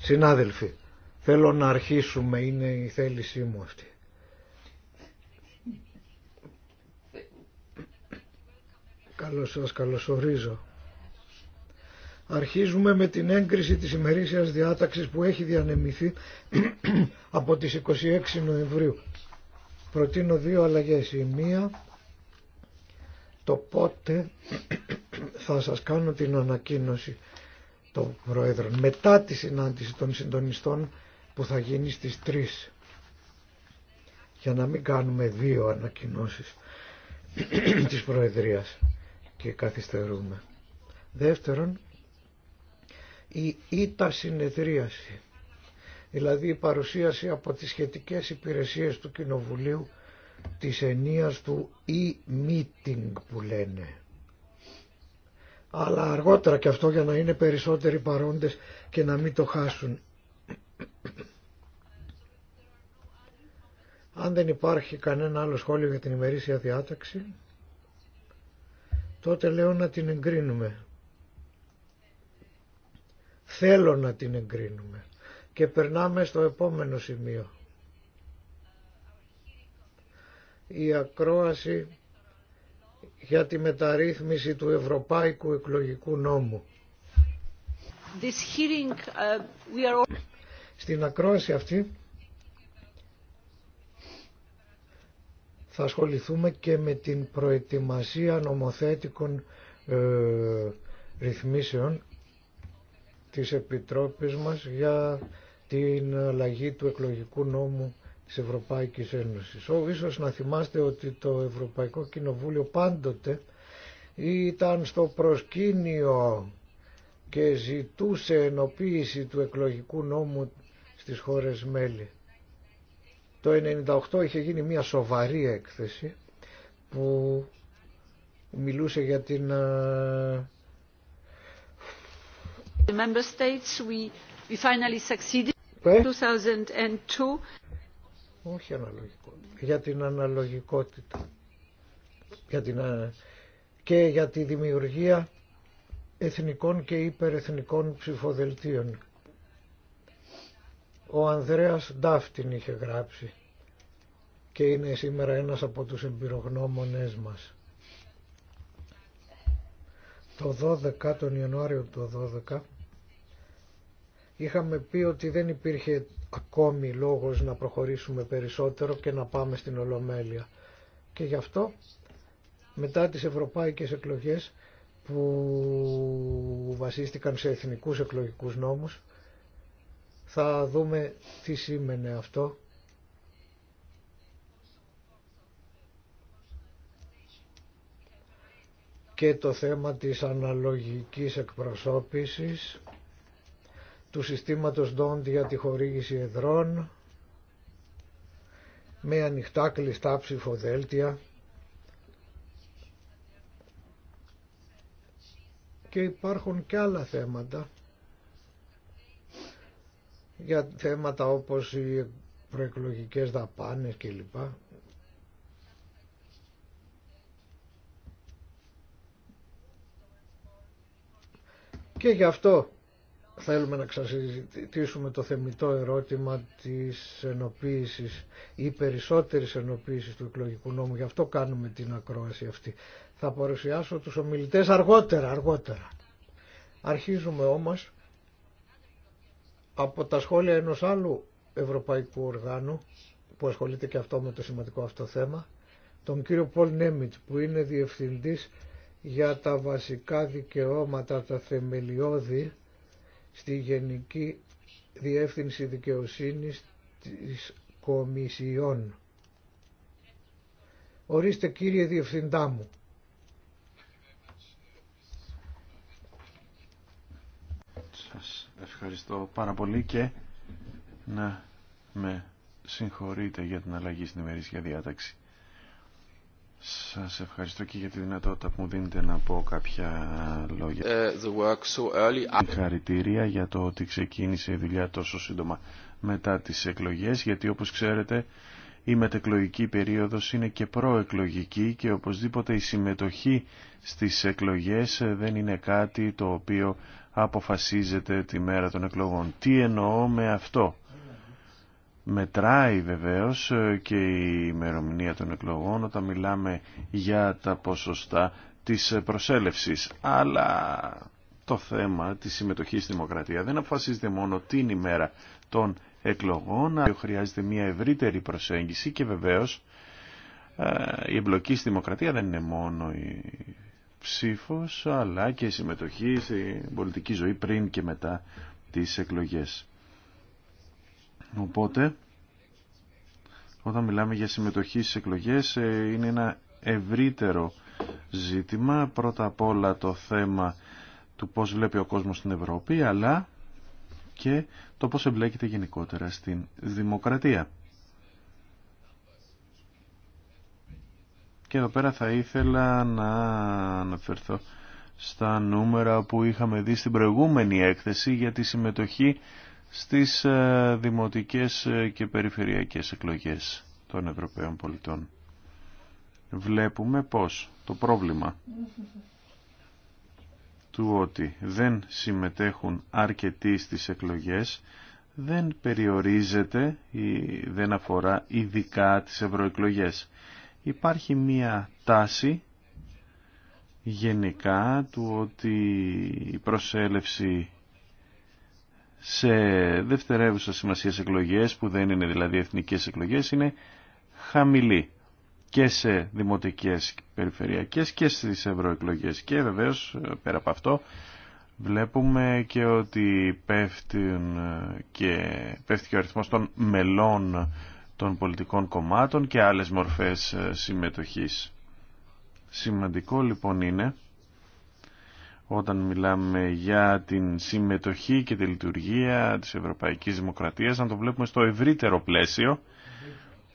Συνάδελφοι, θέλω να αρχίσουμε, είναι η θέλησή μου αυτή. Καλώς σας καλωσορίζω. Αρχίζουμε με την έγκριση της ημερήσιας διάταξης που έχει διανεμηθεί από τις 26 Νοεμβρίου. Προτείνω δύο αλλαγές. Η μία, το πότε θα σας κάνω την ανακοίνωση των Προέδρων μετά τη συνάντηση των συντονιστών που θα γίνει στις 3 για να μην κάνουμε δύο ανακοινώσεις της Προεδρίας και καθυστερούμε. Δεύτερον, η ήττα συνεδρίαση, δηλαδή η παρουσίαση από τις σχετικές υπηρεσίες του Κοινοβουλίου της ενίας του e-meeting που λένε αλλά αργότερα και αυτό για να είναι περισσότεροι παρόντες και να μην το χάσουν. Αν δεν υπάρχει κανένα άλλο σχόλιο για την ημερήσια διάταξη, τότε λέω να την εγκρίνουμε. Θέλω να την εγκρίνουμε. Και περνάμε στο επόμενο σημείο. Η ακρόαση για τη μεταρρύθμιση του Ευρωπαϊκού Εκλογικού Νόμου. This hearing, uh, we are... Στην ακρόαση αυτή θα ασχοληθούμε και με την προετοιμασία νομοθέτικων ε, ρυθμίσεων της Επιτρόπης μας για την αλλαγή του εκλογικού νόμου της Ευρώπαικη Ένωσης. Ό, ίσως να θυμάστε ότι το Ευρωπαϊκό Κοινοβούλιο πάντοτε ήταν στο προσκήνιο και ζητούσε ενοποίηση του εκλογικού νόμου στις χώρες μέλη. Το 1998 είχε γίνει μια σοβαρή έκθεση που μιλούσε για την The member states ε? όχι αναλογικό για την αναλογικότητα για την, και για τη δημιουργία εθνικών και υπερεθνικών ψηφοδελτίων. Ο Ανδρέας Ντάφτιν είχε γράψει και είναι σήμερα ένας από τους εμπειρογνώμονές μας. Το 12, τον Ιανουάριο του 12, είχαμε πει ότι δεν υπήρχε ακόμη λόγος να προχωρήσουμε περισσότερο και να πάμε στην Ολομέλεια. Και γι' αυτό μετά τις ευρωπαϊκές εκλογές που βασίστηκαν σε εθνικούς εκλογικούς νόμους θα δούμε τι σήμαινε αυτό και το θέμα της αναλογικής εκπροσώπησης του συστήματος DONT για τη χορήγηση εδρών με ανοιχτά κλειστά ψηφοδέλτια και υπάρχουν και άλλα θέματα για θέματα όπως οι προεκλογικές δαπάνες κλπ. Και γι' αυτό θέλουμε να ξανασυζητήσουμε το θεμητό ερώτημα της ενοποίησης ή περισσότερης ενοποίησης του εκλογικού νόμου. Γι' αυτό κάνουμε την ακρόαση αυτή. Θα παρουσιάσω τους ομιλητές αργότερα, αργότερα. Αρχίζουμε όμως από τα σχόλια ενός άλλου ευρωπαϊκού οργάνου που ασχολείται και αυτό με το σημαντικό αυτό θέμα, τον κύριο Πολ Νέμιτ που είναι διευθυντής για τα βασικά δικαιώματα, τα θεμελιώδη στη Γενική Διεύθυνση Δικαιοσύνης της Κομισιόν. Ορίστε κύριε Διευθυντά μου. Σας ευχαριστώ πάρα πολύ και να με συγχωρείτε για την αλλαγή στην ημερήσια διάταξη. Σας ευχαριστώ και για τη δυνατότητα που μου δίνετε να πω κάποια λόγια. Ευχαριστώ για το ότι ξεκίνησε η δουλειά τόσο σύντομα μετά τις εκλογές, γιατί όπως ξέρετε η μετεκλογική περίοδος είναι και προεκλογική και οπωσδήποτε η συμμετοχή στις εκλογές δεν είναι κάτι το οποίο αποφασίζεται τη μέρα των εκλογών. Τι εννοώ με αυτό. Μετράει βεβαίως ε, και η ημερομηνία των εκλογών όταν μιλάμε για τα ποσοστά της προσέλευσης. Αλλά το θέμα της συμμετοχής στη δημοκρατία δεν αποφασίζεται μόνο την ημέρα των εκλογών, αλλά χρειάζεται μια ευρύτερη προσέγγιση και βεβαίως ε, η εμπλοκή στη δημοκρατία δεν είναι μόνο η ψήφος, αλλά και η συμμετοχή στην πολιτική ζωή πριν και μετά τις εκλογές. Οπότε, όταν μιλάμε για συμμετοχή στις εκλογές, ε, είναι ένα ευρύτερο ζήτημα. Πρώτα απ' όλα το θέμα του πώς βλέπει ο κόσμος στην Ευρώπη, αλλά και το πώς εμπλέκεται γενικότερα στην δημοκρατία. Και εδώ πέρα θα ήθελα να αναφερθώ στα νούμερα που είχαμε δει στην προηγούμενη έκθεση για τη συμμετοχή στις ε, δημοτικές ε, και περιφερειακές εκλογές των Ευρωπαίων πολιτών. Βλέπουμε πως το πρόβλημα του ότι δεν συμμετέχουν αρκετοί στις εκλογές δεν περιορίζεται ή δεν αφορά ειδικά τις ευρωεκλογέ. Υπάρχει μία τάση γενικά του ότι η δεν αφορα ειδικα τις ευρωεκλογες υπαρχει μια ταση γενικα του οτι η προσελευση σε δευτερεύουσα σημασία εκλογές που δεν είναι δηλαδή εθνικές εκλογές είναι χαμηλή και σε δημοτικές περιφερειακές και στις ευρωεκλογές και βεβαίως πέρα από αυτό βλέπουμε και ότι πέφτουν και, πέφτει και ο αριθμός των μελών των πολιτικών κομμάτων και άλλες μορφές συμμετοχής. Σημαντικό λοιπόν είναι όταν μιλάμε για την συμμετοχή και τη λειτουργία της Ευρωπαϊκής Δημοκρατίας να το βλέπουμε στο ευρύτερο πλαίσιο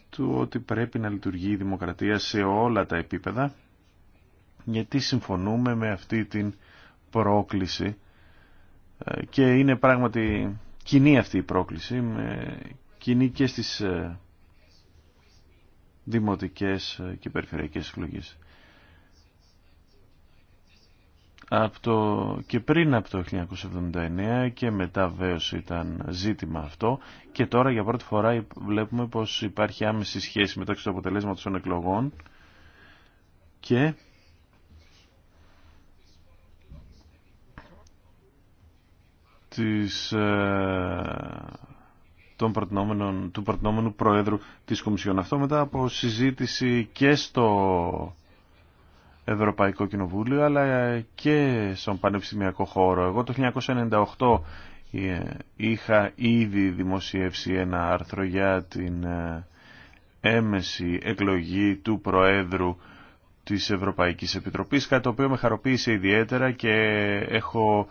του ότι πρέπει να λειτουργεί η δημοκρατία σε όλα τα επίπεδα γιατί συμφωνούμε με αυτή την πρόκληση ε, και είναι πράγματι κοινή αυτή η πρόκληση με κοινή και στις ε, δημοτικές ε, και περιφερειακές εκλογές από το, και πριν από το 1979 και μετά βέβαιως ήταν ζήτημα αυτό και τώρα για πρώτη φορά βλέπουμε πως υπάρχει άμεση σχέση μεταξύ του αποτελέσματος των εκλογών και ε, του προτινόμενου Προέδρου της Κομισιόν. Αυτό μετά από συζήτηση και στο Ευρωπαϊκό Κοινοβούλιο αλλά ε, και στον πανεπιστημιακό χώρο. Εγώ το 1998 ε, είχα ήδη δημοσιεύσει ένα άρθρο για την ε, έμεση εκλογή του Προέδρου της Ευρωπαϊκής Επιτροπής, κάτι το οποίο με χαροποίησε ιδιαίτερα και έχω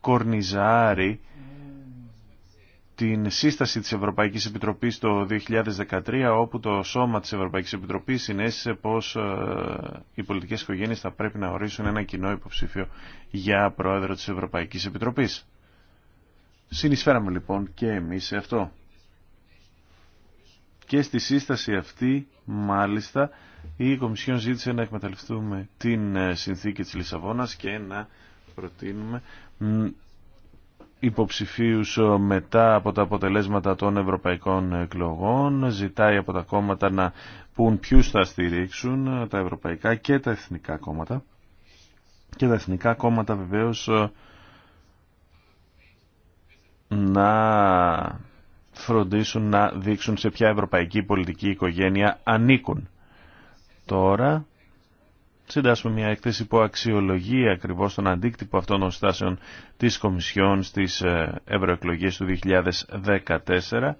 κορνιζάρει την σύσταση της Ευρωπαϊκής Επιτροπής το 2013 όπου το σώμα της Ευρωπαϊκής Επιτροπής συνέστησε πως ε, οι πολιτικές οικογένειες θα πρέπει να ορίσουν ένα κοινό υποψήφιο για πρόεδρο της Ευρωπαϊκής Επιτροπής. Συνεισφέραμε λοιπόν και εμείς σε αυτό. Και στη σύσταση αυτή μάλιστα η Κομισιόν ζήτησε να εκμεταλλευτούμε την ε, συνθήκη της Λισαβόνας και να προτείνουμε υποψηφίους ε, μετά από τα αποτελέσματα των ευρωπαϊκών εκλογών, ζητάει από τα κόμματα να πούν ποιους θα στηρίξουν, ε, τα ευρωπαϊκά και τα εθνικά κόμματα. Και τα εθνικά κόμματα βεβαίως ε, να φροντίσουν να δείξουν σε ποια ευρωπαϊκή πολιτική οικογένεια ανήκουν. Τώρα συντάσσουμε μια έκθεση που αξιολογεί ακριβώς τον αντίκτυπο αυτών των στάσεων της Κομισιόν στις ε, ευρωεκλογέ του 2014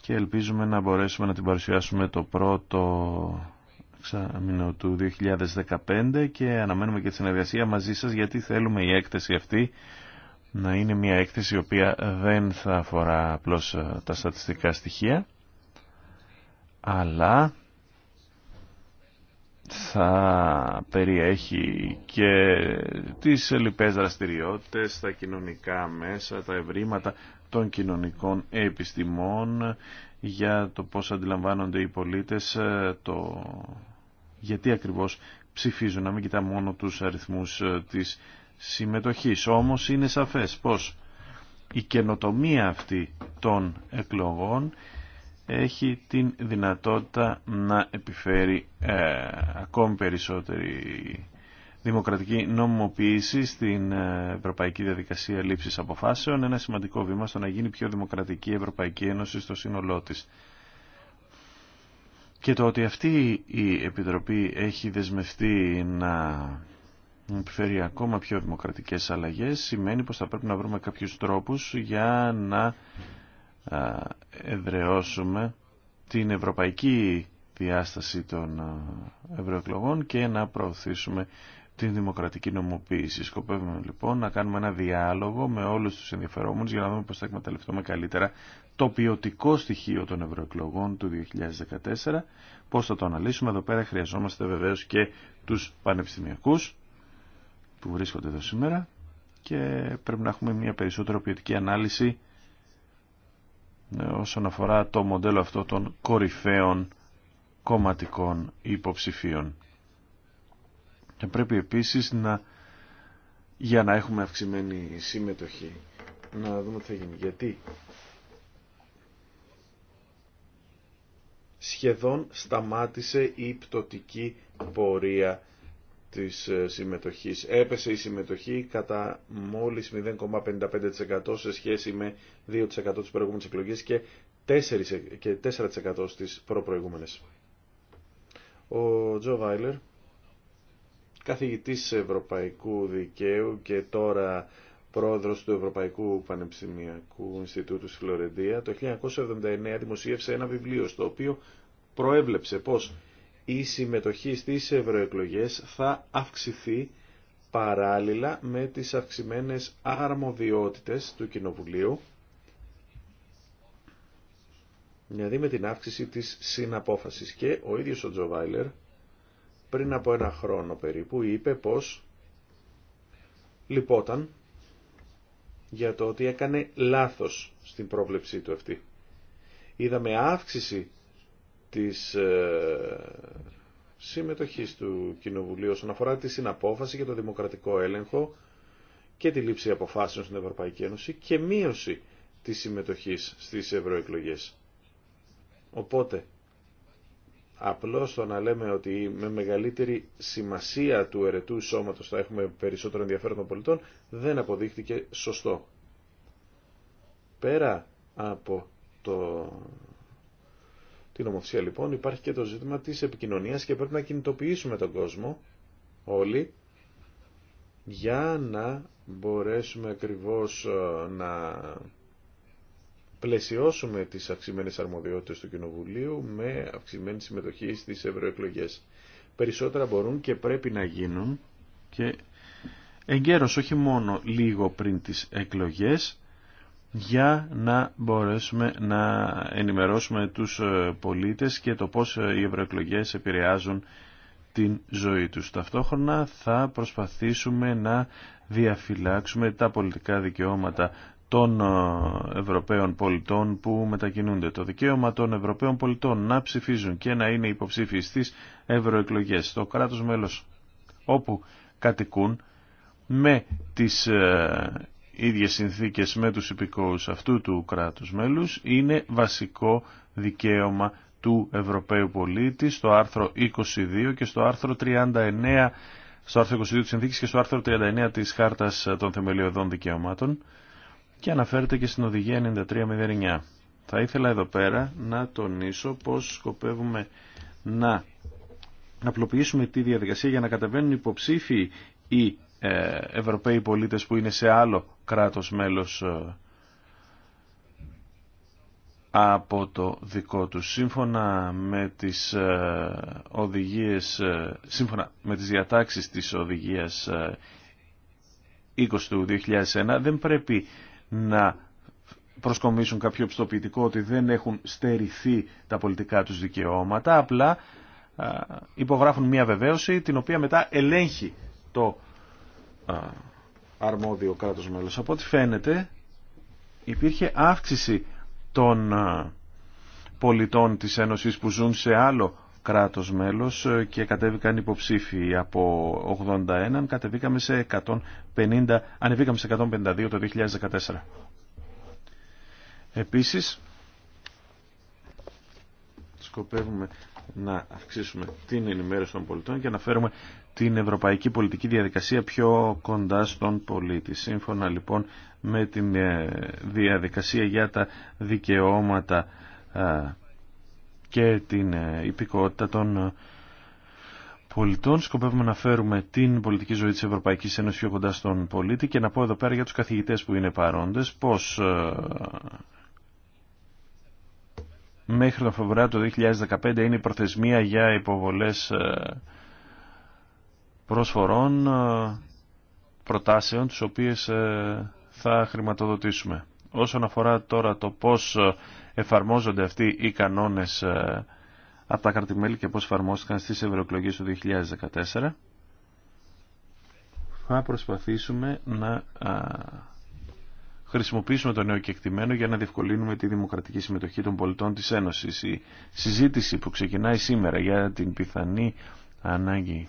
και ελπίζουμε να μπορέσουμε να την παρουσιάσουμε το πρώτο εξάμεινο του 2015 και αναμένουμε και τη συνεργασία μαζί σας γιατί θέλουμε η έκθεση αυτή να είναι μια έκθεση η οποία δεν θα αφορά απλώς ε, τα στατιστικά στοιχεία αλλά θα περιέχει και τις λοιπές δραστηριότητες, τα κοινωνικά μέσα, τα ευρήματα των κοινωνικών επιστημών για το πώς αντιλαμβάνονται οι πολίτες, ε, το γιατί ακριβώς ψηφίζουν, να μην κοιτά μόνο τους αριθμούς ε, της συμμετοχής. Όμως είναι σαφές πως η καινοτομία αυτή των εκλογών έχει την δυνατότητα να επιφέρει ε, ακόμη περισσότερη δημοκρατική νομοποίηση... στην ε, ευρωπαϊκή διαδικασία λήψης αποφάσεων, ένα σημαντικό βήμα στο να γίνει πιο δημοκρατική η Ευρωπαϊκή Ένωση στο σύνολό της. Και το ότι αυτή η Επιτροπή έχει δεσμευτεί να επιφέρει ακόμα πιο δημοκρατικές αλλαγές σημαίνει πως θα πρέπει να βρούμε κάποιους τρόπους για να εδρεώσουμε την ευρωπαϊκή διάσταση των ευρωεκλογών και να προωθήσουμε την δημοκρατική νομοποίηση. Σκοπεύουμε λοιπόν να κάνουμε ένα διάλογο με όλους τους ενδιαφερόμενους για να δούμε πώς θα εκμεταλλευτούμε καλύτερα το ποιοτικό στοιχείο των ευρωεκλογών του 2014, πώς θα το αναλύσουμε. Εδώ πέρα χρειαζόμαστε βεβαίως και τους πανεπιστημιακούς που βρίσκονται εδώ σήμερα και πρέπει να έχουμε μια περισσότερο ποιοτική ανάλυση ναι, όσον αφορά το μοντέλο αυτό των κορυφαίων κομματικών υποψηφίων. Και πρέπει επίσης να, για να έχουμε αυξημένη συμμετοχή, να δούμε τι θα γίνει. Γιατί σχεδόν σταμάτησε η πτωτική πορεία της ε, συμμετοχής. Έπεσε η συμμετοχή κατά μόλις 0,55% σε σχέση με 2% της προηγούμενης εκλογής και 4% στις προπροηγούμενες. Ο Τζο Βάιλερ, καθηγητής Ευρωπαϊκού Δικαίου και τώρα πρόεδρος του Ευρωπαϊκού Πανεπιστημιακού Ινστιτούτου στη Φλωρεντία, το 1979 δημοσίευσε ένα βιβλίο στο οποίο προέβλεψε πως η συμμετοχή στις ευρωεκλογές θα αυξηθεί παράλληλα με τις αυξημένες αρμοδιότητες του Κοινοβουλίου, δηλαδή με την αύξηση της συναπόφασης. Και ο ίδιος ο Τζοβάιλερ πριν από ένα χρόνο περίπου είπε πως λυπόταν για το ότι έκανε λάθος στην πρόβλεψή του αυτή. Είδαμε αύξηση της ε, συμμετοχής του Κοινοβουλίου όσον αφορά τη συναπόφαση για το δημοκρατικό έλεγχο και τη λήψη αποφάσεων στην Ευρωπαϊκή Ένωση και μείωση της συμμετοχής στις ευρωεκλογές. Οπότε, απλώς το να λέμε ότι με μεγαλύτερη σημασία του ερετού σώματος θα έχουμε περισσότερο ενδιαφέρον των πολιτών, δεν αποδείχτηκε σωστό. Πέρα από το την λοιπόν υπάρχει και το ζήτημα της επικοινωνίας και πρέπει να κινητοποιήσουμε τον κόσμο όλοι για να μπορέσουμε ακριβώς ε, να πλαισιώσουμε τις αυξημένες αρμοδιότητες του Κοινοβουλίου με αυξημένη συμμετοχή στις ευρωεκλογέ. Περισσότερα μπορούν και πρέπει να γίνουν και εγκαίρως όχι μόνο λίγο πριν τις εκλογές για να μπορέσουμε να ενημερώσουμε τους ε, πολίτες και το πώς ε, οι ευρωεκλογέ επηρεάζουν την ζωή τους. Ταυτόχρονα θα προσπαθήσουμε να διαφυλάξουμε τα πολιτικά δικαιώματα των ε, Ευρωπαίων πολιτών που μετακινούνται. Το δικαίωμα των Ευρωπαίων πολιτών να ψηφίζουν και να είναι υποψήφιοι στις ευρωεκλογές στο κράτος μέλος όπου κατοικούν με τις ίδιες συνθήκες με τους υπηκόους αυτού του κράτους μέλους είναι βασικό δικαίωμα του Ευρωπαίου πολίτη στο άρθρο 22 και στο άρθρο 39 στο άρθρο 22 της συνθήκης και στο άρθρο 39 της Χάρτας των Θεμελιωδών Δικαιωμάτων και αναφέρεται και στην Οδηγία 9309. Θα ήθελα εδώ πέρα να τονίσω πως σκοπεύουμε να απλοποιήσουμε τη διαδικασία για να κατεβαίνουν υποψήφοι οι ε, Ευρωπαίοι πολίτες που είναι σε άλλο κράτος μέλος ε, από το δικό τους. Σύμφωνα με τις ε, οδηγίες, σύμφωνα με τις διατάξεις της οδηγίας 20 του 2001 δεν πρέπει να προσκομίσουν κάποιο πιστοποιητικό ότι δεν έχουν στερηθεί τα πολιτικά τους δικαιώματα, απλά υπογράφουν μια βεβαίωση την οποία μετά ελέγχει το αρμόδιο κράτος μέλος. Από ό,τι φαίνεται υπήρχε αύξηση των πολιτών της Ένωσης που ζουν σε άλλο κράτος μέλος ε, και κατέβηκαν υποψήφοι από 81, κατεβήκαμε σε 150, ανεβήκαμε σε 152 το 2014. Επίσης, σκοπεύουμε να αυξήσουμε την ενημέρωση των πολιτών και να φέρουμε την ευρωπαϊκή πολιτική διαδικασία πιο κοντά στον πολίτη. Σύμφωνα λοιπόν με την ε, διαδικασία για τα δικαιώματα και την ε, υπηκότητα των ε, πολιτών. Σκοπεύουμε να φέρουμε την πολιτική ζωή της Ευρωπαϊκής Ένωσης πιο κοντά στον πολίτη και να πω εδώ πέρα για τους καθηγητές που είναι παρόντες πως μέχρι τον Φεβρουάριο του 2015 είναι η προθεσμία για υποβολές προσφορών, ε, προτάσεων, τις οποίες ε, θα χρηματοδοτήσουμε. Όσον αφορά τώρα το πώς ε, εφαρμόζονται αυτοί οι κανόνες από τα κρατημέλη και πώς εφαρμόστηκαν στις ευρωεκλογές του 2014, θα προσπαθήσουμε να χρησιμοποιήσουμε το νέο κεκτημένο για να διευκολύνουμε τη δημοκρατική συμμετοχή των πολιτών της Ένωσης. Η συζήτηση που ξεκινάει σήμερα για την πιθανή ανάγκη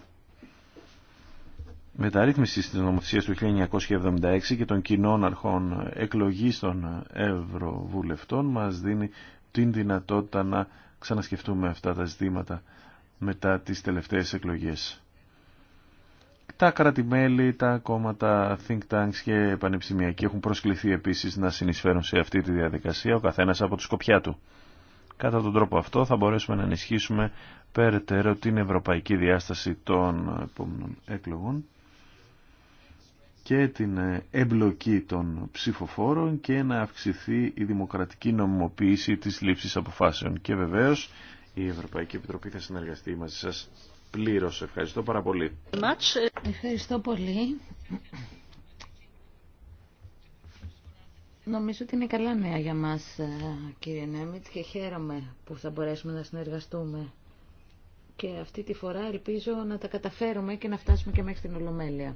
μεταρρύθμισης της νομοθεσίας του 1976 και των κοινών αρχών εκλογής των ευρωβουλευτών μας δίνει την δυνατότητα να ξανασκεφτούμε αυτά τα ζητήματα μετά τις τελευταίες εκλογές. Τα κρατημέλη, τα κόμματα, think tanks και πανεπιστημιακοί έχουν προσκληθεί επίσης να συνεισφέρουν σε αυτή τη διαδικασία ο καθένας από τη σκοπιά του. Κατά τον τρόπο αυτό θα μπορέσουμε να ενισχύσουμε περαιτέρω την ευρωπαϊκή διάσταση των επόμενων εκλογών και την ε, εμπλοκή των ψηφοφόρων και να αυξηθεί η δημοκρατική νομιμοποίηση της λήψης αποφάσεων. Και βεβαίως η Ευρωπαϊκή Επιτροπή θα συνεργαστεί μαζί σας πλήρως. Ευχαριστώ πάρα πολύ. Ευχαριστώ πολύ. Νομίζω ότι είναι καλά νέα για μας ε, κύριε Νέμιτς και χαίρομαι που θα μπορέσουμε να συνεργαστούμε. Και αυτή τη φορά ελπίζω να τα καταφέρουμε και να φτάσουμε και μέχρι την Ολομέλεια.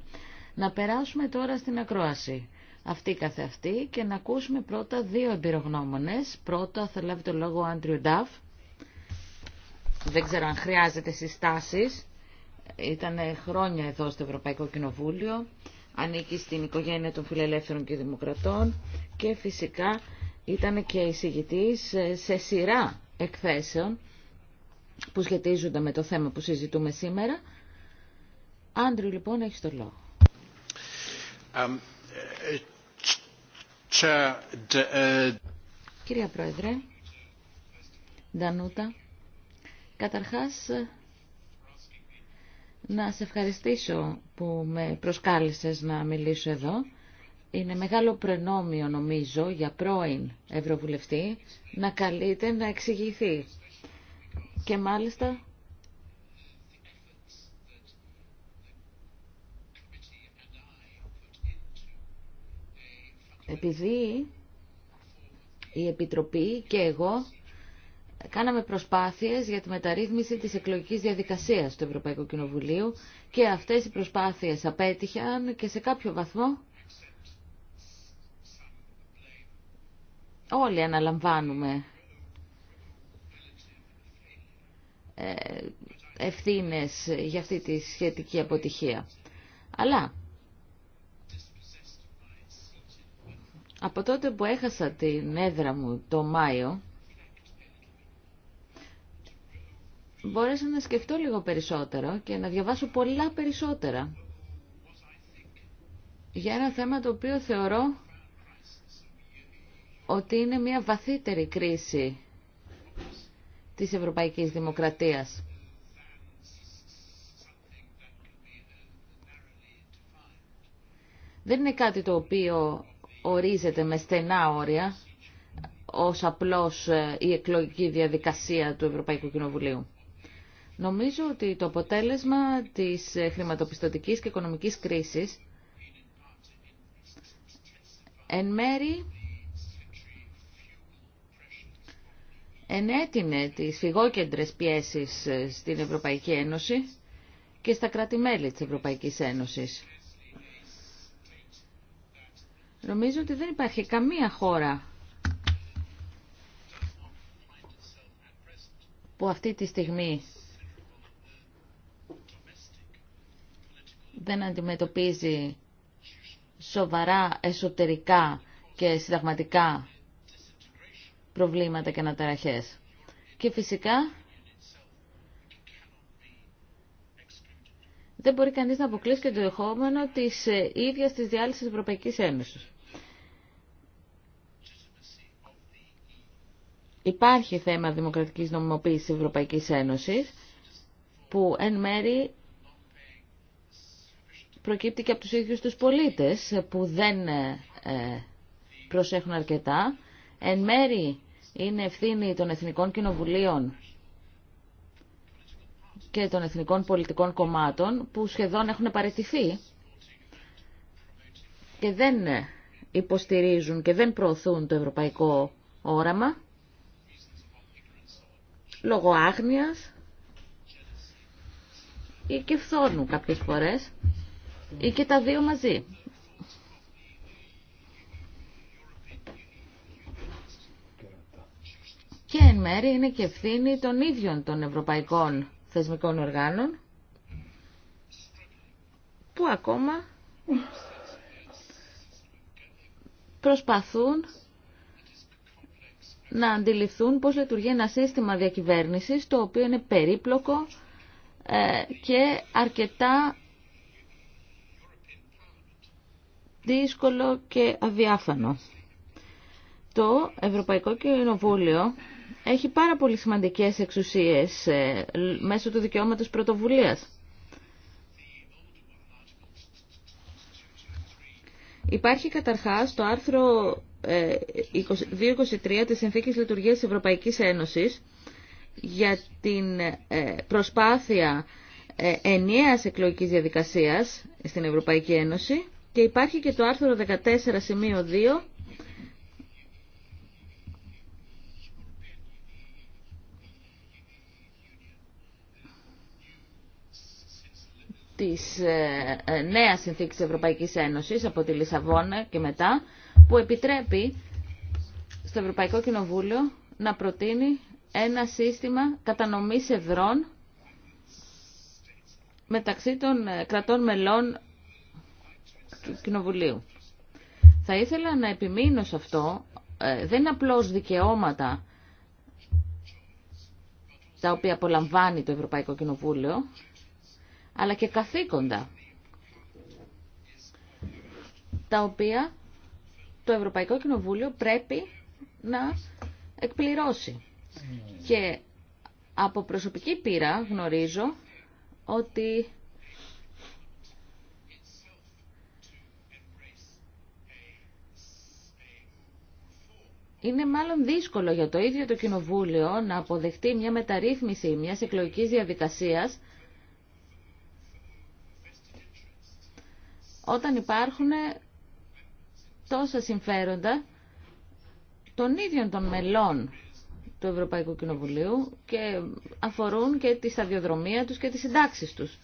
Να περάσουμε τώρα στην ακρόαση. Αυτή καθε αυτή και να ακούσουμε πρώτα δύο εμπειρογνώμονες. Πρώτα θα λάβει το λόγο ο Άντριου Νταφ. Δεν ξέρω αν χρειάζεται συστάσεις. Ήταν χρόνια εδώ στο Ευρωπαϊκό Κοινοβούλιο. Ανήκει στην οικογένεια των φιλελεύθερων και δημοκρατών. Και φυσικά ήταν και εισηγητής σε σειρά εκθέσεων που σχετίζονται με το θέμα που συζητούμε σήμερα. Άντριου λοιπόν έχει το λόγο. Um, uh, uh, Κυρία Πρόεδρε, Ντανούτα, καταρχάς να σε ευχαριστήσω που με προσκάλεσες να μιλήσω εδώ. Είναι μεγάλο προνόμιο νομίζω για πρώην Ευρωβουλευτή να καλείται να εξηγηθεί. Και μάλιστα επειδή η Επιτροπή και εγώ κάναμε προσπάθειες για τη μεταρρύθμιση της εκλογικής διαδικασίας του Ευρωπαϊκού Κοινοβουλίου και αυτές οι προσπάθειες απέτυχαν και σε κάποιο βαθμό όλοι αναλαμβάνουμε ε, ευθύνες για αυτή τη σχετική αποτυχία. Αλλά Από τότε που έχασα την έδρα μου το Μάιο, μπόρεσα να σκεφτώ λίγο περισσότερο και να διαβάσω πολλά περισσότερα για ένα θέμα το οποίο θεωρώ ότι είναι μια βαθύτερη κρίση της ευρωπαϊκής δημοκρατίας. Δεν είναι κάτι το οποίο ορίζεται με στενά όρια ως απλώς ε, η εκλογική διαδικασία του Ευρωπαϊκού Κοινοβουλίου. Νομίζω ότι το αποτέλεσμα της ε, χρηματοπιστωτικής και οικονομικής κρίσης εν μέρη ενέτεινε τις φυγόκεντρες πιέσεις ε, στην Ευρωπαϊκή Ένωση και στα κράτη-μέλη της Ευρωπαϊκής Ένωσης. Νομίζω ότι δεν υπάρχει καμία χώρα που αυτή τη στιγμή δεν αντιμετωπίζει σοβαρά εσωτερικά και συνταγματικά προβλήματα και αναταραχές. Και φυσικά δεν μπορεί κανείς να αποκλείσει και το δεχόμενο της ε, ίδιας της διάλυσης της Ευρωπαϊκής Ένωσης. Υπάρχει θέμα δημοκρατικής νομιμοποίησης της Ευρωπαϊκής Ένωσης που εν μέρη προκύπτει και από τους ίδιους τους πολίτες που δεν ε, προσέχουν αρκετά. Εν μέρη είναι ευθύνη των Εθνικών Κοινοβουλίων και των Εθνικών Πολιτικών Κομμάτων που σχεδόν έχουν παραιτηθεί και δεν υποστηρίζουν και δεν προωθούν το ευρωπαϊκό όραμα λόγω άγνοιας ή και φθόρνου κάποιες φορές ή και τα δύο μαζί. Και εν μέρη είναι και ευθύνη των ίδιων των ευρωπαϊκών θεσμικών οργάνων που ακόμα προσπαθούν να αντιληφθούν πώς λειτουργεί ένα σύστημα διακυβέρνησης το οποίο είναι περίπλοκο ε, και αρκετά δύσκολο και αδιάφανο. Το Ευρωπαϊκό Κοινοβούλιο έχει πάρα πολύ σημαντικές εξουσίες ε, μέσω του δικαιώματος πρωτοβουλίας. Υπάρχει καταρχάς το άρθρο 2.23 ε, της Συνθήκης Λειτουργίας της Ευρωπαϊκής Ένωσης για την ε, προσπάθεια ε, ενιαίας εκλογικής διαδικασίας στην Ευρωπαϊκή Ένωση και υπάρχει και το άρθρο 14 σημείο 2 της ε, ε, νέας συνθήκης Ευρωπαϊκής Ένωσης από τη Λισαβόνα και μετά που επιτρέπει στο Ευρωπαϊκό Κοινοβούλιο να προτείνει ένα σύστημα κατανομής ευρών μεταξύ των ε, κρατών μελών του Κοινοβουλίου. Θα ήθελα να επιμείνω σε αυτό. Δεν είναι απλώς δικαιώματα τα οποία απολαμβάνει το Ευρωπαϊκό Κοινοβούλιο, αλλά και καθήκοντα, τα οποία το Ευρωπαϊκό Κοινοβούλιο πρέπει να εκπληρώσει. Και από προσωπική πείρα γνωρίζω ότι είναι μάλλον δύσκολο για το ίδιο το Κοινοβούλιο να αποδεχτεί μια μεταρρύθμιση μιας εκλογικής διαδικασίας όταν υπάρχουν τόσα συμφέροντα των ίδιων των μελών του Ευρωπαϊκού Κοινοβουλίου και αφορούν και τη σταδιοδρομία τους και τις συντάξεις τους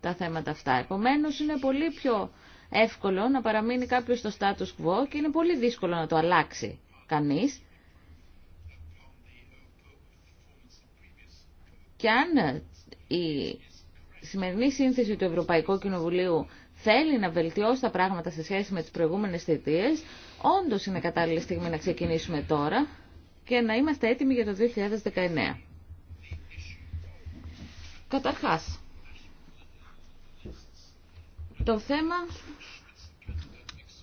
τα θέματα αυτά. Επομένως είναι πολύ πιο εύκολο να παραμείνει κάποιος στο status quo και είναι πολύ δύσκολο να το αλλάξει κανείς. Και αν η σημερινή σύνθεση του Ευρωπαϊκού Κοινοβουλίου θέλει να βελτιώσει τα πράγματα σε σχέση με τις προηγούμενες θητείες, όντως είναι κατάλληλη στιγμή να ξεκινήσουμε τώρα και να είμαστε έτοιμοι για το 2019. Καταρχάς, το θέμα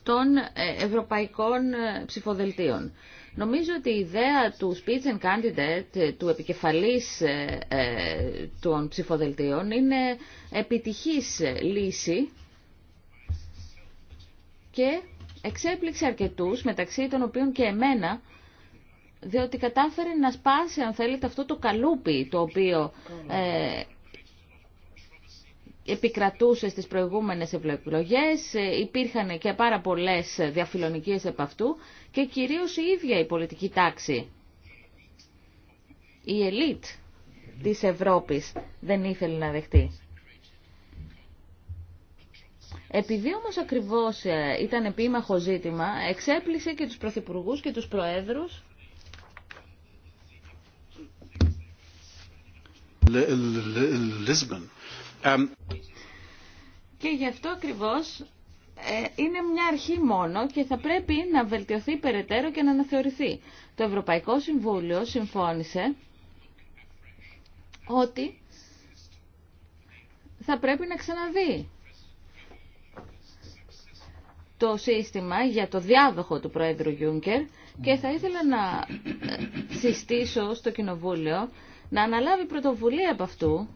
των ε, ευρωπαϊκών ε, ψηφοδελτίων. Νομίζω ότι η ιδέα του speech and candidate, ε, του επικεφαλής των ψηφοδελτίων, είναι επιτυχής λύση και εξέπληξε αρκετούς, μεταξύ των οποίων και εμένα, διότι κατάφερε να σπάσει, αν θέλετε, αυτό το καλούπι το οποίο ε, επικρατούσε στις προηγούμενες επιλογές, ε, υπήρχαν και πάρα πολλές διαφιλονικίες επ' αυτού και κυρίως η ίδια η πολιτική τάξη, η ελίτ της Ευρώπης δεν ήθελε να δεχτεί. Επειδή όμως ακριβώς ε, ήταν επίμαχο ζήτημα, εξέπλησε και τους Πρωθυπουργού και τους προέδρους και γι' αυτό ακριβώς ε, είναι μια αρχή μόνο και θα πρέπει να βελτιωθεί περαιτέρω και να αναθεωρηθεί. Το Ευρωπαϊκό Συμβούλιο συμφώνησε ότι θα πρέπει να ξαναδεί το σύστημα για το διάδοχο του Πρόεδρου Γιούνκερ και θα ήθελα να ε, συστήσω στο Κοινοβούλιο να αναλάβει πρωτοβουλία από αυτού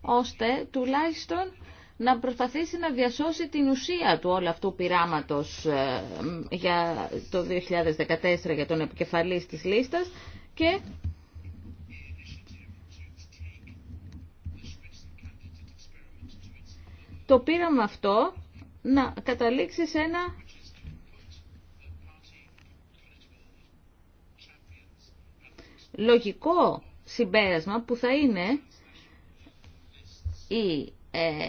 ώστε τουλάχιστον να προσπαθήσει να διασώσει την ουσία του όλου αυτού πειράματος ε, για το 2014 για τον επικεφαλής της λίστας και το πείραμα αυτό να καταλήξει σε ένα λογικό συμπέρασμα που θα είναι η ε,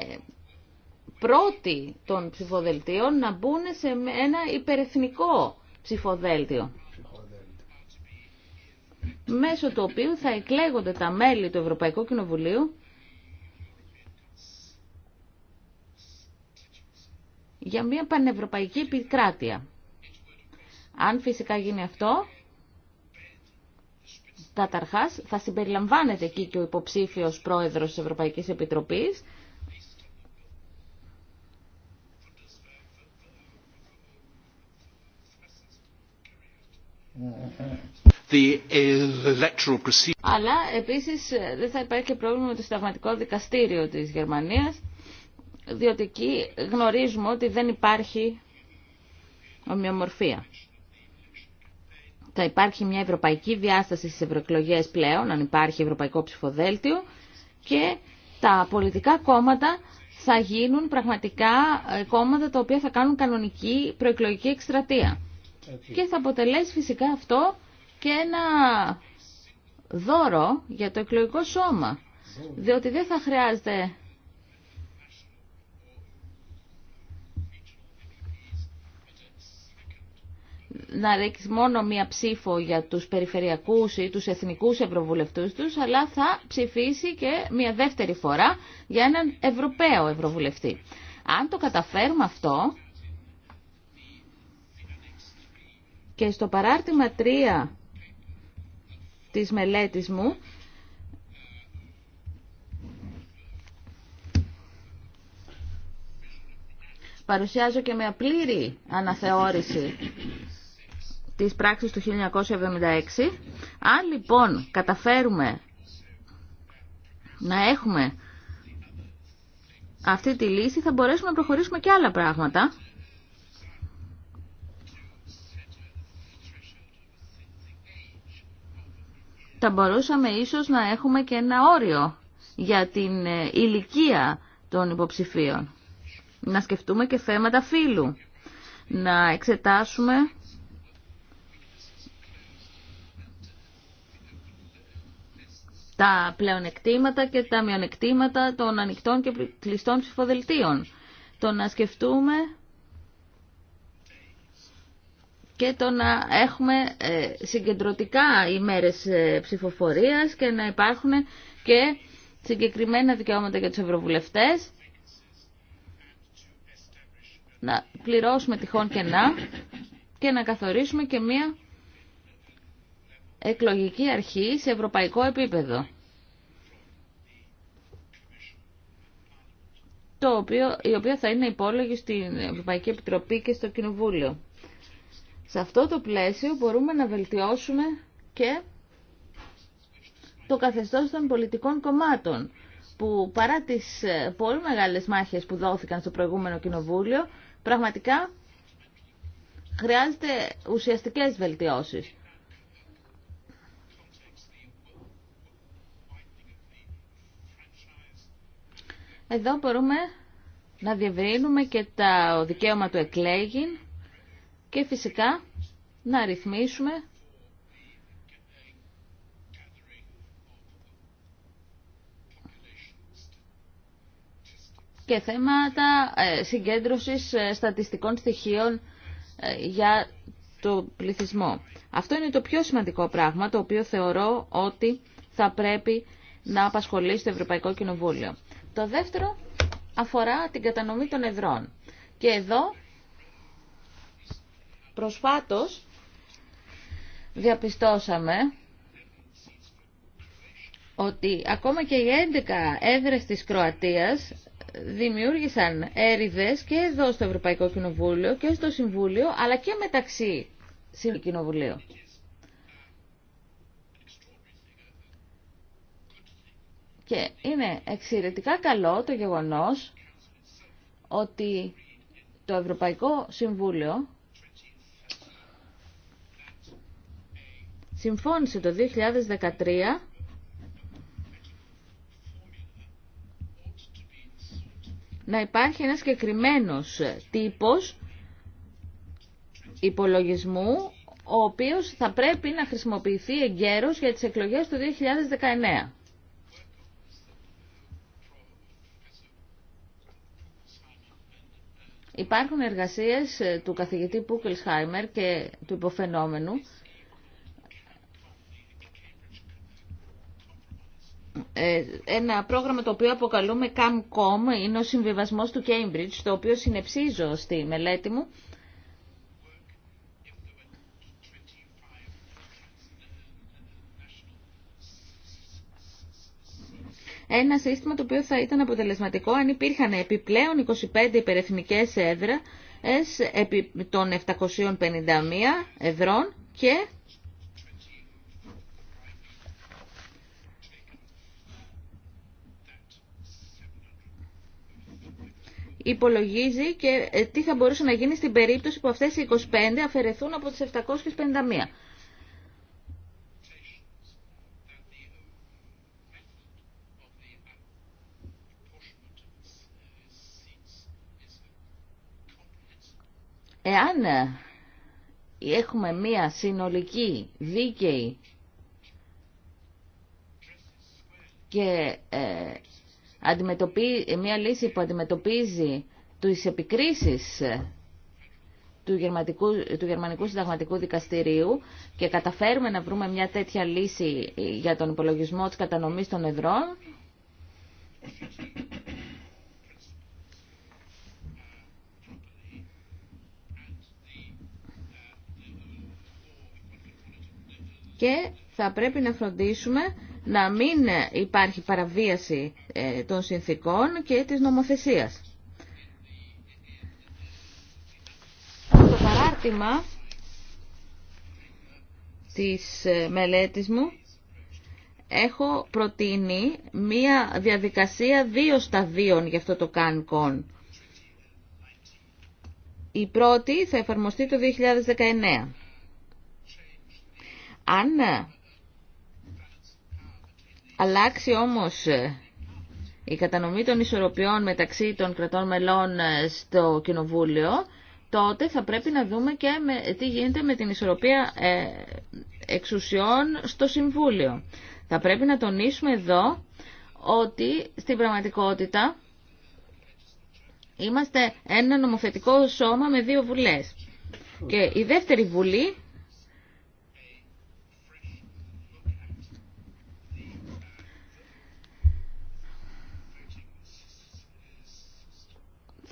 πρώτη των ψηφοδελτίων να μπουν σε ένα υπερεθνικό ψηφοδέλτιο μέσω του οποίου θα εκλέγονται τα μέλη του Ευρωπαϊκού Κοινοβουλίου για μια πανευρωπαϊκή επικράτεια. Αν φυσικά γίνει αυτό, καταρχάς θα συμπεριλαμβάνεται εκεί και ο υποψήφιος πρόεδρος της Ευρωπαϊκής Επιτροπής, Αλλά επίσης δεν θα υπάρχει και πρόβλημα με το συνταγματικό δικαστήριο της Γερμανίας διότι εκεί γνωρίζουμε ότι δεν υπάρχει ομοιομορφία. Θα υπάρχει μια ευρωπαϊκή διάσταση στις ευρωεκλογέ πλέον, αν υπάρχει ευρωπαϊκό ψηφοδέλτιο και τα πολιτικά κόμματα θα γίνουν πραγματικά ε, κόμματα τα οποία θα κάνουν κανονική προεκλογική εκστρατεία. Και θα αποτελέσει φυσικά αυτό και ένα δώρο για το εκλογικό σώμα, διότι δεν θα χρειάζεται να ρίξει μόνο μία ψήφο για τους περιφερειακούς ή τους εθνικούς ευρωβουλευτούς τους, αλλά θα ψηφίσει και μία δεύτερη φορά για έναν Ευρωπαίο Ευρωβουλευτή. Αν το καταφέρουμε αυτό, και στο παράρτημα 3 της μελέτης μου, παρουσιάζω και με απλήρη αναθεώρηση της πράξης του 1976. Αν λοιπόν καταφέρουμε να έχουμε αυτή τη λύση θα μπορέσουμε να προχωρήσουμε και άλλα πράγματα. Θα μπορούσαμε ίσως να έχουμε και ένα όριο για την ε, ηλικία των υποψηφίων. Να σκεφτούμε και θέματα φύλου. Να εξετάσουμε τα πλεονεκτήματα και τα μειονεκτήματα των ανοιχτών και κλειστών ψηφοδελτίων. Το να σκεφτούμε και το να έχουμε ε, συγκεντρωτικά ημέρες ε, ψηφοφορίας και να υπάρχουν και συγκεκριμένα δικαιώματα για τους ευρωβουλευτές, να πληρώσουμε τυχόν κενά και να καθορίσουμε και μία εκλογική αρχή σε ευρωπαϊκό επίπεδο. Το οποίο, η οποία θα είναι υπόλογη στην Ευρωπαϊκή Επιτροπή και στο Κοινοβούλιο. Σε αυτό το πλαίσιο μπορούμε να βελτιώσουμε και το καθεστώς των πολιτικών κομμάτων που παρά τις ε, πολύ μεγάλες μάχες που δόθηκαν στο προηγούμενο κοινοβούλιο, πραγματικά χρειάζεται ουσιαστικές βελτιώσεις. Εδώ μπορούμε να διευρύνουμε και το δικαίωμα του εκλέγην και φυσικά να ρυθμίσουμε και θέματα ε, συγκέντρωσης ε, στατιστικών στοιχείων ε, για το πληθυσμό. Αυτό είναι το πιο σημαντικό πράγμα, το οποίο θεωρώ ότι θα πρέπει να απασχολεί στο Ευρωπαϊκό Κοινοβούλιο. Το δεύτερο αφορά την κατανομή των εδρών. Και εδώ προσφάτως διαπιστώσαμε ότι ακόμα και οι 11 έδρες της Κροατίας δημιούργησαν έρηδες και εδώ στο Ευρωπαϊκό Κοινοβούλιο και στο Συμβούλιο αλλά και μεταξύ Συμβουλίου Και είναι εξαιρετικά καλό το γεγονός ότι το Ευρωπαϊκό Συμβούλιο συμφώνησε το 2013 να υπάρχει ένας συγκεκριμένο τύπος υπολογισμού ο οποίος θα πρέπει να χρησιμοποιηθεί εγκαίρως για τις εκλογές του 2019. Υπάρχουν εργασίες ε, του καθηγητή Πούκελσχάιμερ και του υποφαινόμενου ε, ένα πρόγραμμα το οποίο αποκαλούμε CAMCOM είναι ο συμβιβασμός του Cambridge το οποίο συνεψίζω στη μελέτη μου ένα σύστημα το οποίο θα ήταν αποτελεσματικό αν υπήρχαν επιπλέον 25 υπερεθνικές έδρα των 751 ευρών και υπολογίζει και ε, τι θα μπορούσε να γίνει στην περίπτωση που αυτές οι 25 αφαιρεθούν από τις 751. Εάν ε, έχουμε μία συνολική, δίκαιη και ε, μια λύση που αντιμετωπίζει τις επικρίσεις ε, του γερμανικού, του γερμανικού συνταγματικού δικαστηρίου και καταφέρουμε να βρούμε μια τέτοια λύση για τον υπολογισμό της κατανομής των ευρών, και θα πρέπει να φροντίσουμε να μην υπάρχει παραβίαση ε, των συνθήκων και της νομοθεσίας. Το παράρτημα της ε, μελέτης μου έχω προτείνει μία διαδικασία δύο σταδίων για αυτό το ΚΑΝΚΟΝ. Η πρώτη θα εφαρμοστεί το 2019. Αν αλλάξει όμως η κατανομή των ισορροπιών μεταξύ των κρατών μελών στο Κοινοβούλιο, τότε θα πρέπει να δούμε και τι γίνεται με την ισορροπία ε, εξουσιών στο Συμβούλιο. Θα πρέπει να τονίσουμε εδώ ότι στην πραγματικότητα είμαστε ένα νομοθετικό σώμα με δύο βουλές. Και η δεύτερη βουλή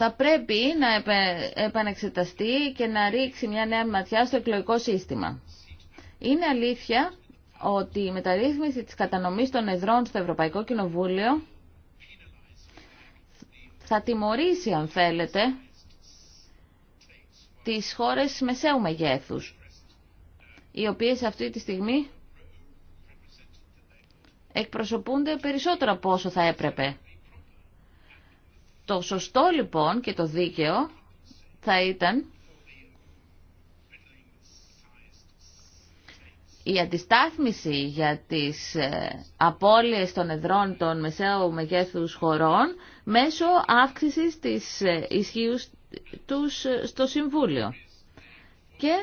θα πρέπει να επανεξεταστεί και να ρίξει μια νέα ματιά στο εκλογικό σύστημα. Είναι αλήθεια ότι η μεταρρύθμιση της κατανομής των εδρών στο Ευρωπαϊκό Κοινοβούλιο θα τιμωρήσει, αν θέλετε, τις χώρες μεσαίου μεγέθους, οι οποίες αυτή τη στιγμή εκπροσωπούνται περισσότερο από όσο θα έπρεπε. Το σωστό λοιπόν και το δίκαιο θα ήταν η αντιστάθμιση για τις ε, απώλειες των εδρών των μεσαίου μεγέθους χωρών μέσω αύξησης της ε, ισχύου τους ε, στο Συμβούλιο. Και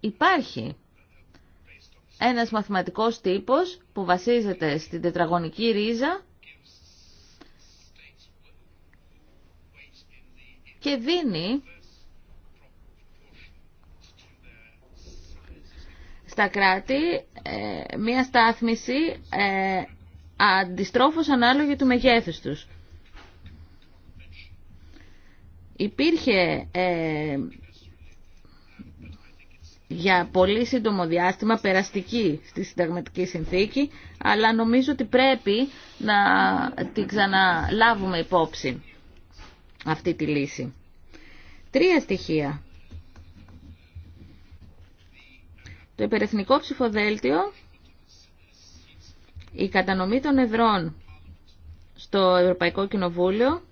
υπάρχει ένας μαθηματικός τύπος που βασίζεται στην τετραγωνική ρίζα και δίνει στα κράτη ε, μία στάθμιση ε, αντιστρόφως ανάλογη του μεγέθους τους. Υπήρχε ε, για πολύ σύντομο διάστημα περαστική στη συνταγματική συνθήκη, αλλά νομίζω ότι πρέπει να την ξαναλάβουμε υπόψη αυτή τη λύση. Τρία στοιχεία. Το υπερεθνικό ψηφοδέλτιο, η κατανομή των εδρών στο Ευρωπαϊκό Κοινοβούλιο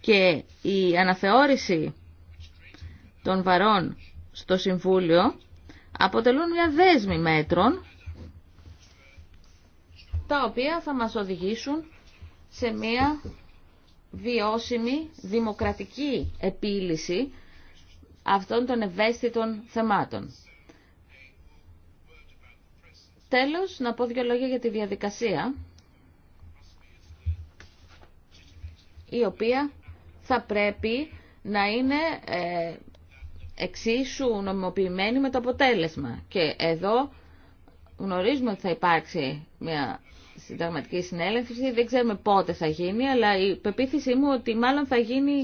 και η αναθεώρηση των βαρών στο Συμβούλιο αποτελούν μια δέσμη μέτρων τα οποία θα μας οδηγήσουν σε μια βιώσιμη δημοκρατική επίλυση αυτών των ευαίσθητων θεμάτων. Τέλος, να πω δύο λόγια για τη διαδικασία, η οποία θα πρέπει να είναι ε, εξίσου νομιμοποιημένη με το αποτέλεσμα. Και εδώ γνωρίζουμε ότι θα υπάρξει μια συνταγματική συνέλευση. Δεν ξέρουμε πότε θα γίνει, αλλά η πεποίθησή μου ότι μάλλον θα γίνει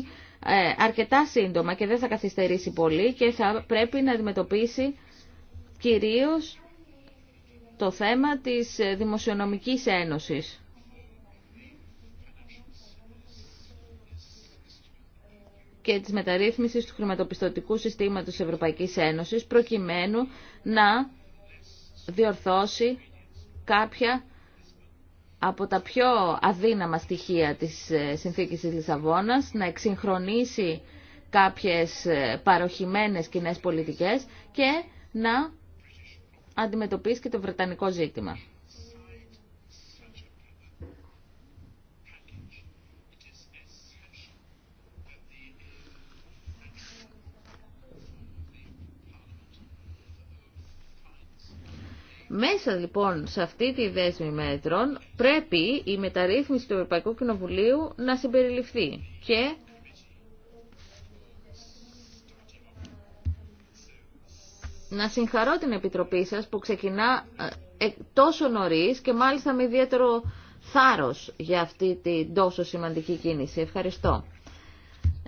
ε, αρκετά σύντομα και δεν θα καθυστερήσει πολύ και θα πρέπει να αντιμετωπίσει κυρίως το θέμα της ε, Δημοσιονομικής Ένωσης. και της μεταρρύθμισης του χρηματοπιστωτικού συστήματος Ευρωπαϊκής Ένωσης προκειμένου να διορθώσει κάποια από τα πιο αδύναμα στοιχεία της ε, συνθήκης της Λισαβόνας, να εξυγχρονίσει κάποιες ε, παροχημένες κοινέ πολιτικές και να αντιμετωπίσει και το βρετανικό ζήτημα. Μέσα λοιπόν σε αυτή τη δέσμη μέτρων πρέπει η μεταρρύθμιση του Ευρωπαϊκού Κοινοβουλίου να συμπεριληφθεί και να συγχαρώ την Επιτροπή σας που ξεκινά ε, ε, τόσο νωρίς και μάλιστα με ιδιαίτερο θάρρος για αυτή τη τόσο σημαντική κίνηση. Ευχαριστώ.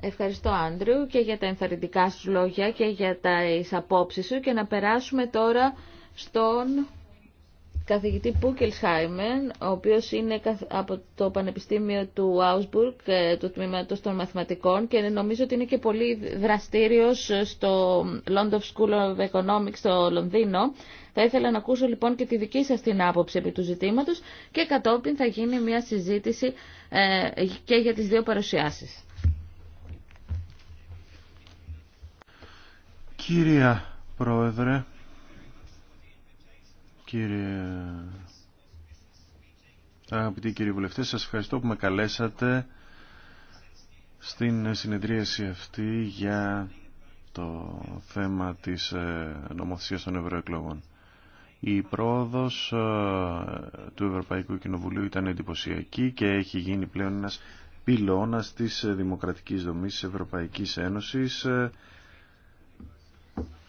Ευχαριστώ Άντριου και για τα ενθαρρυντικά σου λόγια και για τα απόψεις σου και να περάσουμε τώρα στον καθηγητή Πούκελσχάιμεν, ο οποίος είναι από το Πανεπιστήμιο του Άουσμπουργκ, ε, του Τμήματος των Μαθηματικών και νομίζω ότι είναι και πολύ δραστήριος στο London School of Economics στο Λονδίνο. Θα ήθελα να ακούσω λοιπόν και τη δική σας την άποψη επί του ζητήματος και κατόπιν θα γίνει μια συζήτηση ε, και για τις δύο παρουσιάσεις. Κύρια Πρόεδρε, Κύριε... Αγαπητοί κύριοι βουλευτές, σας ευχαριστώ που με καλέσατε στην συνεδρίαση αυτή για το θέμα της ε, νομοθεσίας των ευρωεκλογών. Η πρόοδος ε, του Ευρωπαϊκού Κοινοβουλίου ήταν εντυπωσιακή και έχει γίνει πλέον ένας πυλώνας της δημοκρατικής δομής της Ευρωπαϊκής Ένωσης ε,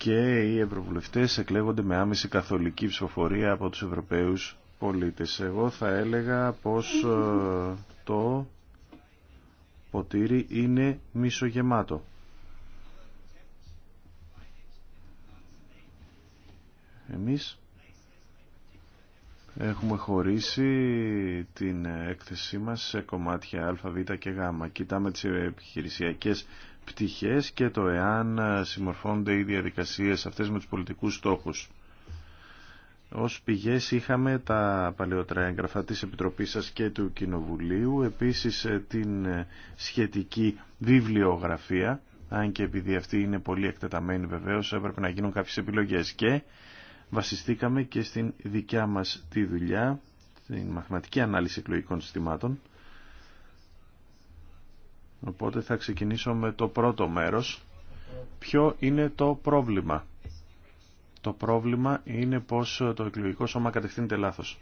και οι ευρωβουλευτές εκλέγονται με άμεση καθολική ψηφοφορία από τους Ευρωπαίους πολίτες. Εγώ θα έλεγα πως ε, το ποτήρι είναι μισογεμάτο. Εμείς έχουμε χωρίσει την έκθεσή μας σε κομμάτια α, β και γ. Κοιτάμε τις επιχειρησιακές πτυχές και το εάν ε, συμμορφώνονται οι διαδικασίες αυτές με τους πολιτικούς στόχους. Ως πηγές είχαμε τα παλαιότερα έγγραφα της Επιτροπής σας και του Κοινοβουλίου, επίσης ε, την ε, σχετική βιβλιογραφία, αν και επειδή αυτή είναι πολύ εκτεταμένη βεβαίως, έπρεπε να γίνουν κάποιες επιλογές και βασιστήκαμε και στην δικιά μας τη δουλειά, την μαθηματική ανάλυση εκλογικών συστημάτων, Οπότε θα ξεκινήσω με το πρώτο μέρος. Ποιο είναι το πρόβλημα. Το πρόβλημα είναι πως το εκλογικό σώμα κατευθύνεται λάθος.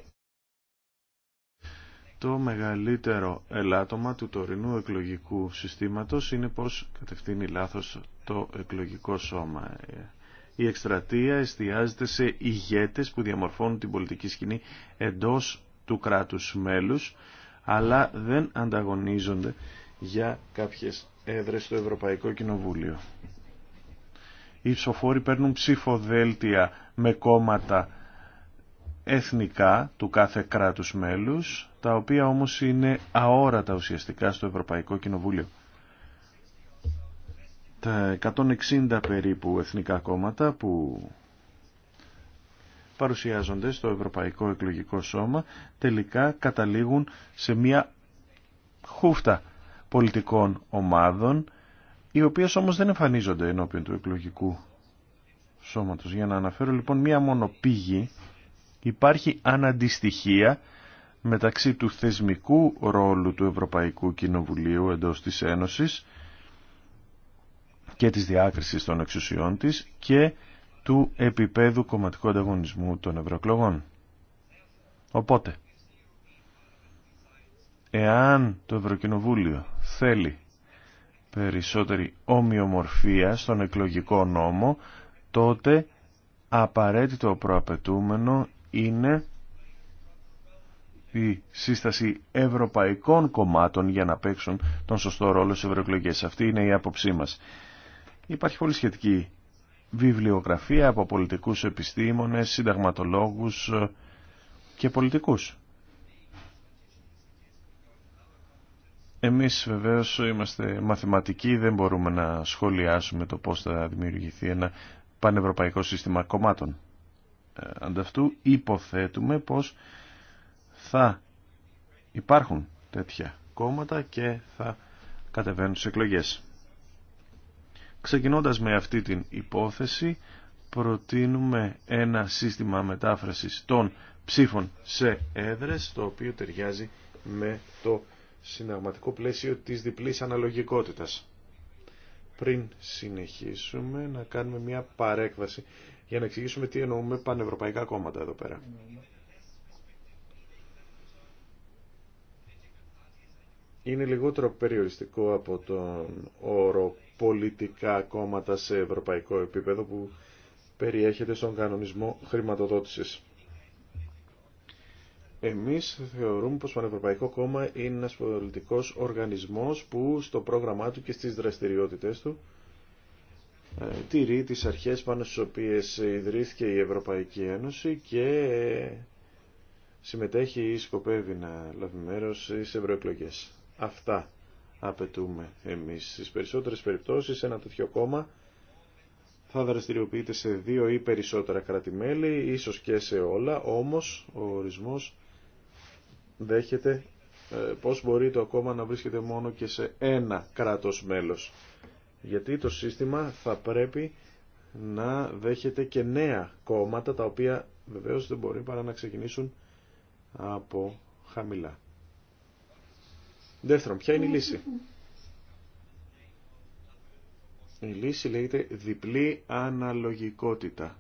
Το μεγαλύτερο ελάττωμα του τωρινού εκλογικού συστήματος είναι πως κατευθύνει λάθος το εκλογικό σώμα. Η εκστρατεία εστιάζεται σε ηγέτες που διαμορφώνουν την πολιτική σκηνή εντός του κράτους μέλους, αλλά δεν ανταγωνίζονται για κάποιες έδρες στο Ευρωπαϊκό Κοινοβούλιο. Οι ψηφοφόροι παίρνουν ψηφοδέλτια με κόμματα εθνικά του κάθε κράτους μέλους, τα οποία όμως είναι αόρατα ουσιαστικά στο Ευρωπαϊκό Κοινοβούλιο. Τα 160 περίπου εθνικά κόμματα που παρουσιάζονται στο Ευρωπαϊκό Εκλογικό Σώμα τελικά καταλήγουν σε μια χούφτα πολιτικών ομάδων, οι οποίες όμως δεν εμφανίζονται ενώπιον του εκλογικού σώματος. Για να αναφέρω λοιπόν μία μονοπήγη, υπάρχει αναντιστοιχία μεταξύ του θεσμικού ρόλου του Ευρωπαϊκού Κοινοβουλίου εντός της Ένωσης και της διάκρισης των εξουσιών της και του επίπεδου κομματικού ανταγωνισμού των ευρωεκλογών. Οπότε, εάν το Ευρωκοινοβούλιο θέλει περισσότερη ομοιομορφία στον εκλογικό νόμο, τότε απαραίτητο προαπαιτούμενο είναι η σύσταση ευρωπαϊκών κομμάτων για να παίξουν τον σωστό ρόλο στις ευρωεκλογέ. Αυτή είναι η άποψή μας. Υπάρχει πολύ σχετική βιβλιογραφία από πολιτικούς επιστήμονες, συνταγματολόγους και πολιτικούς. Εμείς βεβαίως είμαστε μαθηματικοί, δεν μπορούμε να σχολιάσουμε το πώς θα δημιουργηθεί ένα πανευρωπαϊκό σύστημα κομμάτων. Ε, ανταυτού υποθέτουμε πως θα υπάρχουν τέτοια κόμματα και θα κατεβαίνουν στις εκλογές. Ξεκινώντας με αυτή την υπόθεση, προτείνουμε ένα σύστημα μετάφρασης των ψήφων σε έδρες, το οποίο ταιριάζει με το συναγματικό πλαίσιο της διπλής αναλογικότητας. Πριν συνεχίσουμε να κάνουμε μια παρέκβαση για να εξηγήσουμε τι εννοούμε πανευρωπαϊκά κόμματα εδώ πέρα. Είναι λιγότερο περιοριστικό από τον όρο πολιτικά κόμματα σε ευρωπαϊκό επίπεδο που περιέχεται στον κανονισμό χρηματοδότησης. Εμείς θεωρούμε πως το Πανευρωπαϊκό Κόμμα είναι ένας πολιτικός οργανισμός που στο πρόγραμμά του και στις δραστηριότητες του ε, τηρεί τις αρχές πάνω στις οποίες ιδρύθηκε η Ευρωπαϊκή Ένωση και ε, συμμετέχει ή σκοπεύει να λάβει μέρος στις ευρωεκλογές. Αυτά απαιτούμε εμείς. Στις περισσότερες περιπτώσεις ένα τέτοιο κόμμα θα δραστηριοποιείται σε δύο ή περισσότερα κράτη-μέλη, ίσως και σε όλα, όμως ο ορισμός δέχεται, ε, πώς μπορεί το ακόμα να βρίσκεται μόνο και σε ένα κράτος μέλος. Γιατί το σύστημα θα πρέπει να δέχεται και νέα κόμματα, τα οποία βεβαίως δεν μπορεί παρά να ξεκινήσουν από χαμηλά. Δεύτερον, ποια είναι η λύση. Η λύση λέγεται διπλή αναλογικότητα,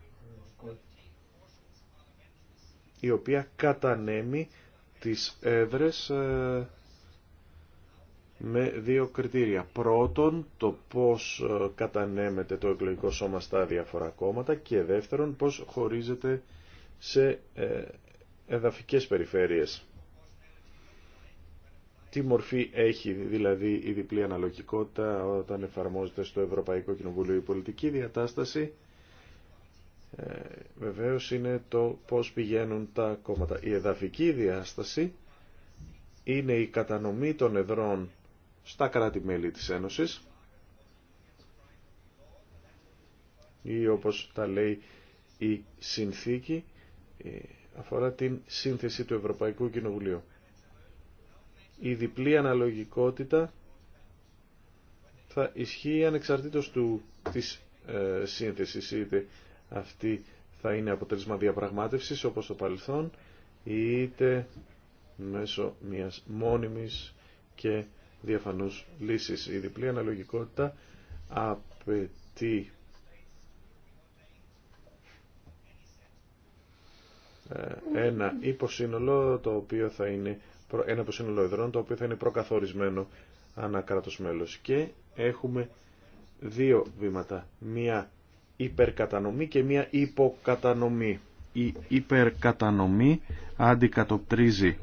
η οποία κατανέμει τις έδρες ε, με δύο κριτήρια. Πρώτον, το πώς ε, κατανέμεται το εκλογικό σώμα στα διαφορά κόμματα και δεύτερον, πώς χωρίζεται σε ε, εδαφικές περιφέρειες. Τι μορφή έχει δηλαδή η διπλή αναλογικότητα όταν εφαρμόζεται στο Ευρωπαϊκό Κοινοβούλιο η πολιτική διατάσταση ε, βεβαίως είναι το πώς πηγαίνουν τα κόμματα. Η εδαφική διάσταση είναι η κατανομή των εδρών στα κράτη-μέλη της Ένωσης ή όπως τα λέει η συνθήκη ε, αφορά την σύνθεση του Ευρωπαϊκού Κοινοβουλίου. Η διπλή αναλογικότητα θα ισχύει ανεξαρτήτως του, της ε, σύνθεσης είτε αυτή θα είναι αποτέλεσμα διαπραγμάτευσης όπως το παρελθόν είτε μέσω μιας μόνιμης και διαφανούς λύσης. Η διπλή αναλογικότητα απαιτεί ε, ένα υποσύνολο το οποίο θα είναι ένα υποσύνολο εδρών το οποίο θα είναι προκαθορισμένο ανά κράτος μέλος και έχουμε δύο βήματα μία υπερκατανομή και μία υποκατανομή. Η υπερκατανομή αντικατοπτρίζει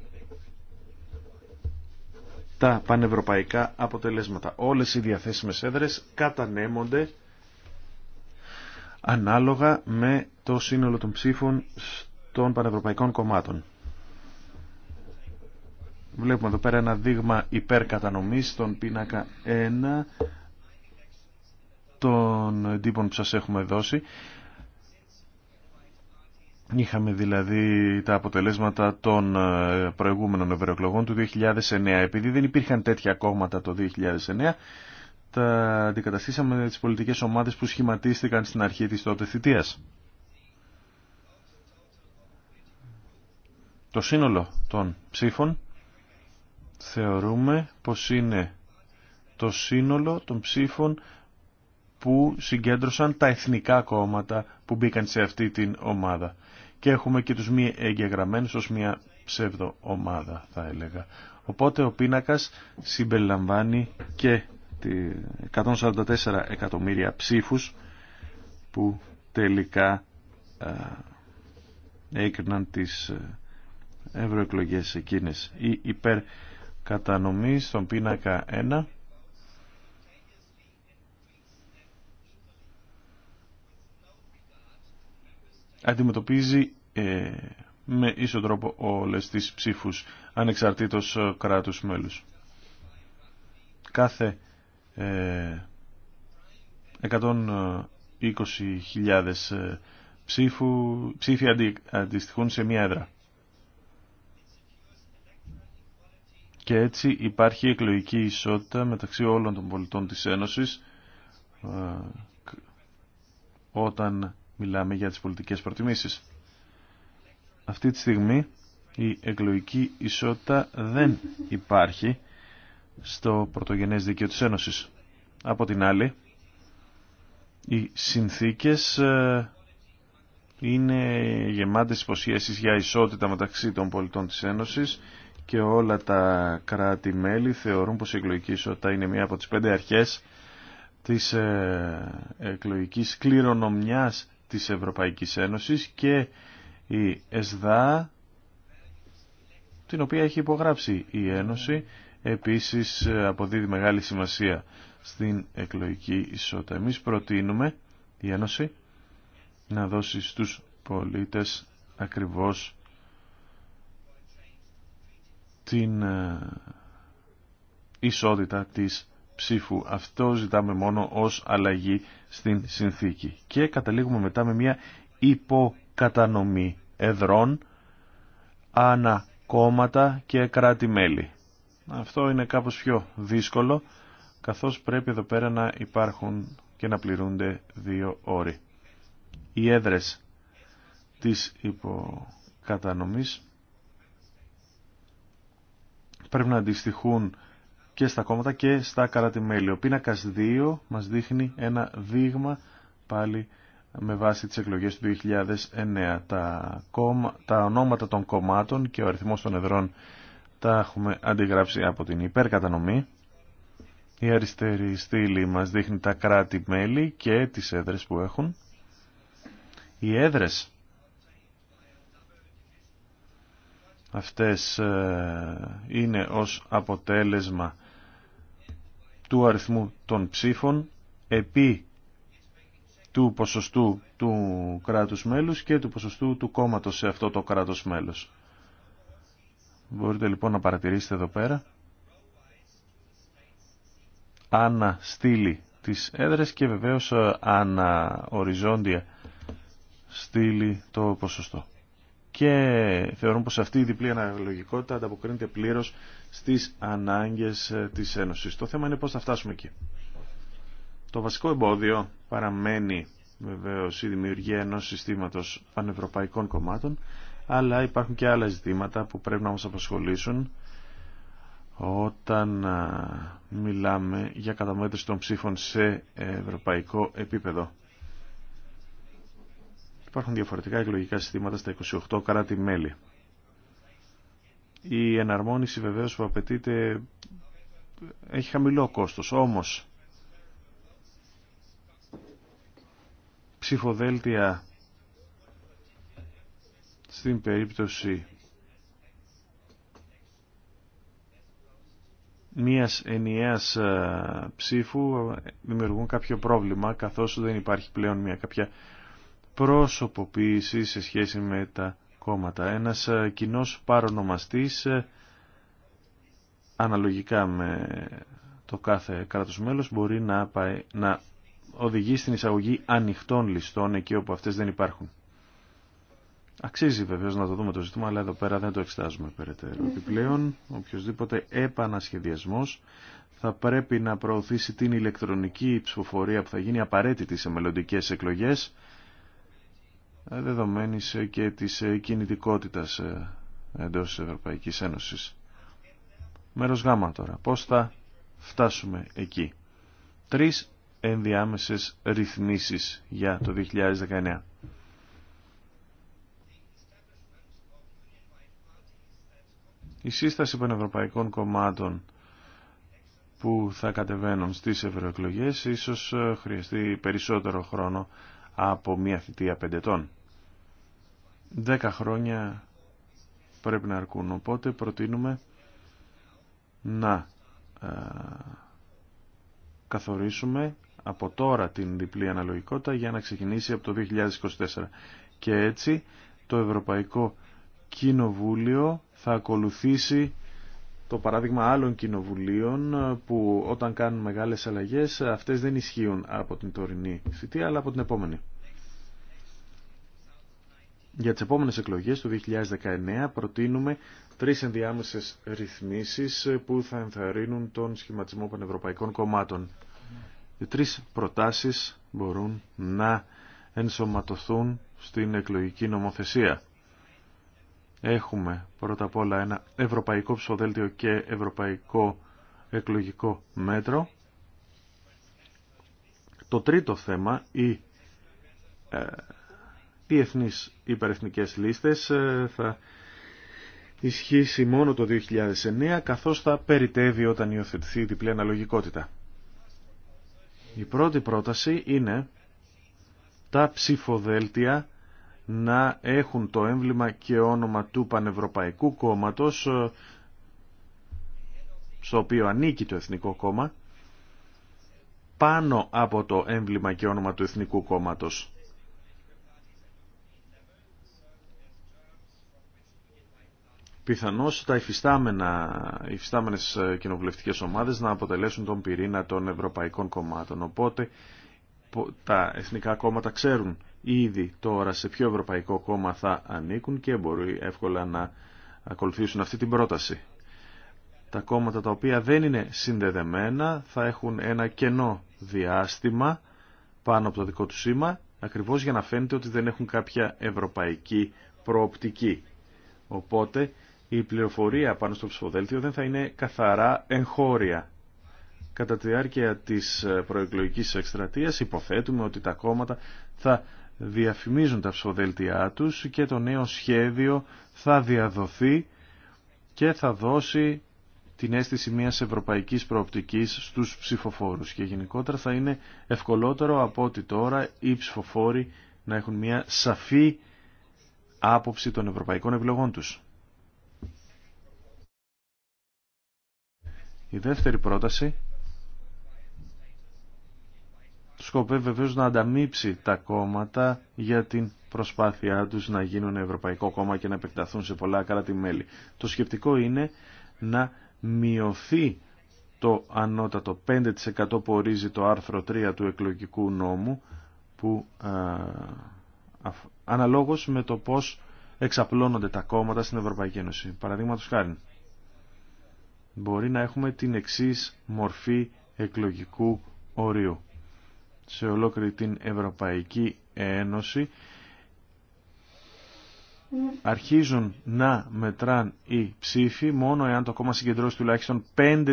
τα πανευρωπαϊκά αποτελέσματα. Όλες οι διαθέσιμες έδρες κατανέμονται ανάλογα με το σύνολο των ψήφων των πανευρωπαϊκών κομμάτων. Βλέπουμε εδώ πέρα ένα δείγμα υπερκατανομής στον πίνακα 1 των εντύπων που σας έχουμε δώσει. Είχαμε δηλαδή τα αποτελέσματα των ε, προηγούμενων ευρωεκλογών του 2009. Επειδή δεν υπήρχαν τέτοια κόμματα το 2009, τα αντικαταστήσαμε με τις πολιτικές ομάδες που σχηματίστηκαν στην αρχή της τότε θητείας. Το σύνολο των ψήφων θεωρούμε πως είναι το σύνολο των ψήφων που συγκέντρωσαν τα εθνικά κόμματα που μπήκαν σε αυτή την ομάδα. Και έχουμε και τους μη εγγεγραμμένους ως μια ψεύδο ομάδα θα έλεγα. Οπότε ο πίνακας συμπεριλαμβάνει και 144 εκατομμύρια ψήφους που τελικά έκριναν τις ε, ευρωεκλογές εκείνες. Η υπερκατανομή στον πίνακα 1 αντιμετωπίζει ε, με ίσο τρόπο όλες τις ψήφους ανεξαρτήτως ε, κράτους μέλους. Κάθε 120.000 ε, ψήφου, ψήφοι αντι, αντιστοιχούν σε μία έδρα. Και έτσι υπάρχει εκλογική ισότητα μεταξύ όλων των πολιτών της Ένωσης όταν μιλάμε για τις πολιτικές προτιμήσεις. Αυτή τη στιγμή η εκλογική ισότητα δεν υπάρχει στο πρωτογενές δίκαιο της Ένωσης. Από την άλλη, οι συνθήκες ε, είναι γεμάτες υποσχέσεις για ισότητα μεταξύ των πολιτών της Ένωσης και όλα τα κράτη-μέλη θεωρούν πως η εκλογική ισότητα είναι μία από τις πέντε αρχές της ε, εκλογικής κληρονομιάς της Ευρωπαϊκής Ένωσης και η ΕΣΔΑ, την οποία έχει υπογράψει η Ένωση, επίσης ε, αποδίδει μεγάλη σημασία στην εκλογική ισότητα. Εμείς προτείνουμε η Ένωση να δώσει στους πολίτες ακριβώς την ε, ισότητα της ψήφου. Αυτό ζητάμε μόνο ως αλλαγή στην συνθήκη. Και καταλήγουμε μετά με μια υποκατανομή εδρών ανά κόμματα και κράτη-μέλη. Αυτό είναι κάπως πιο δύσκολο, καθώς πρέπει εδώ πέρα να υπάρχουν και να πληρούνται δύο όροι. Οι έδρες της υποκατανομής πρέπει να αντιστοιχούν και στα κόμματα και στα κράτη-μέλη. Ο πίνακα 2 μας δείχνει ένα δείγμα πάλι με βάση τις εκλογές του 2009. Τα, τα ονόματα των κομμάτων και ο αριθμός των εδρών τα έχουμε αντιγράψει από την υπερκατανομή. Η αριστερή στήλη μας δείχνει τα κράτη-μέλη και τις έδρες που έχουν. Οι έδρες αυτές ε, είναι ως αποτέλεσμα του αριθμού των ψήφων επί του ποσοστού του κράτους μέλους και του ποσοστού του κόμματος σε αυτό το κράτος μέλος. Μπορείτε λοιπόν να παρατηρήσετε εδώ πέρα ανά στήλη της έδρες και βεβαίως ε, ανά οριζόντια το ποσοστό και θεωρούν πως αυτή η διπλή αναλογικότητα ανταποκρίνεται πλήρως στις ανάγκες ε, της Ένωσης. Το θέμα είναι πώς θα φτάσουμε εκεί. Το βασικό εμπόδιο παραμένει βεβαίως η δημιουργία ενός συστήματος πανευρωπαϊκών κομμάτων, αλλά υπάρχουν και άλλα ζητήματα που πρέπει να μας απασχολήσουν όταν ε, μιλάμε για καταμέτρηση των ψήφων σε ευρωπαϊκό επίπεδο. Υπάρχουν διαφορετικά εκλογικά συστήματα στα 28 κράτη-μέλη. Η εναρμόνιση βεβαίως που απαιτείται έχει χαμηλό κόστος, όμως ψηφοδέλτια στην περίπτωση μίας ενιαίας ψήφου δημιουργούν κάποιο πρόβλημα καθώς δεν υπάρχει πλέον μια κάποια προσωποποίηση σε σχέση με τα κόμματα. Ένας ε, κοινό παρονομαστής ε, αναλογικά με το κάθε κράτος μέλος μπορεί να, πάει, να οδηγεί στην εισαγωγή ανοιχτών ληστών εκεί όπου αυτές δεν υπάρχουν. Αξίζει βεβαίως να το δούμε το ζήτημα, αλλά εδώ πέρα δεν το εξετάζουμε περαιτέρω. Επιπλέον, οποιοδήποτε επανασχεδιασμός θα πρέπει να προωθήσει την ηλεκτρονική ψηφοφορία που θα γίνει απαραίτητη σε μελλοντικέ εκλογές ε, δεδομένης ε, και της ε, κινητικότητας εντός της Ευρωπαϊκής Ένωσης. Μέρος γάμα τώρα. Πώς θα φτάσουμε εκεί. Τρεις ενδιάμεσες ρυθμίσεις για το 2019. Η σύσταση πανευρωπαϊκών κομμάτων που θα κατεβαίνουν στις ευρωεκλογές ίσως χρειαστεί περισσότερο χρόνο από μια θητεία πεντετών. Δέκα χρόνια πρέπει να αρκούν. Οπότε προτείνουμε να ε, καθορίσουμε από τώρα την διπλή αναλογικότητα για να ξεκινήσει από το 2024. Και έτσι το Ευρωπαϊκό Κοινοβούλιο θα ακολουθήσει το παράδειγμα άλλων κοινοβουλίων ε, που όταν κάνουν μεγάλες αλλαγές ε, αυτές δεν ισχύουν από την τωρινή θητεία αλλά από την επόμενη. Για τις επόμενες εκλογές του 2019 προτείνουμε τρεις ενδιάμεσες ρυθμίσεις ε, που θα ενθαρρύνουν τον σχηματισμό πανευρωπαϊκών κομμάτων. Οι τρεις προτάσεις μπορούν να ενσωματωθούν στην εκλογική νομοθεσία. Έχουμε πρώτα απ' όλα ένα ευρωπαϊκό ψηφοδέλτιο και ευρωπαϊκό εκλογικό μέτρο. Το τρίτο θέμα, οι ε, ή υπερεθνικές λίστες, ε, θα ισχύσει μόνο το 2009, καθώς θα περιτεύει όταν υιοθετηθεί η διπλή αναλογικότητα. Η πρώτη πρόταση είναι τα ψηφοδέλτια να έχουν το έμβλημα και όνομα του Πανευρωπαϊκού Κόμματος ε, στο οποίο ανήκει το Εθνικό Κόμμα πάνω από το έμβλημα και όνομα του Εθνικού Κόμματος. Πιθανώς τα υφιστάμενα, υφιστάμενες ε, κοινοβουλευτικές ομάδες να αποτελέσουν τον πυρήνα των ευρωπαϊκών κομμάτων. Οπότε τα εθνικά κόμματα ξέρουν ήδη τώρα σε ποιο ευρωπαϊκό κόμμα θα ανήκουν και μπορεί εύκολα να ακολουθήσουν αυτή την πρόταση. Τα κόμματα τα οποία δεν είναι συνδεδεμένα θα έχουν ένα κενό διάστημα πάνω από το δικό του σήμα ακριβώς για να φαίνεται ότι δεν έχουν κάποια ευρωπαϊκή προοπτική. Οπότε η πληροφορία πάνω στο ψηφοδέλτιο δεν θα είναι καθαρά εγχώρια. Κατά τη διάρκεια της προεκλογικής εκστρατείας υποθέτουμε ότι τα κόμματα θα διαφημίζουν τα ψωδελτιά τους και το νέο σχέδιο θα διαδοθεί και θα δώσει την αίσθηση μιας ευρωπαϊκής προοπτικής στους ψηφοφόρους και γενικότερα θα είναι ευκολότερο από ότι τώρα οι ψηφοφόροι να έχουν μια σαφή άποψη των ευρωπαϊκών επιλογών τους. Η δεύτερη πρόταση σκοπεύει βεβαίως να ανταμείψει τα κόμματα για την προσπάθειά τους να γίνουν ευρωπαϊκό κόμμα και να επεκταθούν σε πολλά κράτη-μέλη. Το σκεπτικό είναι να μειωθεί το ανώτατο 5% που ορίζει το άρθρο 3 του εκλογικού νόμου που α, αναλόγως με το πώς εξαπλώνονται τα κόμματα στην Ευρωπαϊκή Ένωση. Παραδείγματος χάρη, μπορεί να έχουμε την εξής μορφή εκλογικού ορίου σε ολόκληρη την Ευρωπαϊκή Ένωση αρχίζουν να μετράν οι ψήφοι μόνο εάν το κόμμα συγκεντρώσει τουλάχιστον 5%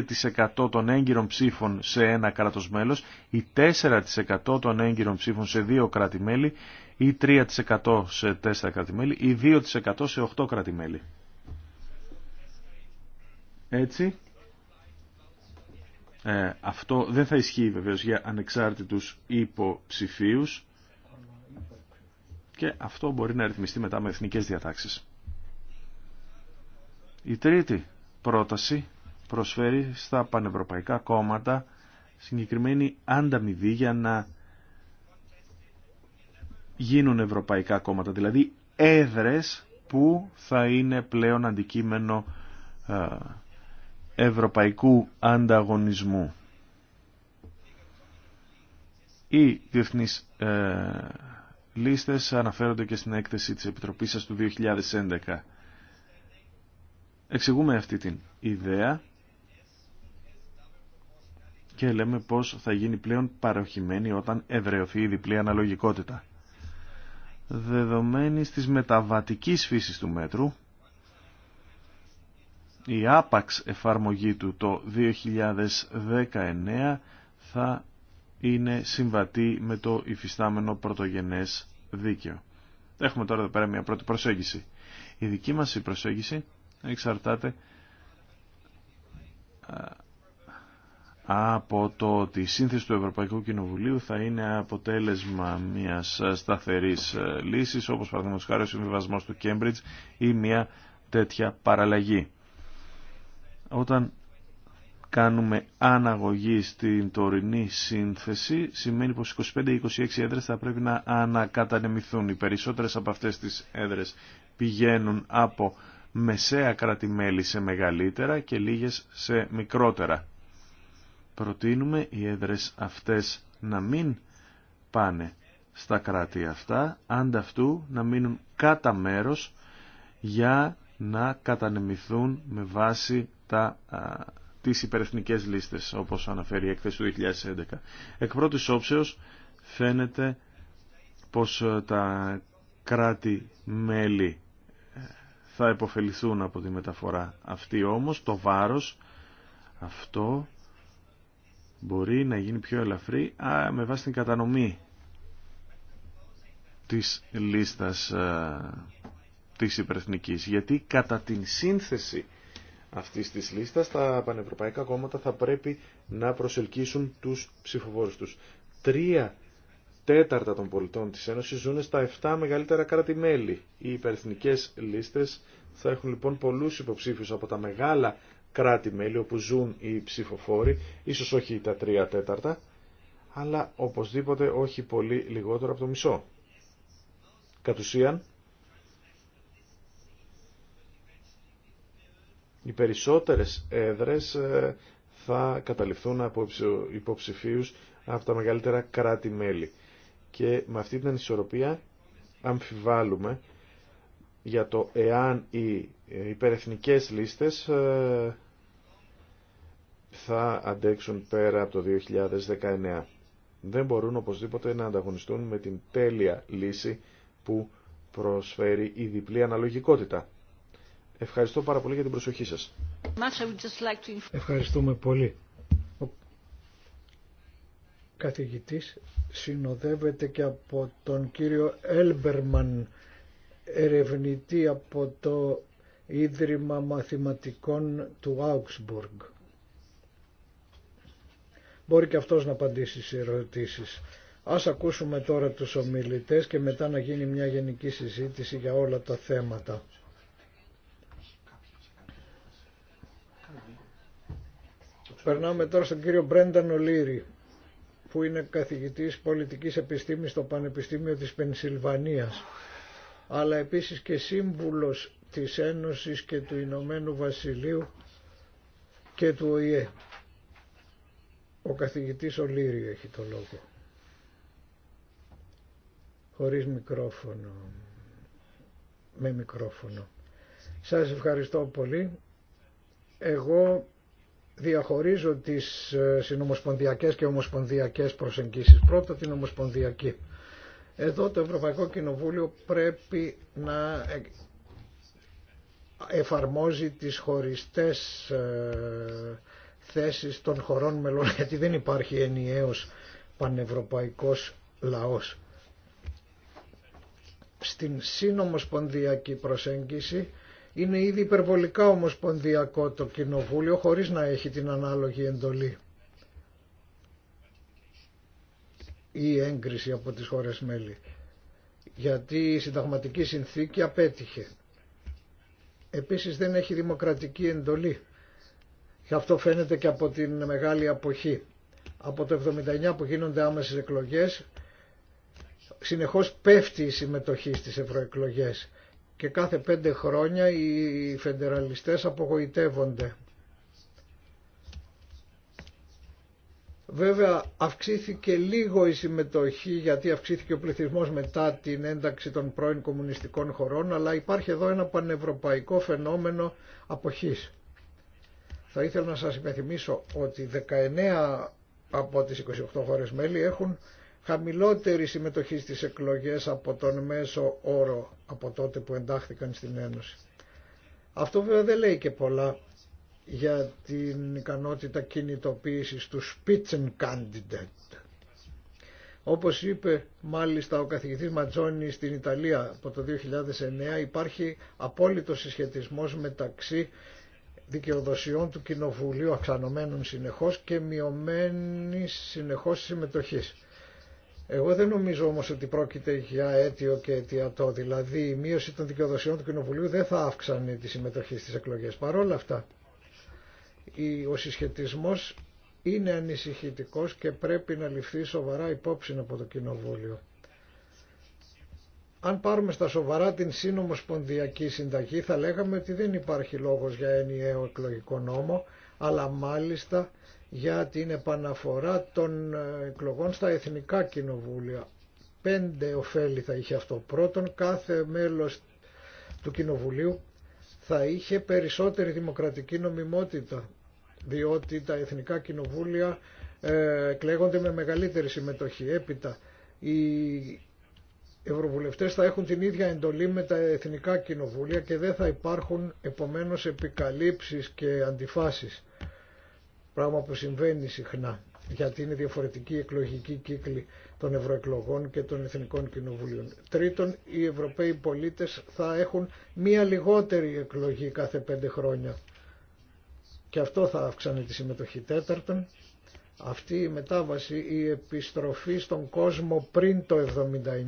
των έγκυρων ψήφων σε ένα κράτος μέλος ή 4% των έγκυρων ψήφων σε δύο κράτη-μέλη ή 3% σε τέσσερα κράτη-μέλη ή 2% σε 8 κράτη-μέλη. Έτσι, ε, αυτό δεν θα ισχύει βεβαίως για ανεξάρτητους υποψηφίους και αυτό μπορεί να ρυθμιστεί μετά με εθνικές διατάξεις. Η τρίτη πρόταση προσφέρει στα πανευρωπαϊκά κόμματα συγκεκριμένη ανταμοιβή για να γίνουν ευρωπαϊκά κόμματα, δηλαδή έδρες που θα είναι πλέον αντικείμενο ε, ευρωπαϊκού ανταγωνισμού. Οι διεθνείς ε, λίστες αναφέρονται και στην έκθεση της Επιτροπής σας του 2011. Εξηγούμε αυτή την ιδέα και λέμε πως θα γίνει πλέον παροχημένη όταν ευρεωθεί η διπλή αναλογικότητα. Δεδομένη της μεταβατικής φύσης του μέτρου, η άπαξ εφαρμογή του το 2019 θα είναι συμβατή με το υφιστάμενο πρωτογενές δίκαιο. Έχουμε τώρα εδώ πέρα μια πρώτη προσέγγιση. Η δική μας η προσέγγιση εξαρτάται από το ότι η σύνθεση του Ευρωπαϊκού Κοινοβουλίου θα είναι αποτέλεσμα μιας σταθερής ε, λύσης όπως παραδείγματος χάρη ο συμβιβασμός του Κέμπριτζ ή μια τέτοια παραλλαγή. Όταν κάνουμε αναγωγή στην τωρινή σύνθεση, σημαίνει πως 25-26 έδρες θα πρέπει να ανακατανεμηθούν. Οι περισσότερες από αυτές τις έδρες πηγαίνουν από μεσαία κρατημέλη σε μεγαλύτερα και λίγες σε μικρότερα. Προτείνουμε οι έδρες αυτές να μην πάνε στα κράτη αυτά, ανταυτού να μείνουν κατά μέρος για να κατανεμηθούν με βάση τα, α, τις υπερεθνικές λίστες, όπως αναφέρει η έκθεση του 2011. Εκ πρώτης όψεως φαίνεται πως ε, τα κράτη-μέλη ε, θα επωφεληθούν από τη μεταφορά αυτή όμως το βάρος αυτό μπορεί να γίνει πιο ελαφρύ με βάση την κατανομή της λίστας α, ε, της υπερεθνικής γιατί κατά την σύνθεση αυτής της λίστας, τα πανευρωπαϊκά κόμματα θα πρέπει να προσελκύσουν τους ψηφοφόρους τους. Τρία τέταρτα των πολιτών της Ένωσης ζουν στα 7 μεγαλύτερα κράτη-μέλη. Οι υπερεθνικές λίστες θα έχουν λοιπόν πολλούς υποψήφιους από τα μεγάλα κράτη-μέλη όπου ζουν οι ψηφοφόροι, ίσως όχι τα τρία τέταρτα, αλλά οπωσδήποτε όχι πολύ λιγότερο από το μισό. Κατ' ουσίαν, οι περισσότερες έδρες ε, θα καταληφθούν από υποψηφίους από τα μεγαλύτερα κράτη-μέλη. Και με αυτή την ανισορροπία αμφιβάλλουμε για το εάν οι ε, υπερεθνικές λίστες ε, θα αντέξουν πέρα από το 2019. Δεν μπορούν οπωσδήποτε να ανταγωνιστούν με την τέλεια λύση που προσφέρει η διπλή αναλογικότητα. Ευχαριστώ πάρα πολύ για την προσοχή σας. Ευχαριστούμε πολύ. Ο καθηγητής συνοδεύεται και από τον κύριο Έλμπερμαν, ερευνητή από το Ίδρυμα Μαθηματικών του Augsburg. Μπορεί και αυτός να απαντήσει σε ερωτήσεις. Ας ακούσουμε τώρα τους ομιλητές και μετά να γίνει μια γενική συζήτηση για όλα τα θέματα. Περνάμε τώρα στον κύριο Μπρένταν Ολύρη που είναι καθηγητής πολιτικής επιστήμης στο Πανεπιστήμιο της Πενσιλβανίας αλλά επίσης και σύμβουλος της Ένωσης και του Ηνωμένου Βασιλείου και του ΟΗΕ. Ο καθηγητής Ολύρη έχει το λόγο. Χωρίς μικρόφωνο. Με μικρόφωνο. Σας ευχαριστώ πολύ. Εγώ διαχωρίζω τις ε, συνομοσπονδιακές και ομοσπονδιακές προσεγγίσεις. Πρώτα την ομοσπονδιακή. Εδώ το Ευρωπαϊκό Κοινοβούλιο πρέπει να ε, εφαρμόζει τις χωριστές ε, θέσεις των χωρών μελών γιατί δεν υπάρχει ενιαίος πανευρωπαϊκός λαός. Στην συνομοσπονδιακή προσέγγιση είναι ήδη υπερβολικά ομοσπονδιακό το κοινοβούλιο χωρίς να έχει την ανάλογη εντολή ή έγκριση από τις χώρες μέλη. Γιατί η συνταγματική συνθήκη απέτυχε. Επίσης δεν έχει δημοκρατική εντολή. Και αυτό φαίνεται και από την μεγάλη αποχή. Από το 79 που γίνονται άμεσες εκλογές συνεχώς πέφτει η συμμετοχή στις ευρωεκλογές και κάθε πέντε χρόνια οι φεντεραλιστές απογοητεύονται. Βέβαια αυξήθηκε λίγο η συμμετοχή γιατί αυξήθηκε ο πληθυσμός μετά την ένταξη των πρώην κομμουνιστικών χωρών αλλά υπάρχει εδώ ένα πανευρωπαϊκό φαινόμενο αποχής. Θα ήθελα να σας υπενθυμίσω ότι 19 από τις 28 χώρες μέλη έχουν χαμηλότερη συμμετοχή στις εκλογές από τον μέσο όρο από τότε που εντάχθηκαν στην Ένωση. Αυτό βέβαια δεν λέει και πολλά για την ικανότητα κινητοποίησης του Spitzenkandidat. Όπως είπε μάλιστα ο καθηγητής Ματζόνη στην Ιταλία από το 2009 υπάρχει απόλυτο συσχετισμός μεταξύ δικαιοδοσιών του Κοινοβουλίου αυξανωμένων συνεχώς και μειωμένης συνεχώς συμμετοχής. Εγώ δεν νομίζω όμως ότι πρόκειται για αίτιο και αιτιατό, δηλαδή η μείωση των δικαιοδοσιών του Κοινοβουλίου δεν θα αύξανε τη συμμετοχή στις εκλογές. Παρόλα αυτά, ο συσχετισμό είναι ανησυχητικό και πρέπει να ληφθεί σοβαρά υπόψη από το Κοινοβούλιο. Αν πάρουμε στα σοβαρά την σπονδιακή συνταγή θα λέγαμε ότι δεν υπάρχει λόγο για ενιαίο εκλογικό νόμο, αλλά μάλιστα για την επαναφορά των ε, εκλογών στα εθνικά κοινοβούλια. Πέντε ωφέλη θα είχε αυτό. Πρώτον, κάθε μέλος του κοινοβουλίου θα είχε περισσότερη δημοκρατική νομιμότητα, διότι τα εθνικά κοινοβούλια ε, εκλέγονται με μεγαλύτερη συμμετοχή. Έπειτα, οι ευρωβουλευτές θα έχουν την ίδια εντολή με τα εθνικά κοινοβούλια και δεν θα υπάρχουν επομένως επικαλύψεις και αντιφάσεις πράγμα που συμβαίνει συχνά γιατί είναι διαφορετική η εκλογική κύκλη των ευρωεκλογών και των εθνικών κοινοβουλίων. Τρίτον, οι Ευρωπαίοι πολίτες θα έχουν μία λιγότερη εκλογή κάθε πέντε χρόνια και αυτό θα αύξανε τη συμμετοχή. Τέταρτον, αυτή η μετάβαση, η επιστροφή στον κόσμο πριν το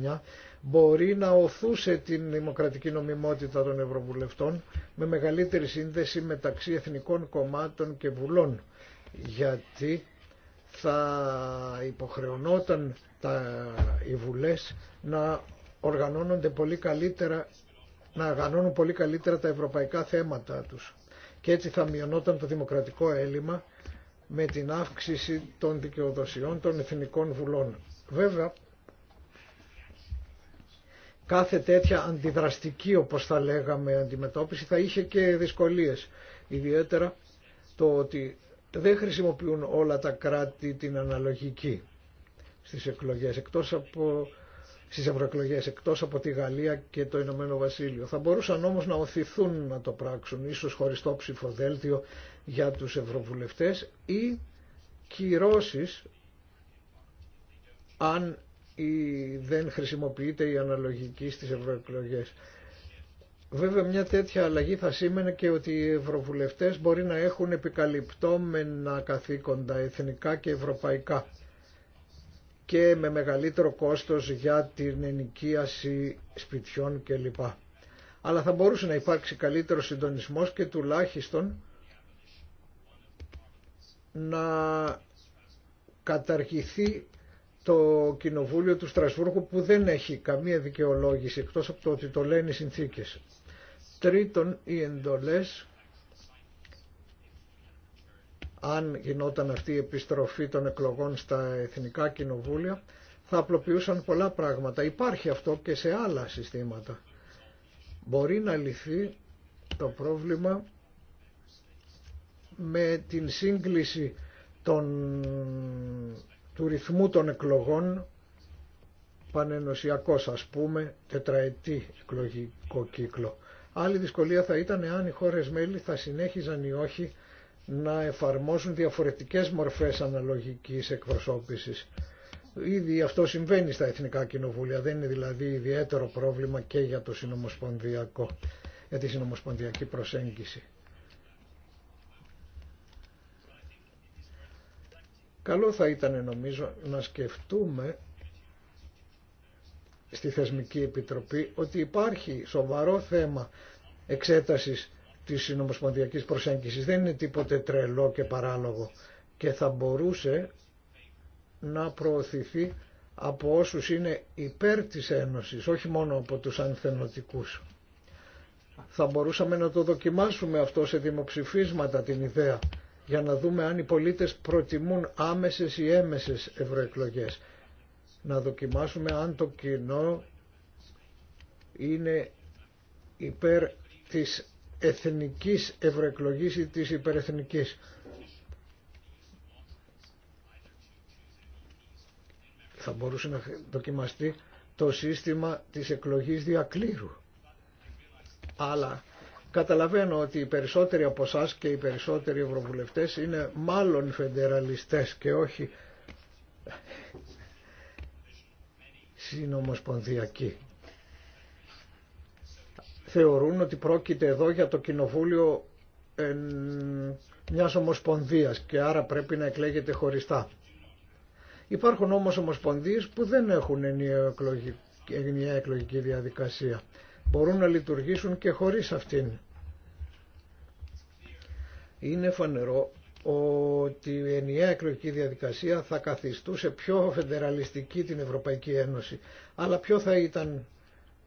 79 μπορεί να οθούσε την δημοκρατική νομιμότητα των Ευρωβουλευτών με μεγαλύτερη σύνδεση μεταξύ εθνικών κομμάτων και βουλών γιατί θα υποχρεωνόταν τα, οι βουλές να οργανώνονται πολύ καλύτερα να οργανώνουν πολύ καλύτερα τα ευρωπαϊκά θέματα τους και έτσι θα μειωνόταν το δημοκρατικό έλλειμμα με την αύξηση των δικαιοδοσιών των εθνικών βουλών. Βέβαια, κάθε τέτοια αντιδραστική, όπως θα λέγαμε, αντιμετώπιση θα είχε και δυσκολίες. Ιδιαίτερα το ότι δεν χρησιμοποιούν όλα τα κράτη την αναλογική στις εκλογές, εκτός από, στις ευρωεκλογές, εκτός από τη Γαλλία και το Ηνωμένο Βασίλειο. Θα μπορούσαν όμως να οθηθούν να το πράξουν, ίσως χωριστό ψηφοδέλτιο για τους ευρωβουλευτές ή κυρώσεις αν δεν χρησιμοποιείται η αναλογική στις ευρωεκλογές. Βέβαια μια τέτοια αλλαγή θα σήμαινε και ότι οι ευρωβουλευτές μπορεί να έχουν επικαλυπτόμενα καθήκοντα εθνικά και ευρωπαϊκά και με μεγαλύτερο κόστος για την ενοικίαση σπιτιών κλπ. Αλλά θα μπορούσε να υπάρξει καλύτερο συντονισμός και τουλάχιστον να καταργηθεί το Κοινοβούλιο του Στρασβούργου που δεν έχει καμία δικαιολόγηση εκτός από το ότι το λένε οι συνθήκες. Τρίτον, οι εντολές, αν γινόταν αυτή η επιστροφή των εκλογών στα εθνικά κοινοβούλια, θα απλοποιούσαν πολλά πράγματα. Υπάρχει αυτό και σε άλλα συστήματα. Μπορεί να λυθεί το πρόβλημα με την σύγκληση του ρυθμού των εκλογών πανενωσιακός ας πούμε τετραετή εκλογικό κύκλο Άλλη δυσκολία θα ήταν εάν οι χώρες μέλη θα συνέχιζαν ή όχι να εφαρμόσουν διαφορετικές μορφές αναλογικής εκπροσώπησης. Ήδη αυτό συμβαίνει στα Εθνικά Κοινοβούλια, δεν είναι δηλαδή ιδιαίτερο πρόβλημα και για, το συνομοσπονδιακό, για τη συνομοσπονδιακή προσέγγιση. Καλό θα ήταν νομίζω να σκεφτούμε στη Θεσμική Επιτροπή ότι υπάρχει σοβαρό θέμα εξέτασης της συνομοσπονδιακής προσέγγισης. Δεν είναι τίποτε τρελό και παράλογο και θα μπορούσε να προωθηθεί από όσους είναι υπέρ της Ένωσης, όχι μόνο από τους ανθενωτικούς. Θα μπορούσαμε να το δοκιμάσουμε αυτό σε δημοψηφίσματα την ιδέα για να δούμε αν οι πολίτες προτιμούν άμεσες ή έμεσες ευρωεκλογές να δοκιμάσουμε αν το κοινό είναι υπέρ της εθνικής ευρωεκλογής ή της υπερεθνικής. Θα μπορούσε να δοκιμαστεί το σύστημα της εκλογής διακλήρου. Αλλά καταλαβαίνω ότι οι περισσότεροι από εσά και οι περισσότεροι ευρωβουλευτές είναι μάλλον φεντεραλιστές και όχι Συνομοσπονδιακοί Θεωρούν ότι πρόκειται εδώ για το κοινοβούλιο μιας ομοσπονδίας και άρα πρέπει να εκλέγεται χωριστά. Υπάρχουν όμως ομοσπονδίες που δεν έχουν ενιαία εκλογική διαδικασία. Μπορούν να λειτουργήσουν και χωρίς αυτήν. Είναι φανερό ότι η ενιαία εκλογική διαδικασία θα καθιστούσε πιο φεντεραλιστική την Ευρωπαϊκή Ένωση. Αλλά ποιο θα ήταν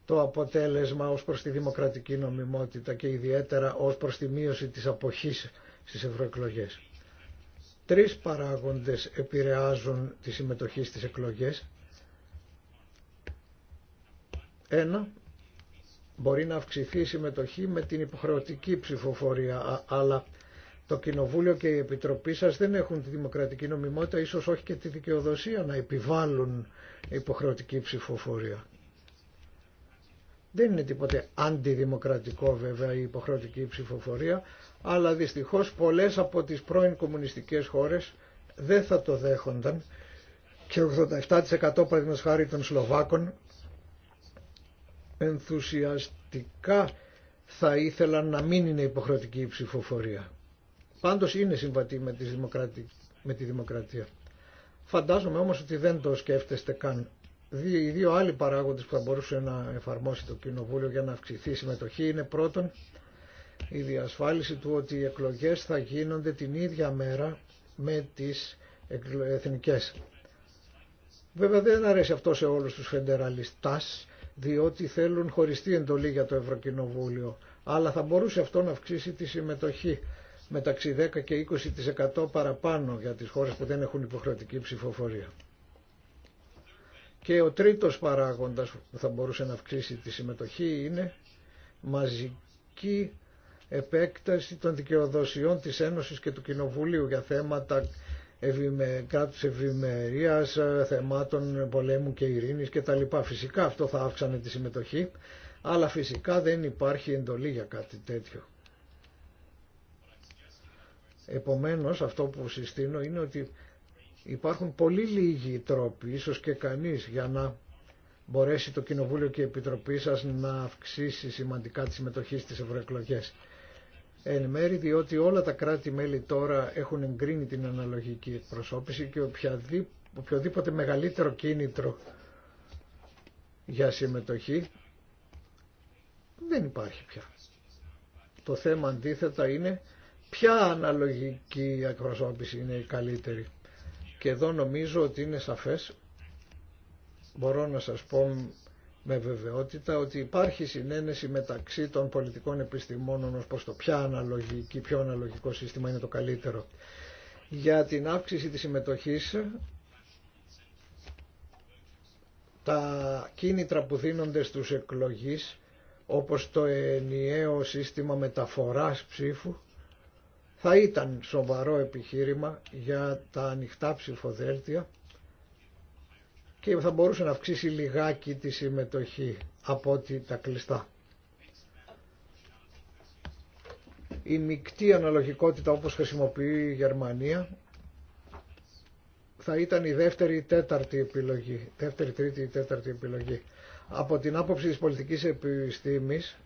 το αποτέλεσμα ως προς τη δημοκρατική νομιμότητα και ιδιαίτερα ως προς τη μείωση της αποχής στις ευρωεκλογέ. Τρεις παράγοντες επηρεάζουν τη συμμετοχή στις εκλογές. Ένα, μπορεί να αυξηθεί η συμμετοχή με την υποχρεωτική ψηφοφορία, αλλά το Κοινοβούλιο και η Επιτροπή σας δεν έχουν τη δημοκρατική νομιμότητα, ίσως όχι και τη δικαιοδοσία να επιβάλλουν υποχρεωτική ψηφοφορία. Δεν είναι τίποτε αντιδημοκρατικό βέβαια η υποχρεωτική ψηφοφορία, αλλά δυστυχώς πολλές από τις πρώην κομμουνιστικές χώρες δεν θα το δέχονταν και 87% παραδείγματος χάρη των Σλοβάκων ενθουσιαστικά θα ήθελαν να μην είναι υποχρεωτική η ψηφοφορία. Πάντως είναι συμβατή με τη, δημοκρατία. Φαντάζομαι όμως ότι δεν το σκέφτεστε καν. Οι δύο άλλοι παράγοντες που θα μπορούσε να εφαρμόσει το Κοινοβούλιο για να αυξηθεί η συμμετοχή είναι πρώτον η διασφάλιση του ότι οι εκλογές θα γίνονται την ίδια μέρα με τις εθνικές. Βέβαια δεν αρέσει αυτό σε όλους τους φεντεραλιστάς, διότι θέλουν χωριστή εντολή για το Ευρωκοινοβούλιο, αλλά θα μπορούσε αυτό να αυξήσει τη συμμετοχή μεταξύ 10 και 20% παραπάνω για τις χώρες που δεν έχουν υποχρεωτική ψηφοφορία. Και ο τρίτος παράγοντας που θα μπορούσε να αυξήσει τη συμμετοχή είναι μαζική επέκταση των δικαιοδοσιών της Ένωσης και του Κοινοβουλίου για θέματα κράτους ευημερίας, θεμάτων πολέμου και ειρήνης κτλ. Φυσικά αυτό θα αύξανε τη συμμετοχή, αλλά φυσικά δεν υπάρχει εντολή για κάτι τέτοιο. Επομένως αυτό που συστήνω είναι ότι υπάρχουν πολύ λίγοι τρόποι, ίσως και κανείς, για να μπορέσει το Κοινοβούλιο και η Επιτροπή σας να αυξήσει σημαντικά τη συμμετοχή στις ευρωεκλογέ. Εν μέρη διότι όλα τα κράτη-μέλη τώρα έχουν εγκρίνει την αναλογική εκπροσώπηση και οποιοδήποτε μεγαλύτερο κίνητρο για συμμετοχή δεν υπάρχει πια. Το θέμα αντίθετα είναι ποια αναλογική εκπροσώπηση είναι η καλύτερη. Και εδώ νομίζω ότι είναι σαφές, μπορώ να σας πω με βεβαιότητα, ότι υπάρχει συνένεση μεταξύ των πολιτικών επιστημόνων ως προς το ποια αναλογική, ποιο αναλογικό σύστημα είναι το καλύτερο. Για την αύξηση της συμμετοχής, τα κίνητρα που δίνονται στους εκλογείς, όπως το ενιαίο σύστημα μεταφοράς ψήφου, θα ήταν σοβαρό επιχείρημα για τα ανοιχτά ψηφοδέλτια και θα μπορούσε να αυξήσει λιγάκι τη συμμετοχή από ότι τα κλειστά. Η μεικτή αναλογικότητα όπως χρησιμοποιεί η Γερμανία θα ήταν η δεύτερη ή τέταρτη επιλογή, δεύτερη, τρίτη ή τέταρτη επιλογή. Από την άποψη της πολιτικής επιστήμης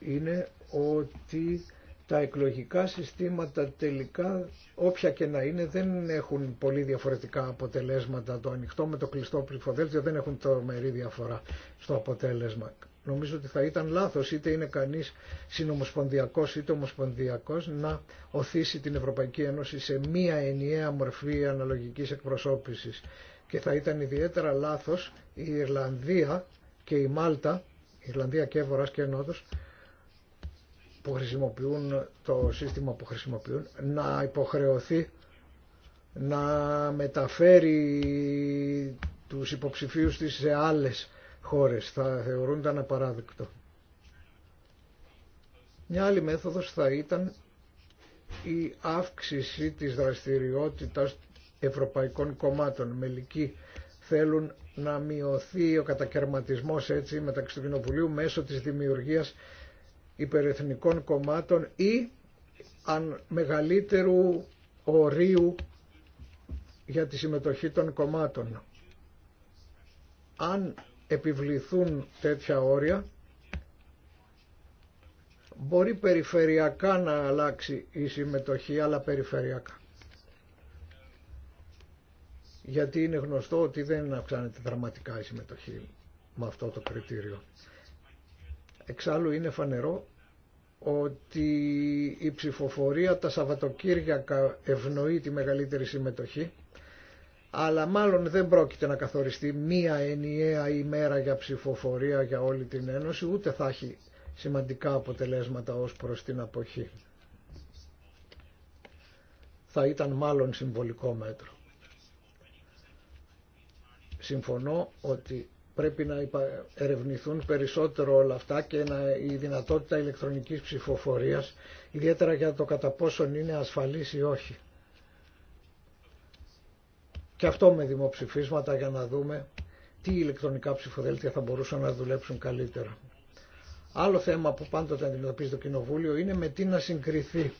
είναι ότι τα εκλογικά συστήματα τελικά όποια και να είναι δεν έχουν πολύ διαφορετικά αποτελέσματα το ανοιχτό με το κλειστό πληφοδέλτιο δεν έχουν τρομερή διαφορά στο αποτέλεσμα νομίζω ότι θα ήταν λάθος είτε είναι κανείς συνομοσπονδιακός είτε ομοσπονδιακός να οθήσει την Ευρωπαϊκή Ένωση σε μία ενιαία μορφή αναλογικής εκπροσώπησης και θα ήταν ιδιαίτερα λάθος η Ιρλανδία και η Μάλτα, η Ιρλανδία και Βορράς και Νότος που χρησιμοποιούν το σύστημα που χρησιμοποιούν να υποχρεωθεί να μεταφέρει τους υποψηφίους της σε άλλες χώρες. Θα θεωρούνταν απαράδεκτο. Μια άλλη μέθοδος θα ήταν η αύξηση της δραστηριότητας ευρωπαϊκών κομμάτων. Μελικοί θέλουν να μειωθεί ο κατακαιρματισμός έτσι μεταξύ του Κοινοβουλίου μέσω της δημιουργίας υπερεθνικών κομμάτων ή αν μεγαλύτερου ορίου για τη συμμετοχή των κομμάτων. Αν επιβληθούν τέτοια όρια, μπορεί περιφερειακά να αλλάξει η συμμετοχή, αλλά περιφερειακά. Γιατί είναι γνωστό ότι δεν αυξάνεται δραματικά η συμμετοχή με αυτό το κριτήριο. Εξάλλου είναι φανερό ότι η ψηφοφορία τα Σαββατοκύριακα ευνοεί τη μεγαλύτερη συμμετοχή, αλλά μάλλον δεν πρόκειται να καθοριστεί μία ενιαία ημέρα για ψηφοφορία για όλη την Ένωση, ούτε θα έχει σημαντικά αποτελέσματα ως προς την αποχή. Θα ήταν μάλλον συμβολικό μέτρο. Συμφωνώ ότι πρέπει να ερευνηθούν περισσότερο όλα αυτά και να, η δυνατότητα ηλεκτρονικής ψηφοφορίας, ιδιαίτερα για το κατά πόσον είναι ασφαλής ή όχι. Και αυτό με δημοψηφίσματα για να δούμε τι ηλεκτρονικά ψηφοδέλτια θα μπορούσαν να δουλέψουν καλύτερα. Άλλο θέμα που πάντοτε αντιμετωπίζει το Κοινοβούλιο είναι με τι να συγκριθεί.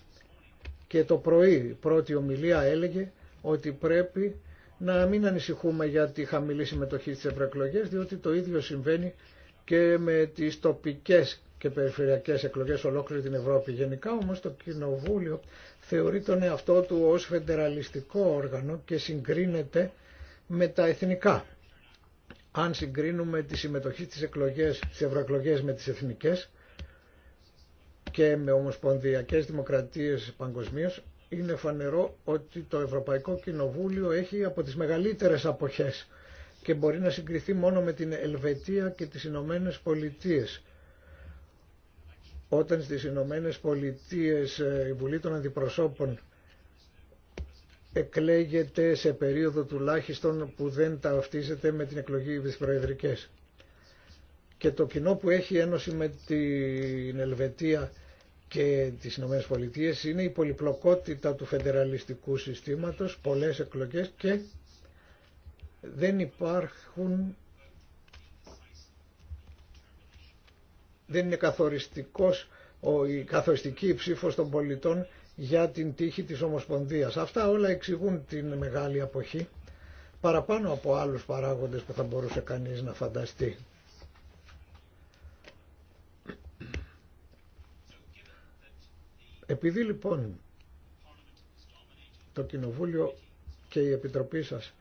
Και το πρωί πρώτη ομιλία έλεγε ότι πρέπει να μην ανησυχούμε για τη χαμηλή συμμετοχή στι ευρωεκλογέ, διότι το ίδιο συμβαίνει και με τις τοπικές και περιφερειακές εκλογές ολόκληρη την Ευρώπη. Γενικά όμως το Κοινοβούλιο θεωρεί τον εαυτό του ως φεντεραλιστικό όργανο και συγκρίνεται με τα εθνικά. Αν συγκρίνουμε τη συμμετοχή στις, εκλογές, με τις εθνικές και με ομοσπονδιακές δημοκρατίες παγκοσμίω, είναι φανερό ότι το Ευρωπαϊκό Κοινοβούλιο έχει από τις μεγαλύτερες αποχές και μπορεί να συγκριθεί μόνο με την Ελβετία και τις Ηνωμένε Πολιτείες. Όταν στις Ηνωμένε Πολιτείες ε, η Βουλή των Αντιπροσώπων εκλέγεται σε περίοδο τουλάχιστον που δεν ταυτίζεται με την εκλογή της προεδρικές. Και το κοινό που έχει ένωση με την Ελβετία και τις Ηνωμένες Πολιτείες είναι η πολυπλοκότητα του φεντεραλιστικού συστήματος, πολλές εκλογές και δεν υπάρχουν δεν είναι καθοριστικός ο, η καθοριστική ψήφος των πολιτών για την τύχη της Ομοσπονδίας. Αυτά όλα εξηγούν την μεγάλη αποχή παραπάνω από άλλους παράγοντες που θα μπορούσε κανείς να φανταστεί. Επειδή λοιπόν το Κοινοβούλιο και η Επιτροπή σας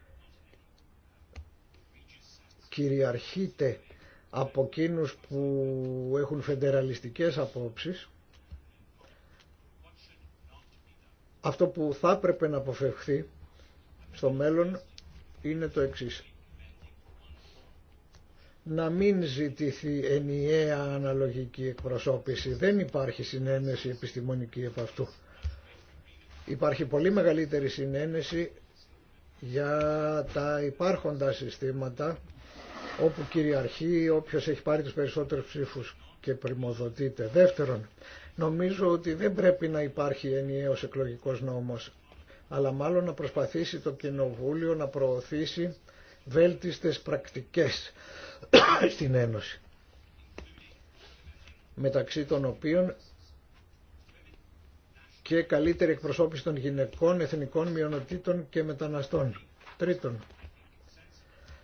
κυριαρχείται από εκείνους που έχουν φεντεραλιστικές απόψεις αυτό που θα έπρεπε να αποφευχθεί στο μέλλον είναι το εξής να μην ζητηθεί ενιαία αναλογική εκπροσώπηση. Δεν υπάρχει συνένεση επιστημονική επ' αυτού. Υπάρχει πολύ μεγαλύτερη συνένεση για τα υπάρχοντα συστήματα όπου κυριαρχεί όποιος έχει πάρει τους περισσότερους ψήφους και πρημοδοτείται. Δεύτερον, νομίζω ότι δεν πρέπει να υπάρχει ενιαίος εκλογικός νόμος, αλλά μάλλον να προσπαθήσει το Κοινοβούλιο να προωθήσει βέλτιστες πρακτικές στην Ένωση μεταξύ των οποίων και καλύτερη εκπροσώπηση των γυναικών, εθνικών μειονοτήτων και μεταναστών. Τρίτον,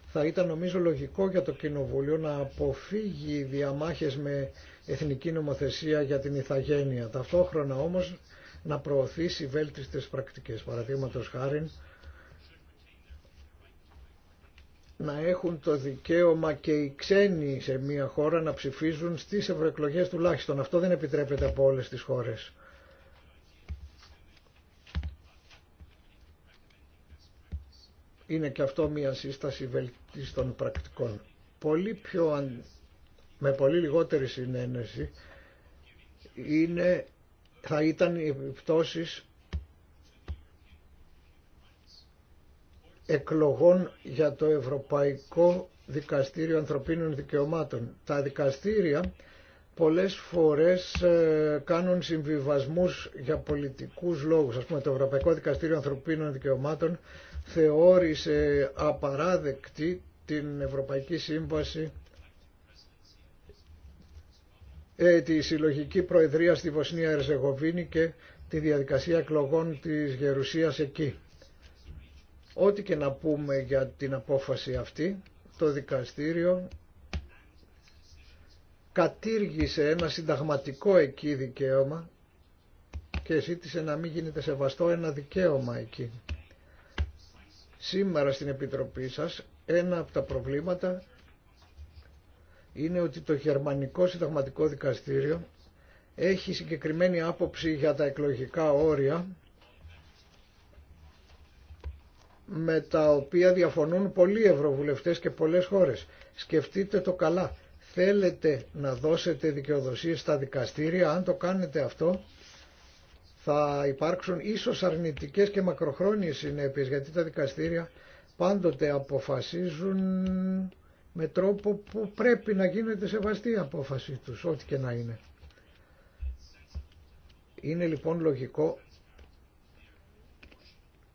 θα ήταν νομίζω λογικό για το Κοινοβούλιο να αποφύγει διαμάχες με εθνική νομοθεσία για την ηθαγένεια. Ταυτόχρονα όμως να προωθήσει βέλτιστες πρακτικές. Παραδείγματος χάρη να έχουν το δικαίωμα και οι ξένοι σε μια χώρα να ψηφίζουν στις ευρωεκλογέ τουλάχιστον. Αυτό δεν επιτρέπεται από όλες τις χώρες. Είναι και αυτό μια σύσταση βελτίστων πρακτικών. Πολύ πιο, με πολύ λιγότερη συνένεση είναι, θα ήταν οι επιπτώσεις εκλογών για το Ευρωπαϊκό Δικαστήριο Ανθρωπίνων Δικαιωμάτων. Τα δικαστήρια πολλές φορές ε, κάνουν συμβιβασμούς για πολιτικούς λόγους. Ας πούμε το Ευρωπαϊκό Δικαστήριο Ανθρωπίνων Δικαιωμάτων θεώρησε απαράδεκτη την Ευρωπαϊκή Σύμβαση ε, τη συλλογική προεδρία στη Βοσνία Ερζεγοβίνη και τη διαδικασία εκλογών της Γερουσίας εκεί. Ό,τι και να πούμε για την απόφαση αυτή, το δικαστήριο κατήργησε ένα συνταγματικό εκεί δικαίωμα και ζήτησε να μην γίνεται σεβαστό ένα δικαίωμα εκεί. Σήμερα στην Επιτροπή σας ένα από τα προβλήματα είναι ότι το Γερμανικό Συνταγματικό Δικαστήριο έχει συγκεκριμένη άποψη για τα εκλογικά όρια με τα οποία διαφωνούν πολλοί ευρωβουλευτές και πολλές χώρες. Σκεφτείτε το καλά. Θέλετε να δώσετε δικαιοδοσίε στα δικαστήρια, αν το κάνετε αυτό θα υπάρξουν ίσως αρνητικές και μακροχρόνιες συνέπειες γιατί τα δικαστήρια πάντοτε αποφασίζουν με τρόπο που πρέπει να γίνεται σεβαστή η απόφαση τους, ό,τι και να είναι. Είναι λοιπόν λογικό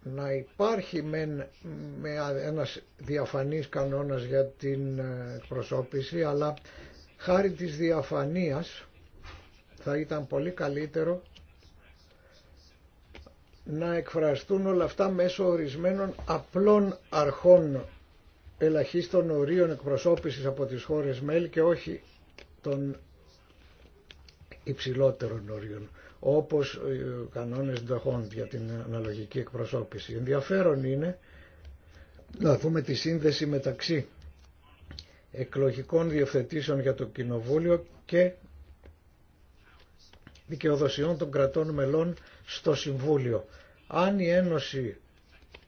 να υπάρχει με, με ένας διαφανής κανόνας για την ε, εκπροσώπηση, αλλά χάρη της διαφανίας θα ήταν πολύ καλύτερο να εκφραστούν όλα αυτά μέσω ορισμένων απλών αρχών ελαχίστων ορίων εκπροσώπησης από τις χώρες μέλη και όχι των υψηλότερων ορίων όπως οι κανόνες δοχών για την αναλογική εκπροσώπηση. Ενδιαφέρον είναι να δούμε τη σύνδεση μεταξύ εκλογικών διευθετήσεων για το Κοινοβούλιο και δικαιοδοσιών των κρατών μελών στο Συμβούλιο. Αν η Ένωση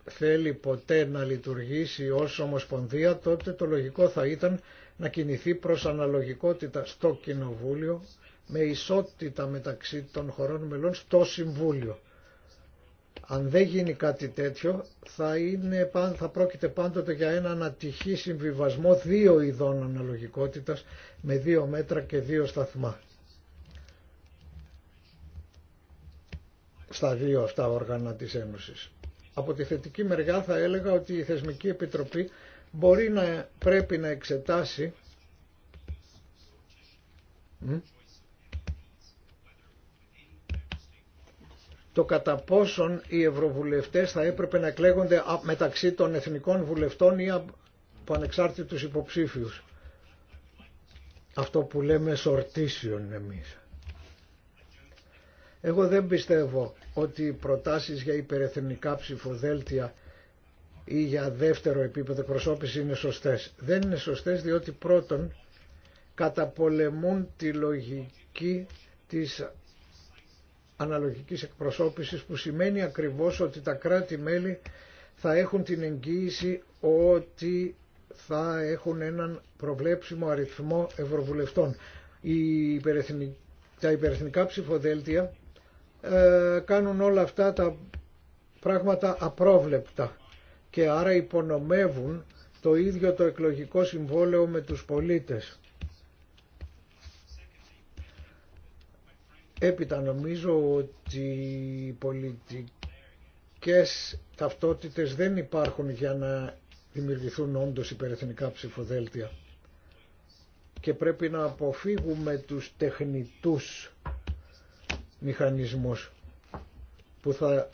θέλει ποτέ να λειτουργήσει ως Ομοσπονδία, τότε το λογικό θα ήταν να κινηθεί προς αναλογικότητα στο Κοινοβούλιο με ισότητα μεταξύ των χωρών μελών στο Συμβούλιο. Αν δεν γίνει κάτι τέτοιο θα, είναι, θα πρόκειται πάντοτε για ένα ατυχή συμβιβασμό δύο ειδών αναλογικότητας με δύο μέτρα και δύο σταθμά. Στα δύο αυτά όργανα της Ένωσης. Από τη θετική μεριά θα έλεγα ότι η Θεσμική Επιτροπή μπορεί να πρέπει να εξετάσει το κατά πόσον οι ευρωβουλευτές θα έπρεπε να εκλέγονται μεταξύ των εθνικών βουλευτών ή από ανεξάρτητους υποψήφιους. Αυτό που λέμε σορτήσιον εμείς. Εγώ δεν πιστεύω ότι οι προτάσεις για υπερεθνικά ψηφοδέλτια ή για δεύτερο επίπεδο προσώπηση είναι σωστές. Δεν είναι σωστές διότι πρώτον καταπολεμούν τη λογική της αναλογικής εκπροσώπησης που σημαίνει ακριβώς ότι τα κράτη-μέλη θα έχουν την εγγύηση ότι θα έχουν έναν προβλέψιμο αριθμό ευρωβουλευτών. Η τα υπερεθνικά ψηφοδέλτια ε, κάνουν όλα αυτά τα πράγματα απρόβλεπτα και άρα υπονομεύουν το ίδιο το εκλογικό συμβόλαιο με τους πολίτες. Έπειτα νομίζω ότι οι πολιτικές ταυτότητες δεν υπάρχουν για να δημιουργηθούν όντως υπερεθνικά ψηφοδέλτια και πρέπει να αποφύγουμε τους τεχνητούς μηχανισμούς που θα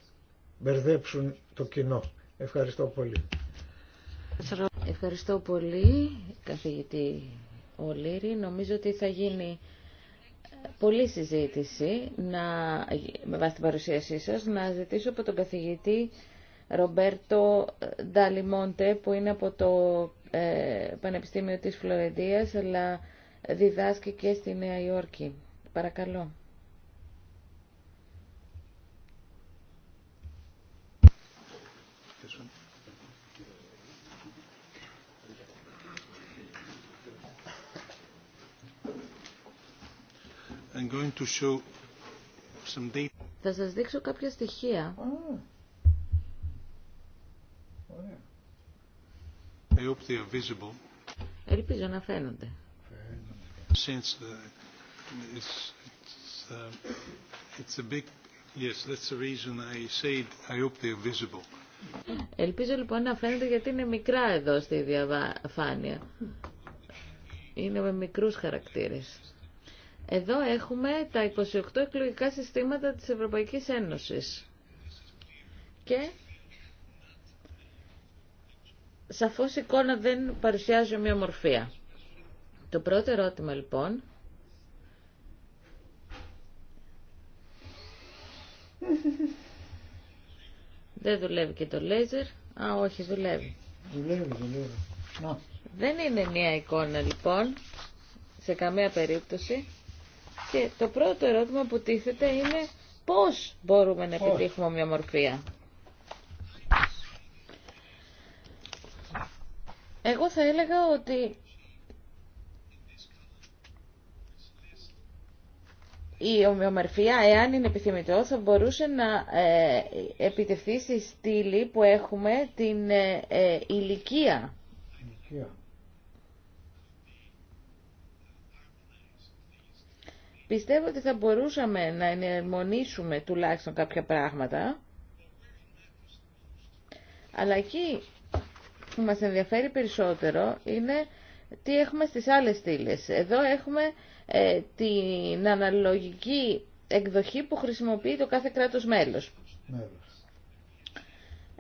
μπερδέψουν το κοινό. Ευχαριστώ πολύ. Ευχαριστώ πολύ καθηγητή Ολύρη. Νομίζω ότι θα γίνει Πολύ συζήτηση να, με βάση την παρουσίασή σας να ζητήσω από τον καθηγητή Ρομπέρτο Νταλιμόντε που είναι από το ε, Πανεπιστήμιο της Φλωρεντίας αλλά διδάσκει και στη Νέα Υόρκη. Παρακαλώ. I'm going to show some data. Θα σας δείξω κάποια στοιχεία. Oh. I hope they are visible. Ελπίζω να φαίνονται. Since the, uh, it's, it's, uh, it's a big, yes, that's the reason I said I hope they are visible. Ελπίζω λοιπόν να φαίνεται γιατί είναι μικρά εδώ στη διαφάνεια. Είναι με μικρούς χαρακτήρες. Εδώ έχουμε τα 28 εκλογικά συστήματα της Ευρωπαϊκής Ένωσης. Και σαφώς η εικόνα δεν παρουσιάζει ομοιομορφία. Το πρώτο ερώτημα λοιπόν Δεν δουλεύει και το λέιζερ. Α, όχι, δουλεύει. Δεν είναι μία εικόνα λοιπόν, σε καμία περίπτωση. Και το πρώτο ερώτημα που τίθεται είναι πώς μπορούμε να επιτύχουμε ομοιομορφία. Εγώ θα έλεγα ότι η ομοιομορφία, εάν είναι επιθυμητό, θα μπορούσε να ε, επιτευχθεί στη στήλη που έχουμε την ε, ε, ηλικία. Πιστεύω ότι θα μπορούσαμε να ενερμονίσουμε τουλάχιστον κάποια πράγματα, αλλά εκεί που μας ενδιαφέρει περισσότερο είναι τι έχουμε στις άλλες στήλε. Εδώ έχουμε ε, την αναλογική εκδοχή που χρησιμοποιεί το κάθε κράτος μέλος.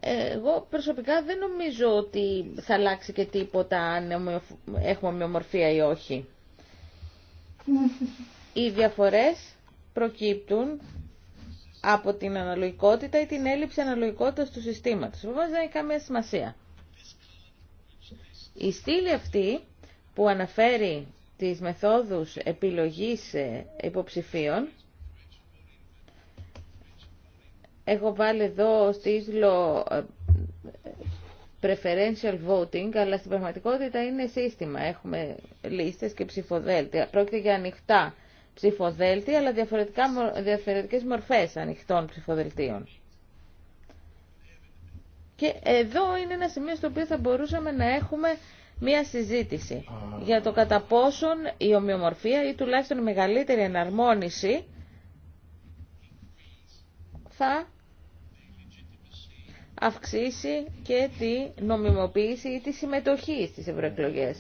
Εγώ προσωπικά δεν νομίζω ότι θα αλλάξει και τίποτα αν έχουμε ομοιομορφία ή όχι. Οι διαφορές προκύπτουν από την αναλογικότητα ή την έλλειψη αναλογικότητας του συστήματος. Επομένως δεν έχει καμία σημασία. Η την ελλειψη αναλογικοτητας του συστηματος οποτε δεν αυτή που αναφέρει τις μεθόδους επιλογής ε, υποψηφίων έχω βάλει εδώ στήλο ε, preferential voting, αλλά στην πραγματικότητα είναι σύστημα. Έχουμε λίστες και ψηφοδέλτια. Πρόκειται για ανοιχτά ψηφοδέλτια, αλλά διαφορετικά, διαφορετικές μορφές ανοιχτών ψηφοδελτίων. Και εδώ είναι ένα σημείο στο οποίο θα μπορούσαμε να έχουμε μία συζήτηση για το κατά πόσον η ομοιομορφία ή τουλάχιστον η μεγαλύτερη εναρμόνιση θα αυξήσει και τη νομιμοποίηση ή τη συμμετοχή στις ευρωεκλογές.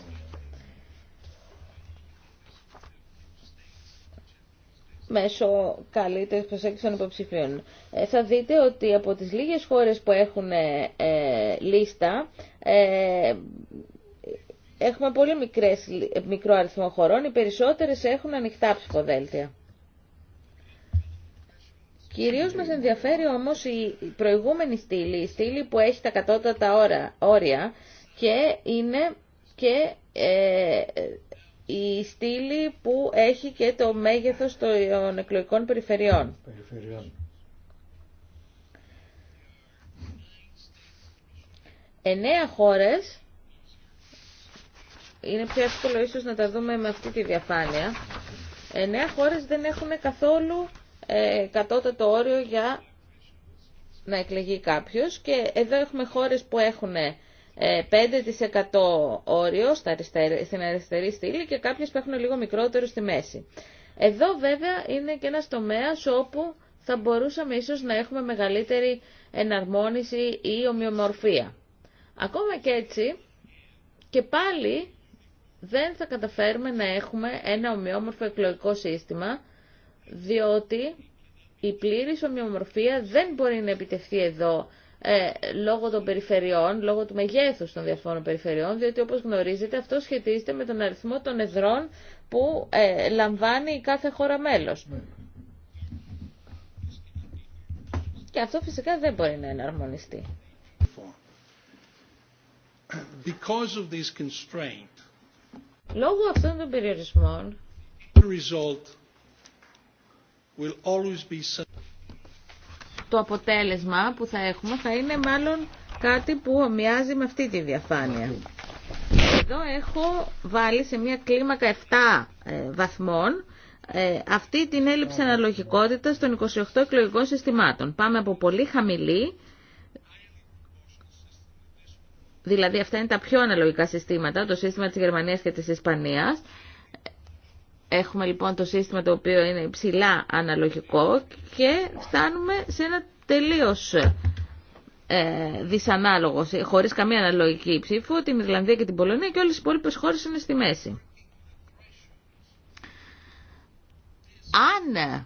μέσω καλύτερης προσέγγισης των υποψηφίων. Ε, θα δείτε ότι από τις λίγες χώρες που έχουν ε, ε, λίστα, ε, έχουμε πολύ μικρές, μικρό αριθμό χωρών, οι περισσότερες έχουν ανοιχτά ψηφοδέλτια. Κυρίως μας ενδιαφέρει όμως η προηγούμενη στήλη, η στήλη που έχει τα κατώτατα όρια και είναι και ε, η στήλη που έχει και το μέγεθος των εκλογικών περιφερειών. περιφερειών. Εννέα χώρες, είναι πιο εύκολο ίσως να τα δούμε με αυτή τη διαφάνεια, εννέα χώρες δεν έχουν καθόλου ε, κατώτατο όριο για να εκλεγεί κάποιος και εδώ έχουμε χώρες που έχουν 5% ε, όριο στην αριστερή στήλη και κάποιες που έχουν λίγο μικρότερο στη μέση. Εδώ βέβαια είναι και ένας τομέας όπου θα μπορούσαμε ίσως να έχουμε μεγαλύτερη εναρμόνιση ή ομοιομορφία. Ακόμα και έτσι, και πάλι δεν θα καταφέρουμε να έχουμε ένα ομοιόμορφο εκλογικό σύστημα, διότι η πλήρης ομοιομορφία δεν μπορεί να επιτευχθεί εδώ ε, λόγω των περιφερειών, λόγω του μεγέθους των διαφόρων περιφερειών, διότι όπως γνωρίζετε αυτό σχετίζεται με τον αριθμό των εδρών που ε, λαμβάνει κάθε χώρα μέλος. Και αυτό φυσικά δεν μπορεί να εναρμονιστεί. Because of Λόγω αυτών των περιορισμών, το αποτέλεσμα που θα έχουμε θα είναι μάλλον κάτι που ομοιάζει με αυτή τη διαφάνεια. Εδώ έχω βάλει σε μια κλίμακα 7 ε, βαθμών ε, αυτή την έλλειψη αναλογικότητας των 28 εκλογικών συστημάτων. Πάμε από πολύ χαμηλή, δηλαδή αυτά είναι τα πιο αναλογικά συστήματα, το σύστημα της Γερμανίας και της Ισπανίας, Έχουμε λοιπόν το σύστημα το οποίο είναι υψηλά αναλογικό και φτάνουμε σε ένα τελείως ε, δυσανάλογο, χωρίς καμία αναλογική ψήφο, την Ιρλανδία και την Πολωνία και όλες οι υπόλοιπε χώρες είναι στη μέση. Αν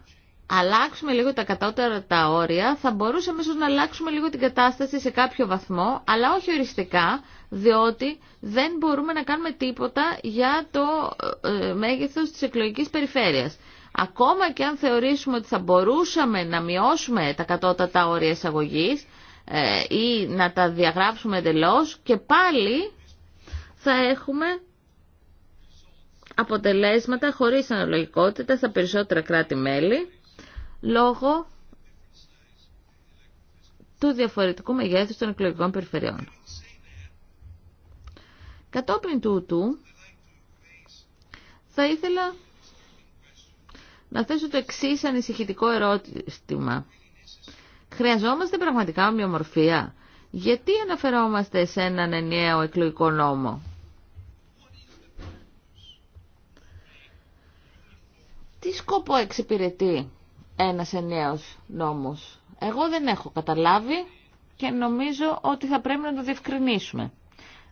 αλλάξουμε λίγο τα κατώτερα τα όρια, θα μπορούσαμε ίσως να αλλάξουμε λίγο την κατάσταση σε κάποιο βαθμό, αλλά όχι οριστικά, διότι δεν μπορούμε να κάνουμε τίποτα για το ε, μέγεθος της εκλογικής περιφέρειας. Ακόμα και αν θεωρήσουμε ότι θα μπορούσαμε να μειώσουμε τα κατώτατα όρια εισαγωγή ε, ή να τα διαγράψουμε εντελώ και πάλι θα έχουμε αποτελέσματα χωρίς αναλογικότητα στα περισσότερα κράτη-μέλη λόγω του διαφορετικού μεγέθους των εκλογικών περιφερειών. Κατόπιν τούτου, θα ήθελα να θέσω το εξής ανησυχητικό ερώτημα. Χρειαζόμαστε πραγματικά ομοιομορφία. Γιατί αναφερόμαστε σε έναν ενιαίο εκλογικό νόμο. Τι σκοπό εξυπηρετεί ένας ενιαίος νόμος. Εγώ δεν έχω καταλάβει και νομίζω ότι θα πρέπει να το διευκρινίσουμε.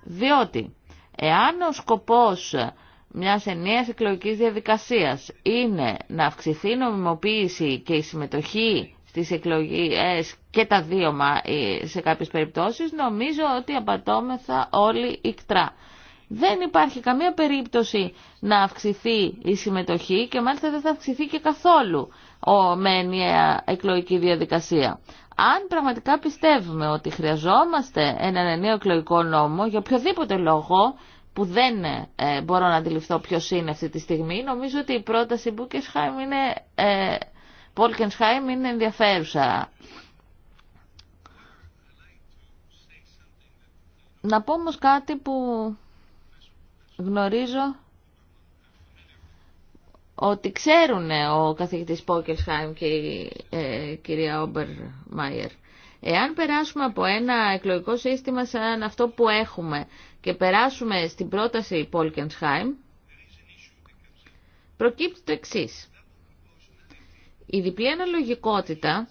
Διότι εάν ο σκοπός μιας ενιαίας εκλογικής διαδικασίας είναι να αυξηθεί η νομιμοποίηση και η συμμετοχή στις εκλογές και τα δύο ε, σε κάποιες περιπτώσεις, νομίζω ότι απατώμεθα όλοι ικτρά. Δεν υπάρχει καμία περίπτωση να αυξηθεί η συμμετοχή και μάλιστα δεν θα αυξηθεί και καθόλου με ενιαία εκλογική διαδικασία. Αν πραγματικά πιστεύουμε ότι χρειαζόμαστε έναν νέο εκλογικό νόμο, για οποιοδήποτε λόγο που δεν ε, μπορώ να αντιληφθώ ποιος είναι αυτή τη στιγμή, νομίζω ότι η πρόταση Μπούκεσχάιμ είναι, ε, είναι ενδιαφέρουσα. Να πω όμως κάτι που γνωρίζω ότι ξέρουν ε, ο καθηγητής Πόκελσχάιμ και η ε, κυρία Όμπερ Μάιερ. Εάν περάσουμε από ένα εκλογικό σύστημα σαν αυτό που έχουμε και περάσουμε στην πρόταση Πόλκενσχάιμ, προκύπτει το εξή. Η διπλή αναλογικότητα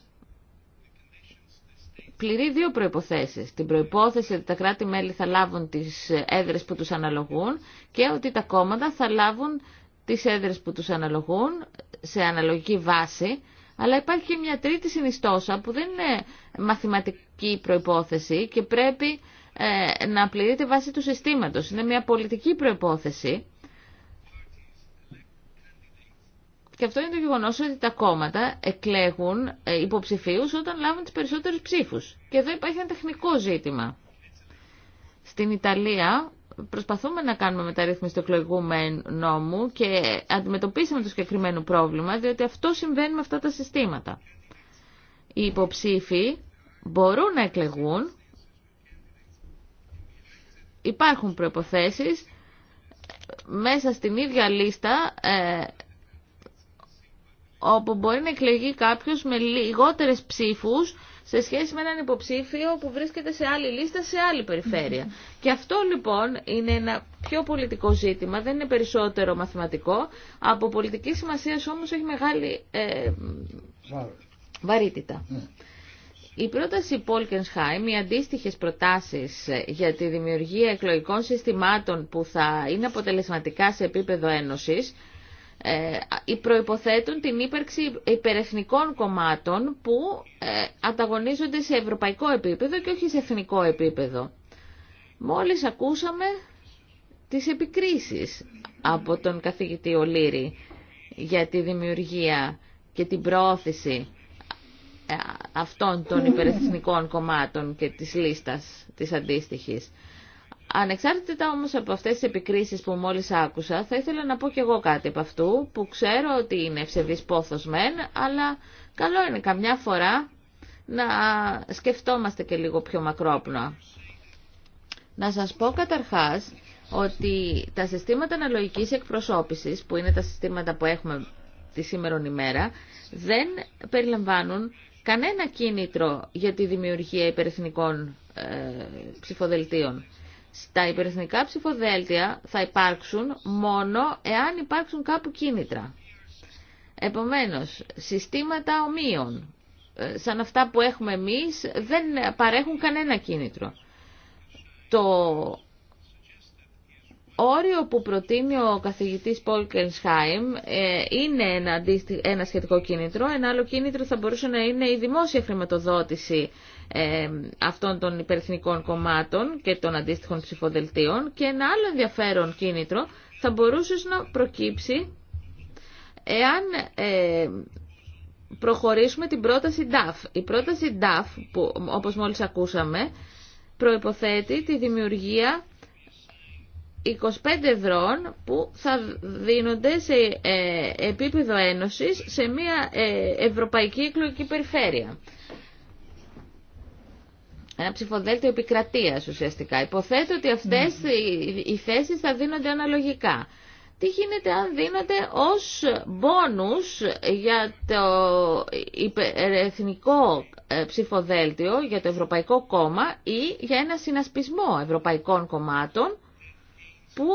πληρεί δύο προϋποθέσεις. Την προϋπόθεση ότι τα κράτη-μέλη θα λάβουν τις έδρες που τους αναλογούν και ότι τα κόμματα θα λάβουν τις έδρες που τους αναλογούν σε αναλογική βάση, αλλά υπάρχει και μια τρίτη συνιστόσα που δεν είναι μαθηματική προϋπόθεση και πρέπει ε, να πληρείται βάση του συστήματος. Είναι μια πολιτική προϋπόθεση. Και αυτό είναι το γεγονό ότι τα κόμματα εκλέγουν ε, υποψηφίους όταν λάβουν τις περισσότερες ψήφους. Και εδώ υπάρχει ένα τεχνικό ζήτημα. Στην Ιταλία προσπαθούμε να κάνουμε μεταρρύθμιση του εκλογικού νόμου και αντιμετωπίσαμε το συγκεκριμένο πρόβλημα, διότι αυτό συμβαίνει με αυτά τα συστήματα. Οι υποψήφοι μπορούν να εκλεγούν, υπάρχουν προϋποθέσεις, μέσα στην ίδια λίστα ε, όπου μπορεί να εκλεγεί κάποιος με λιγότερες ψήφους σε σχέση με έναν υποψήφιο που βρίσκεται σε άλλη λίστα, σε άλλη περιφέρεια. Mm-hmm. Και αυτό λοιπόν είναι ένα πιο πολιτικό ζήτημα, δεν είναι περισσότερο μαθηματικό. Από πολιτική σημασία όμως έχει μεγάλη ε, βαρύτητα. Ναι. Η πρόταση Πόλκενσχάιμ, οι αντίστοιχε προτάσει ε, για τη δημιουργία εκλογικών συστημάτων που θα είναι αποτελεσματικά σε επίπεδο ένωση, ε, προϋποθέτουν την ύπαρξη υπερεθνικών κομμάτων που ε, ανταγωνίζονται σε ευρωπαϊκό επίπεδο και όχι σε εθνικό επίπεδο. Μόλις ακούσαμε τις επικρίσεις από τον καθηγητή Ολύρη για τη δημιουργία και την προώθηση ε, αυτών των υπερεθνικών κομμάτων και της λίστας της αντίστοιχης. Ανεξάρτητα όμως από αυτές τις επικρίσεις που μόλις άκουσα, θα ήθελα να πω κι εγώ κάτι από αυτού, που ξέρω ότι είναι ευσεβής πόθος μεν, αλλά καλό είναι καμιά φορά να σκεφτόμαστε και λίγο πιο μακρόπνοα. Να σας πω καταρχάς ότι τα συστήματα αναλογικής εκπροσώπησης, που είναι τα συστήματα που έχουμε τη σήμερα ημέρα, δεν περιλαμβάνουν κανένα κίνητρο για τη δημιουργία υπερεθνικών ε, ψηφοδελτίων. Στα υπερεθνικά ψηφοδέλτια θα υπάρξουν μόνο εάν υπάρξουν κάπου κίνητρα. Επομένως, συστήματα ομοίων, ε, σαν αυτά που έχουμε εμείς, δεν παρέχουν κανένα κίνητρο. Το όριο που προτείνει ο καθηγητής Πολκενσχάιμ ε, είναι ένα, ένα σχετικό κίνητρο. Ένα άλλο κίνητρο θα μπορούσε να είναι η δημόσια χρηματοδότηση ε, αυτών των υπερεθνικών κομμάτων και των αντίστοιχων ψηφοδελτίων και ένα άλλο ενδιαφέρον κίνητρο θα μπορούσε να προκύψει εάν ε, προχωρήσουμε την πρόταση DAF. Η πρόταση DAF, που, όπως μόλις ακούσαμε, προϋποθέτει τη δημιουργία 25 ευρώ που θα δίνονται σε ε, επίπεδο ένωσης σε μια ευρωπαϊκή εκλογική περιφέρεια ένα ψηφοδέλτιο επικρατεία ουσιαστικά. Υποθέτω ότι αυτές οι θέσεις θα δίνονται αναλογικά. Τι γίνεται αν δίνονται ως μπόνους για το υπερεθνικό ε, ε, ψηφοδέλτιο, για το Ευρωπαϊκό Κόμμα ή για ένα συνασπισμό ευρωπαϊκών κομμάτων που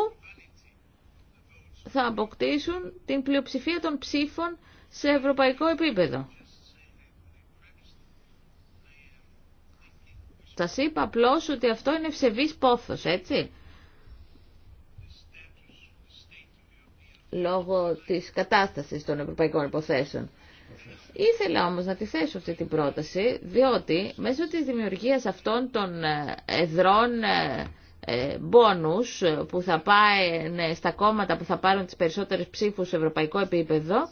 θα αποκτήσουν την πλειοψηφία των ψήφων σε ευρωπαϊκό επίπεδο. Σας είπα απλώ ότι αυτό είναι ευσεβής πόθος, έτσι. Λόγω της κατάστασης των ευρωπαϊκών υποθέσεων. Ήθελα όμως να τη θέσω αυτή την πρόταση, διότι μέσω της δημιουργίας αυτών των ε, εδρών ε, ε, μπόνους που θα πάει ναι, στα κόμματα που θα πάρουν τις περισσότερες ψήφους σε ευρωπαϊκό επίπεδο,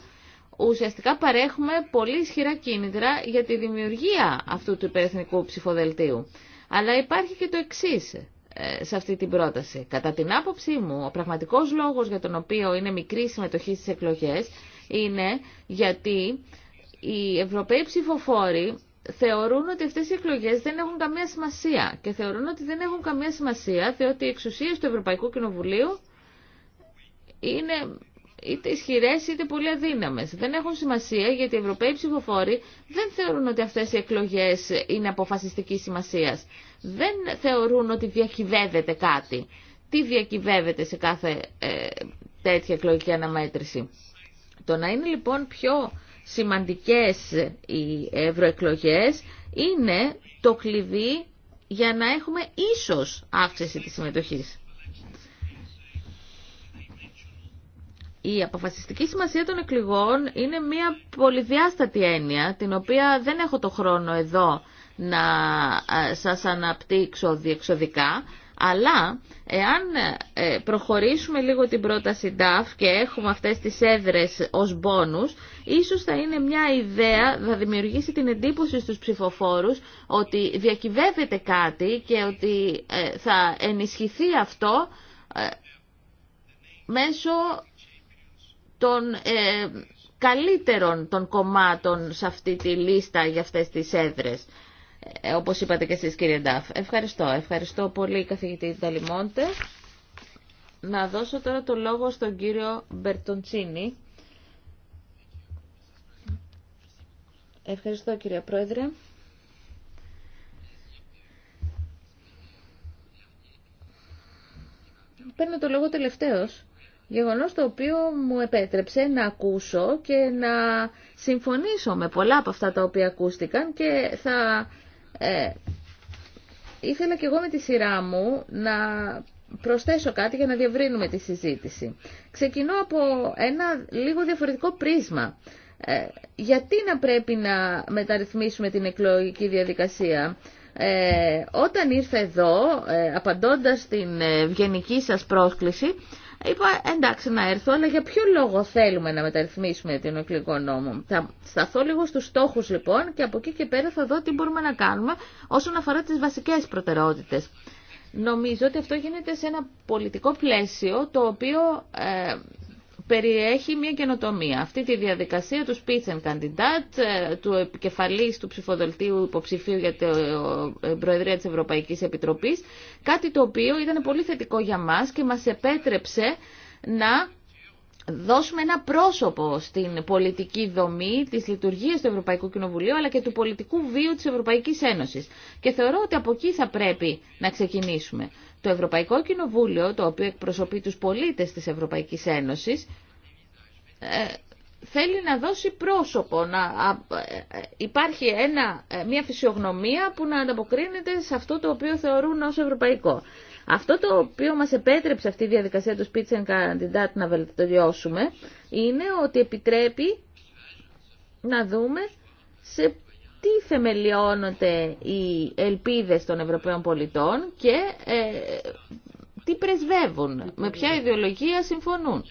ουσιαστικά παρέχουμε πολύ ισχυρά κίνητρα για τη δημιουργία αυτού του υπερεθνικού ψηφοδελτίου. Αλλά υπάρχει και το εξή ε, σε αυτή την πρόταση. Κατά την άποψή μου, ο πραγματικός λόγος για τον οποίο είναι μικρή συμμετοχή στις εκλογές είναι γιατί οι Ευρωπαίοι ψηφοφόροι θεωρούν ότι αυτές οι εκλογές δεν έχουν καμία σημασία και θεωρούν ότι δεν έχουν καμία σημασία διότι οι εξουσίες του Ευρωπαϊκού Κοινοβουλίου είναι είτε ισχυρέ είτε πολύ αδύναμε. Δεν έχουν σημασία γιατί οι Ευρωπαίοι ψηφοφόροι δεν θεωρούν ότι αυτέ οι εκλογέ είναι αποφασιστική σημασία. Δεν θεωρούν ότι διακυβεύεται κάτι. Τι διακυβεύεται σε κάθε ε, τέτοια εκλογική αναμέτρηση. Το να είναι λοιπόν πιο σημαντικές οι ευρωεκλογές είναι το κλειδί για να έχουμε ίσως αύξηση της συμμετοχής. η αποφασιστική σημασία των εκλογών είναι μια πολυδιάστατη έννοια, την οποία δεν έχω το χρόνο εδώ να ε, σας αναπτύξω διεξοδικά, αλλά εάν ε, προχωρήσουμε λίγο την πρόταση DAF και έχουμε αυτές τις έδρες ως μπόνους, ίσως θα είναι μια ιδέα, θα δημιουργήσει την εντύπωση στους ψηφοφόρους ότι διακυβεύεται κάτι και ότι ε, θα ενισχυθεί αυτό μέσω των ε, καλύτερων των κομμάτων σε αυτή τη λίστα για αυτές τις έδρες. Ε, όπως είπατε και εσείς κύριε Ντάφ. Ευχαριστώ. Ευχαριστώ πολύ καθηγητή Ταλιμόντε. Να δώσω τώρα το λόγο στον κύριο Μπερτοντσίνη. Ευχαριστώ κύριε Πρόεδρε. Παίρνω το λόγο τελευταίος. Γεγονός το οποίο μου επέτρεψε να ακούσω και να συμφωνήσω με πολλά από αυτά τα οποία ακούστηκαν και θα ε, ήθελα και εγώ με τη σειρά μου να προσθέσω κάτι για να διευρύνουμε τη συζήτηση. Ξεκινώ από ένα λίγο διαφορετικό πρίσμα. Ε, γιατί να πρέπει να μεταρρυθμίσουμε την εκλογική διαδικασία. Ε, όταν ήρθα εδώ, ε, απαντώντας την ευγενική σας πρόσκληση, Είπα εντάξει να έρθω, αλλά για ποιο λόγο θέλουμε να μεταρρυθμίσουμε την εκλογικό νόμο. Θα σταθώ λίγο στους στόχους λοιπόν και από εκεί και πέρα θα δω τι μπορούμε να κάνουμε όσον αφορά τις βασικές προτεραιότητες. Νομίζω ότι αυτό γίνεται σε ένα πολιτικό πλαίσιο το οποίο ε, περιέχει μια καινοτομία. Αυτή τη διαδικασία του Spitzenkandidat, ε, του επικεφαλής του ψηφοδελτίου υποψηφίου για την ε, Προεδρία τη Ευρωπαϊκής Επιτροπής, κάτι το οποίο ήταν πολύ θετικό για μας και μας επέτρεψε να δώσουμε ένα πρόσωπο στην πολιτική δομή της λειτουργίας του Ευρωπαϊκού Κοινοβουλίου αλλά και του πολιτικού βίου της Ευρωπαϊκής Ένωσης. Και θεωρώ ότι από εκεί θα πρέπει να ξεκινήσουμε. Το Ευρωπαϊκό Κοινοβούλιο, το οποίο εκπροσωπεί τους πολίτες της Ευρωπαϊκής Ένωσης, ε, θέλει να δώσει πρόσωπο, να ε, ε, υπάρχει ένα, μια φυσιογνωμία που να ανταποκρίνεται σε αυτό το οποίο θεωρούν ως ευρωπαϊκό. Αυτό το οποίο μας επέτρεψε αυτή η διαδικασία του Spitz candidat να βελτιώσουμε είναι ότι επιτρέπει να δούμε σε τι θεμελιώνονται οι ελπίδες των Ευρωπαίων πολιτών και ε, τι πρεσβεύουν, με ποια ιδεολογία συμφωνούν.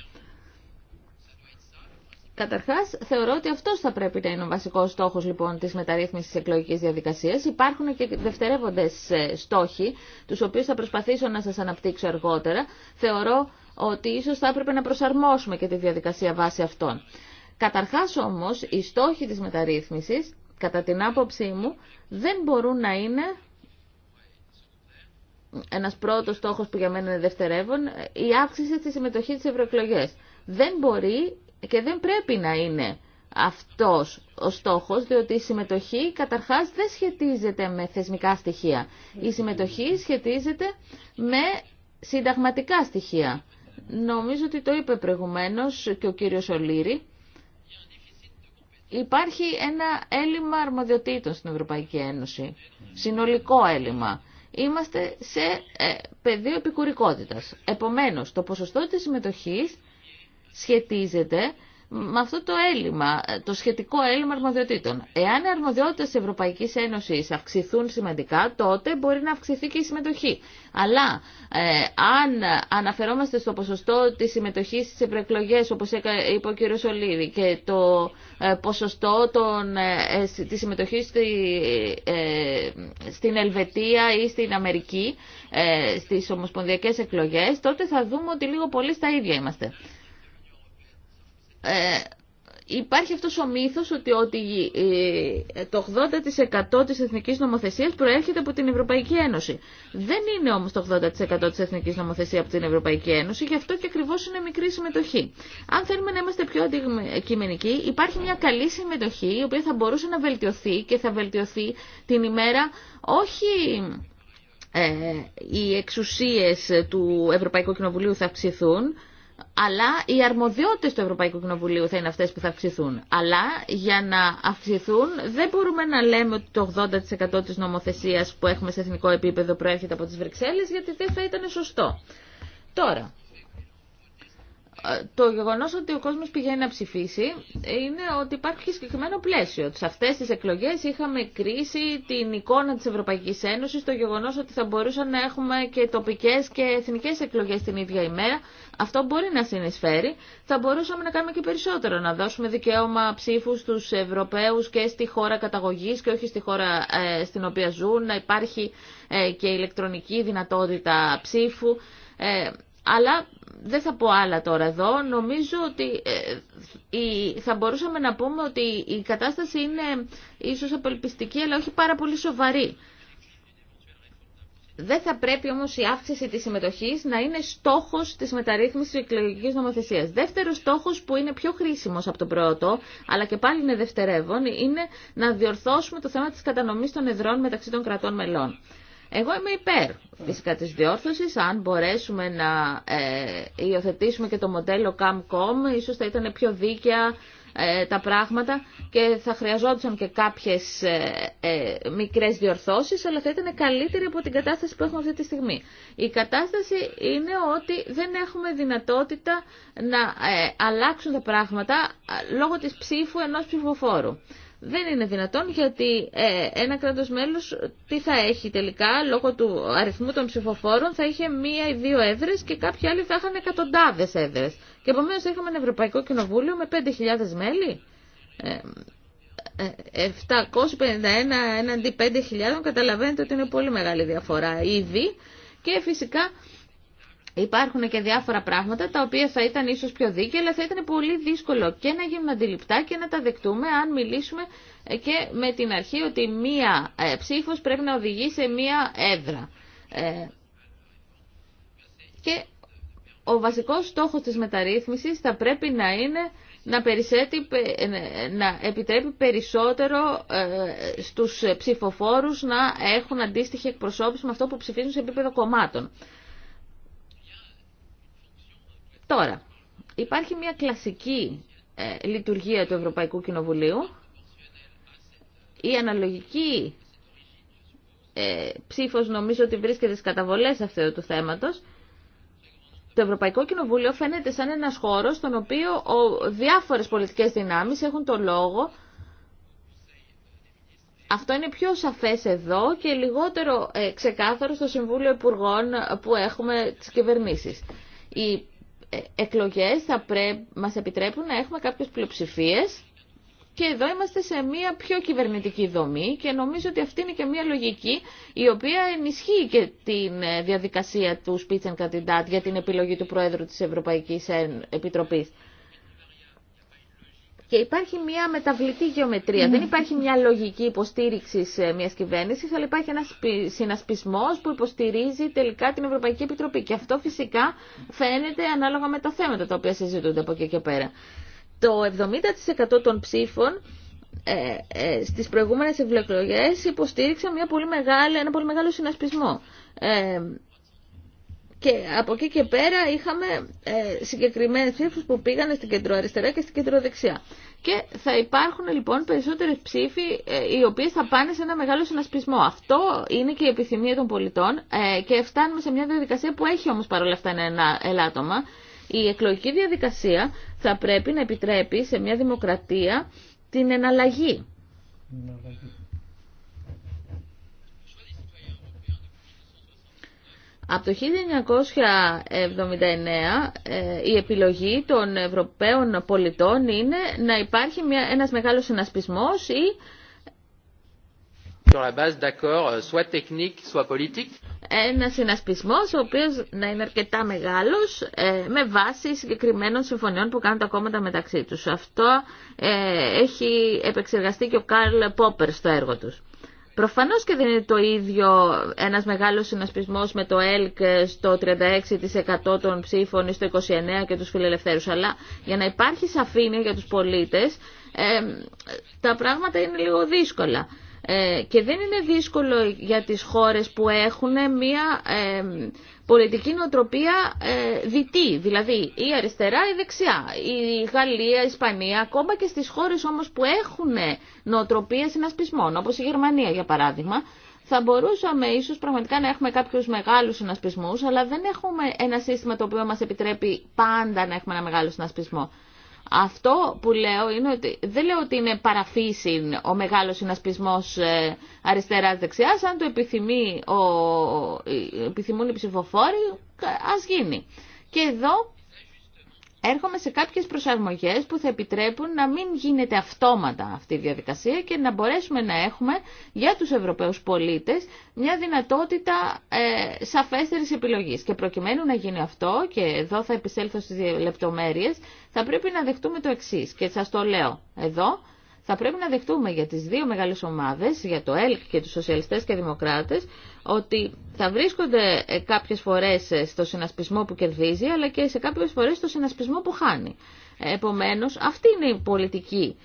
Καταρχάς, θεωρώ ότι αυτό θα πρέπει να είναι ο βασικός στόχος λοιπόν της μεταρρύθμισης τη εκλογική διαδικασία. Υπάρχουν και δευτερεύοντες ε, στόχοι, τους οποίους θα προσπαθήσω να σας αναπτύξω αργότερα. Θεωρώ ότι ίσως θα έπρεπε να προσαρμόσουμε και τη διαδικασία βάσει αυτών. Καταρχάς, όμως, οι στόχοι της μεταρρύθμισης κατά την άποψή μου, δεν μπορούν να είναι ένας πρώτος στόχος που για μένα είναι δευτερεύον, η αύξηση της συμμετοχή της ευρωεκλογέ. Δεν μπορεί και δεν πρέπει να είναι αυτός ο στόχος, διότι η συμμετοχή καταρχάς δεν σχετίζεται με θεσμικά στοιχεία. Η συμμετοχή σχετίζεται με συνταγματικά στοιχεία. Νομίζω ότι το είπε προηγουμένως και ο κύριος Ολύρη υπάρχει ένα έλλειμμα αρμοδιοτήτων στην Ευρωπαϊκή Ένωση. Συνολικό έλλειμμα. Είμαστε σε ε, πεδίο επικουρικότητας. Επομένως, το ποσοστό της συμμετοχής σχετίζεται με αυτό το έλλειμμα, το σχετικό έλλειμμα αρμοδιοτήτων. Εάν οι αρμοδιότητες της Ευρωπαϊκής Ένωσης αυξηθούν σημαντικά, τότε μπορεί να αυξηθεί και η συμμετοχή. Αλλά ε, αν αναφερόμαστε στο ποσοστό τη συμμετοχή στι ευρωεκλογέ, όπως είπε ο κ. Σολίδη, και το ε, ποσοστό των, ε, ε της συμμετοχής στη, στην Ελβετία ή στην Αμερική, στι ομοσπονδιακέ εκλογές, τότε θα δούμε ότι λίγο πολύ στα ίδια είμαστε ε, υπάρχει αυτός ο μύθος ότι, ότι ε, το 80% της εθνικής νομοθεσίας προέρχεται από την Ευρωπαϊκή Ένωση. Δεν είναι όμως το 80% της εθνικής νομοθεσίας από την Ευρωπαϊκή Ένωση, γι' αυτό και ακριβώς είναι μικρή συμμετοχή. Αν θέλουμε να είμαστε πιο αντικειμενικοί, υπάρχει μια καλή συμμετοχή, η οποία θα μπορούσε να βελτιωθεί και θα βελτιωθεί την ημέρα όχι ε, οι εξουσίες του Ευρωπαϊκού Κοινοβουλίου θα αυξηθούν, αλλά οι αρμοδιότητες του Ευρωπαϊκού Κοινοβουλίου θα είναι αυτές που θα αυξηθούν. Αλλά για να αυξηθούν δεν μπορούμε να λέμε ότι το 80% της νομοθεσίας που έχουμε σε εθνικό επίπεδο προέρχεται από τις Βρυξέλλες γιατί δεν θα ήταν σωστό. Τώρα, το γεγονός ότι ο κόσμος πηγαίνει να ψηφίσει είναι ότι υπάρχει συγκεκριμένο πλαίσιο. Σε αυτές τις εκλογές είχαμε κρίση την εικόνα της Ευρωπαϊκής Ένωσης, το γεγονός ότι θα μπορούσαν να έχουμε και τοπικές και εθνικές εκλογές την ίδια ημέρα. Αυτό μπορεί να συνεισφέρει. Θα μπορούσαμε να κάνουμε και περισσότερο, να δώσουμε δικαίωμα ψήφου στους Ευρωπαίους και στη χώρα καταγωγής και όχι στη χώρα ε, στην οποία ζουν, να υπάρχει ε, και ηλεκτρονική δυνατότητα ψήφου. Ε, αλλά δεν θα πω άλλα τώρα εδώ. Νομίζω ότι ε, θα μπορούσαμε να πούμε ότι η κατάσταση είναι ίσως απελπιστική, αλλά όχι πάρα πολύ σοβαρή. Δεν θα πρέπει όμως η αύξηση της συμμετοχής να είναι στόχος της μεταρρύθμισης της εκλογικής νομοθεσίας. Δεύτερος στόχος που είναι πιο χρήσιμος από τον πρώτο, αλλά και πάλι είναι δευτερεύον, είναι να διορθώσουμε το θέμα της κατανομής των εδρών μεταξύ των κρατών μελών. Εγώ είμαι υπέρ φυσικά της διόρθωσης. Αν μπορέσουμε να ε, υιοθετήσουμε και το μοντέλο CAMCOM, ίσως θα ήταν πιο δίκαια ε, τα πράγματα και θα χρειαζόντουσαν και κάποιες ε, ε, μικρές διορθώσεις, αλλά θα ήταν καλύτερη από την κατάσταση που έχουμε αυτή τη στιγμή. Η κατάσταση είναι ότι δεν έχουμε δυνατότητα να ε, αλλάξουν τα πράγματα λόγω της ψήφου ενός ψηφοφόρου δεν είναι δυνατόν γιατί ε, ένα κράτος μέλος τι θα έχει τελικά λόγω του αριθμού των ψηφοφόρων θα είχε μία ή δύο έδρες και κάποιοι άλλοι θα είχαν εκατοντάδες έδρες. Και επομένως είχαμε ένα Ευρωπαϊκό Κοινοβούλιο με 5.000 μέλη. 751 ε, ε, έναντι 5.000 καταλαβαίνετε ότι είναι πολύ μεγάλη διαφορά ήδη και φυσικά Υπάρχουν και διάφορα πράγματα τα οποία θα ήταν ίσως πιο δίκαια, αλλά θα ήταν πολύ δύσκολο και να γίνουν αντιληπτά και να τα δεκτούμε αν μιλήσουμε και με την αρχή ότι μία ε, ψήφος πρέπει να οδηγεί σε μία έδρα. Ε, και ο βασικός στόχος της μεταρρύθμισης θα πρέπει να είναι να, περισσέτει, ε, επιτρέπει περισσότερο στους ψηφοφόρους να έχουν αντίστοιχη εκπροσώπηση με αυτό που ψηφίζουν σε επίπεδο κομμάτων. Τώρα, υπάρχει μια κλασική ε, λειτουργία του Ευρωπαϊκού Κοινοβουλίου. Η αναλογική ε, ψήφος νομίζω ότι βρίσκεται στις καταβολές αυτού του θέματος. Το Ευρωπαϊκό Κοινοβούλιο φαίνεται σαν ένας χώρος στον οποίο ο, διάφορες πολιτικές δυνάμεις έχουν το λόγο. Αυτό είναι πιο σαφές εδώ και λιγότερο ε, ξεκάθαρο στο Συμβούλιο Υπουργών που έχουμε τις κυβερνήσεις. Η εκλογές θα πρέ... μας επιτρέπουν να έχουμε κάποιες πλειοψηφίες και εδώ είμαστε σε μια πιο κυβερνητική δομή και νομίζω ότι αυτή είναι και μια λογική η οποία ενισχύει και τη ε, διαδικασία του candidate για την επιλογή του Πρόεδρου της Ευρωπαϊκής Επιτροπής. Και υπάρχει μια μεταβλητή γεωμετρία. Δεν ναι. υπάρχει μια λογική υποστήριξη ε, μια κυβέρνηση, αλλά υπάρχει ένα συνασπισμό που υποστηρίζει τελικά την Ευρωπαϊκή Επιτροπή. Και αυτό φυσικά φαίνεται ανάλογα με τα θέματα τα οποία συζητούνται από εκεί και πέρα. Το 70% των ψήφων ε, ε, στις προηγούμενες υποστήριξε μια πολύ μεγάλη, ένα πολύ μεγάλο συνασπισμό. Ε, και από εκεί και πέρα είχαμε ε, συγκεκριμένες ψήφου που πήγανε στην κεντροαριστερά και στην κεντροδεξιά. Και θα υπάρχουν λοιπόν περισσότερες ψήφοι ε, οι οποίες θα πάνε σε ένα μεγάλο συνασπισμό. Αυτό είναι και η επιθυμία των πολιτών ε, και φτάνουμε σε μια διαδικασία που έχει όμως παρόλα αυτά ένα ελάττωμα. Η εκλογική διαδικασία θα πρέπει να επιτρέπει σε μια δημοκρατία την εναλλαγή. εναλλαγή. Από το 1979 ε, η επιλογή των Ευρωπαίων πολιτών είναι να υπάρχει μια, ένας μεγάλος συνασπισμός ή euh, ένα συνασπισμό ο οποίο να είναι αρκετά μεγάλο ε, με βάση συγκεκριμένων συμφωνιών που κάνουν τα κόμματα μεταξύ του. Αυτό ε, έχει επεξεργαστεί και ο Καρλ Πόπερ στο έργο του. Προφανώς και δεν είναι το ίδιο ένας μεγάλος συνασπισμός με το ΕΛΚ στο 36% των ψήφων ή στο 29% και τους φιλελευθέρους. Αλλά για να υπάρχει σαφήνεια για τους πολίτες, ε, τα πράγματα είναι λίγο δύσκολα. Ε, και δεν είναι δύσκολο για τις χώρες που έχουν μια ε, πολιτική νοοτροπία ε, δυτή, δηλαδή η αριστερά ή δεξιά, η Γαλλία, η Ισπανία, ακόμα και στις χώρες όμως που έχουν νοοτροπία συνασπισμών, όπως η Γερμανία για παράδειγμα, θα μπορούσαμε ίσως πραγματικά να έχουμε κάποιους μεγάλους συνασπισμούς, αλλά δεν έχουμε ένα σύστημα το οποίο μας επιτρέπει πάντα να έχουμε ένα μεγάλο συνασπισμό. Αυτό που λέω είναι ότι δεν λέω ότι είναι παραφύσιν ο μεγάλος συνασπισμός ε, αριστεράς-δεξιάς. Αν το επιθυμεί ο, ε, επιθυμούν οι ψηφοφόροι, ας γίνει. Και εδώ έρχομαι σε κάποιες προσαρμογές που θα επιτρέπουν να μην γίνεται αυτόματα αυτή η διαδικασία και να μπορέσουμε να έχουμε για τους Ευρωπαίους πολίτες μια δυνατότητα ε, σαφέστερης επιλογής. Και προκειμένου να γίνει αυτό, και εδώ θα επισέλθω στις λεπτομέρειες, θα πρέπει να δεχτούμε το εξής και σας το λέω εδώ, θα πρέπει να δεχτούμε για τις δύο μεγάλες ομάδες, για το ΕΛΚ και τους σοσιαλιστές και δημοκράτες, ότι θα βρίσκονται ε, κάποιες φορές ε, στο συνασπισμό που κερδίζει, αλλά και σε κάποιες φορές στο συνασπισμό που χάνει. Ε, επομένως, αυτή είναι η πολιτική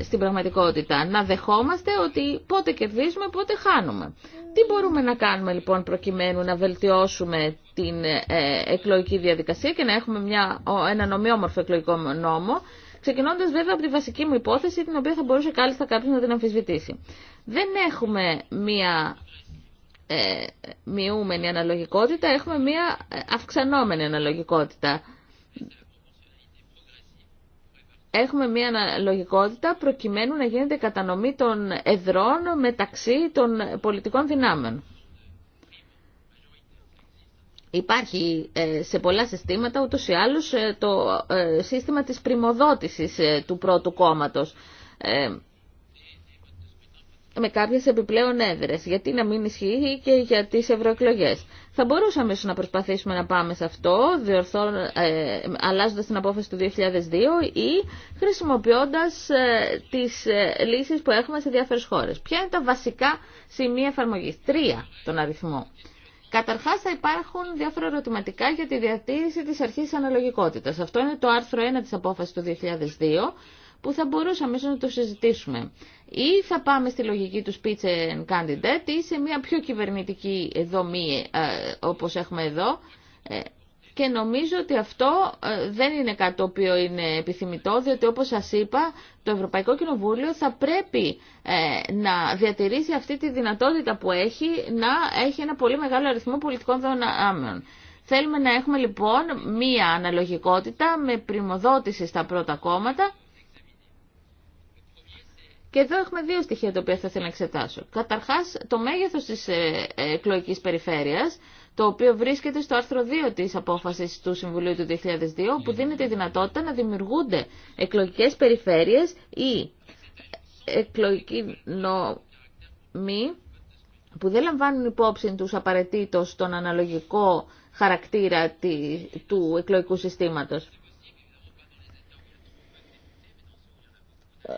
στην πραγματικότητα. Να δεχόμαστε ότι πότε κερδίζουμε, πότε χάνουμε. Τι μπορούμε να κάνουμε λοιπόν προκειμένου να βελτιώσουμε την εκλογική διαδικασία και να έχουμε μια, έναν ομοιόμορφο εκλογικό νόμο, ξεκινώντα βέβαια από τη βασική μου υπόθεση, την οποία θα μπορούσε κάλλιστα κάποιο να την αμφισβητήσει. Δεν έχουμε μία ε, μειούμενη αναλογικότητα, έχουμε μία ε, αυξανόμενη αναλογικότητα. Έχουμε μία αναλογικότητα προκειμένου να γίνεται κατανομή των εδρών μεταξύ των πολιτικών δυνάμεων. Υπάρχει ε, σε πολλά συστήματα ούτως ή άλλως ε, το ε, σύστημα της πριμοδότησης του πρώτου κόμματος με κάποιες επιπλέον έδρες. Γιατί να μην ισχύει και για τις ευρωεκλογέ. Θα μπορούσαμε να προσπαθήσουμε να πάμε σε αυτό, διορθώ, αλλάζοντας την απόφαση του 2002 ή χρησιμοποιώντας ε, τις λύσεις που έχουμε σε διάφορες χώρες. Ποια είναι τα βασικά σημεία εφαρμογής. Τρία τον αριθμό. Καταρχά θα υπάρχουν διάφορα ερωτηματικά για τη διατήρηση της αρχής αναλογικότητα. αναλογικότητας. Αυτό είναι το άρθρο 1 της απόφασης του 2002 που θα μπορούσαμε ίσω να το συζητήσουμε. Ή θα πάμε στη λογική του speech and candidate ή σε μια πιο κυβερνητική δομή όπω ε, όπως έχουμε εδώ, ε, και νομίζω ότι αυτό ε, δεν είναι κάτι το οποίο είναι επιθυμητό, διότι όπως σας είπα, το Ευρωπαϊκό Κοινοβούλιο θα πρέπει ε, να διατηρήσει αυτή τη δυνατότητα που έχει να έχει ένα πολύ μεγάλο αριθμό πολιτικών δυνάμεων. Θέλουμε να έχουμε λοιπόν μία αναλογικότητα με πρημοδότηση στα πρώτα κόμματα και εδώ έχουμε δύο στοιχεία τα οποία θα να εξετάσω. Καταρχάς το μέγεθος της ε, εκλογικής περιφέρειας το οποίο βρίσκεται στο άρθρο 2 της απόφασης του Συμβουλίου του 2002, που δίνει τη δυνατότητα να δημιουργούνται εκλογικές περιφέρειες ή εκλογικοί νομοί που δεν λαμβάνουν υπόψη τους απαραίτητο τον αναλογικό χαρακτήρα του εκλογικού συστήματος.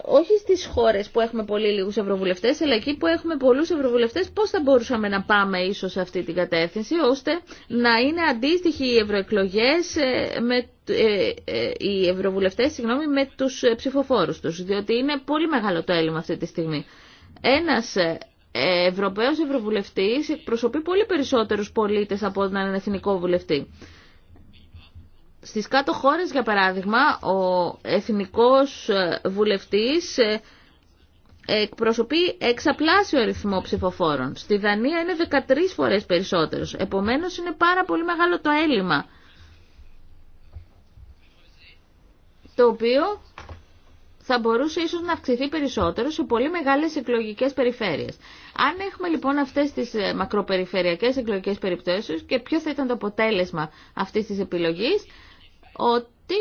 όχι στις χώρες που έχουμε πολύ λίγους ευρωβουλευτές, αλλά εκεί που έχουμε πολλούς ευρωβουλευτές, πώς θα μπορούσαμε να πάμε ίσως σε αυτή την κατεύθυνση, ώστε να είναι αντίστοιχοι οι ευρωεκλογές ε, με ε, ε, οι ευρωβουλευτές, συγγνώμη, με τους ψηφοφόρους τους, διότι είναι πολύ μεγάλο το έλλειμμα αυτή τη στιγμή. Ένας Ευρωπαίος Ευρωβουλευτής εκπροσωπεί πολύ περισσότερους πολίτες από έναν εθνικό βουλευτή. Στις κάτω χώρες, για παράδειγμα, ο εθνικός ε, βουλευτής ε, εκπροσωπεί εξαπλάσιο αριθμό ψηφοφόρων. Στη Δανία είναι 13 φορές περισσότερος. Επομένως είναι πάρα πολύ μεγάλο το έλλειμμα. Το οποίο θα μπορούσε ίσως να αυξηθεί περισσότερο σε πολύ μεγάλες εκλογικές περιφέρειες. Αν έχουμε λοιπόν αυτές τις ε, μακροπεριφερειακές εκλογικές περιπτώσεις και ποιο θα ήταν το αποτέλεσμα αυτής της επιλογής, ότι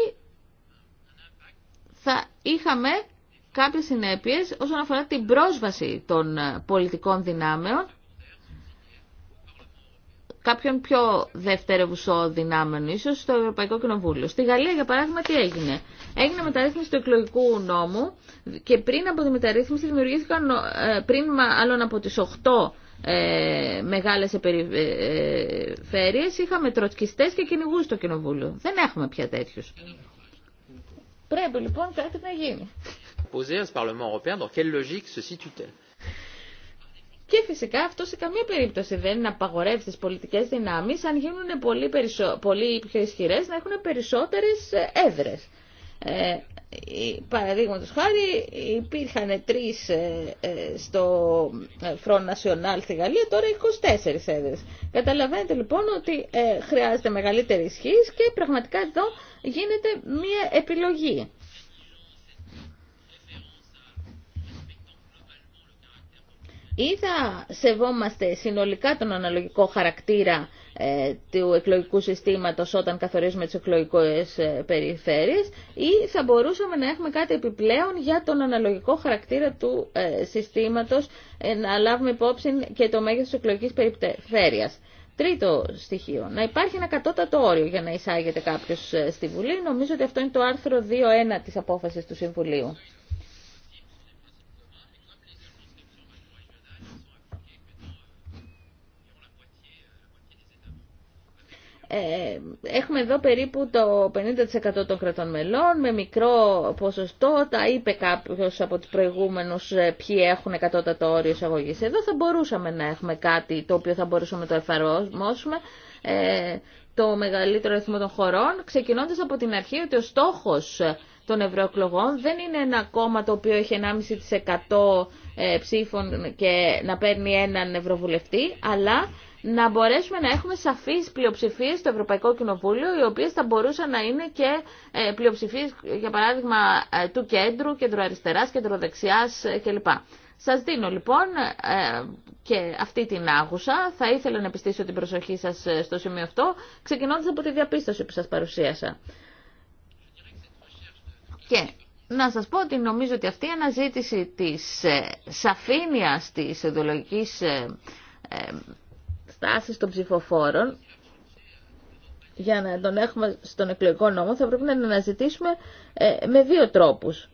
θα είχαμε κάποιες συνέπειες όσον αφορά την πρόσβαση των πολιτικών δυνάμεων κάποιων πιο δευτερευουσό δυνάμεων ίσως στο Ευρωπαϊκό Κοινοβούλιο. Στη Γαλλία για παράδειγμα τι έγινε. Έγινε μεταρρύθμιση του εκλογικού νόμου και πριν από τη μεταρρύθμιση δημιουργήθηκαν, ε, πριν μάλλον από τις 8 ε, μεγάλες περιφέρειες ε, είχαμε τροτσκιστές και κυνηγούς στο κοινοβούλιο. Δεν έχουμε πια τέτοιους. Πρέπει λοιπόν κάτι να γίνει. Και φυσικά αυτό σε καμία περίπτωση δεν είναι απαγορεύσει τι πολιτικέ δυνάμει, αν γίνουν πολύ, πολύ πιο ισχυρέ να έχουν περισσότερε έδρε. Ε, ε ε, Παραδείγματο χάρη υπήρχαν τρει ε, ε, στο Front National στη Γαλλία, τώρα 24 έδρε. Καταλαβαίνετε λοιπόν ότι χρειάζεται μεγαλύτερη ισχύ και πραγματικά εδώ γίνεται μία επιλογή. Ή θα σεβόμαστε συνολικά τον αναλογικό χαρακτήρα ε, του εκλογικού συστήματος όταν καθορίζουμε τις εκλογικές ε, περιφέρειες ή θα μπορούσαμε να έχουμε κάτι επιπλέον για τον αναλογικό χαρακτήρα του ε, συστήματος να λάβουμε υπόψη και το μέγεθος της εκλογικής περιφέρειας. Τρίτο στοιχείο, να υπάρχει ένα κατώτατο όριο για να εισάγεται κάποιος στη Βουλή. Νομίζω ότι αυτό είναι το άρθρο 2.1 της απόφασης του Συμβουλίου. Ε, έχουμε εδώ περίπου το 50% των κρατών μελών, με μικρό ποσοστό, τα είπε κάποιος από τους προηγούμενους ε, ποιοι έχουν εκατότατο όριο εισαγωγής. Εδώ θα μπορούσαμε να έχουμε κάτι το οποίο θα μπορούσαμε να το εφαρμόσουμε, ε, το μεγαλύτερο αριθμό των χωρών, ξεκινώντας από την αρχή ότι ο στόχος των ευρωεκλογών δεν είναι ένα κόμμα το οποίο έχει 1,5% ψήφων και να παίρνει έναν ευρωβουλευτή, αλλά να μπορέσουμε να έχουμε σαφείς πλειοψηφίες στο Ευρωπαϊκό Κοινοβούλιο, οι οποίες θα μπορούσαν να είναι και ε, πλειοψηφίες, για παράδειγμα, ε, του κέντρου, κέντρου αριστεράς, κέντρου δεξιάς ε, κλπ. Σας δίνω λοιπόν και αυτή την άγουσα. Θα ήθελα να επιστήσω την προσοχή σας στο σημείο αυτό, ξεκινώντας από τη διαπίστωση που σας παρουσίασα. Και να σας πω ότι νομίζω ότι αυτή η αναζήτηση της σαφήνειας της ιδεολογικής Τάσει των ψηφοφόρων για να τον έχουμε στον εκλογικό νόμο θα πρέπει να αναζητήσουμε ε, με δύο τρόπους.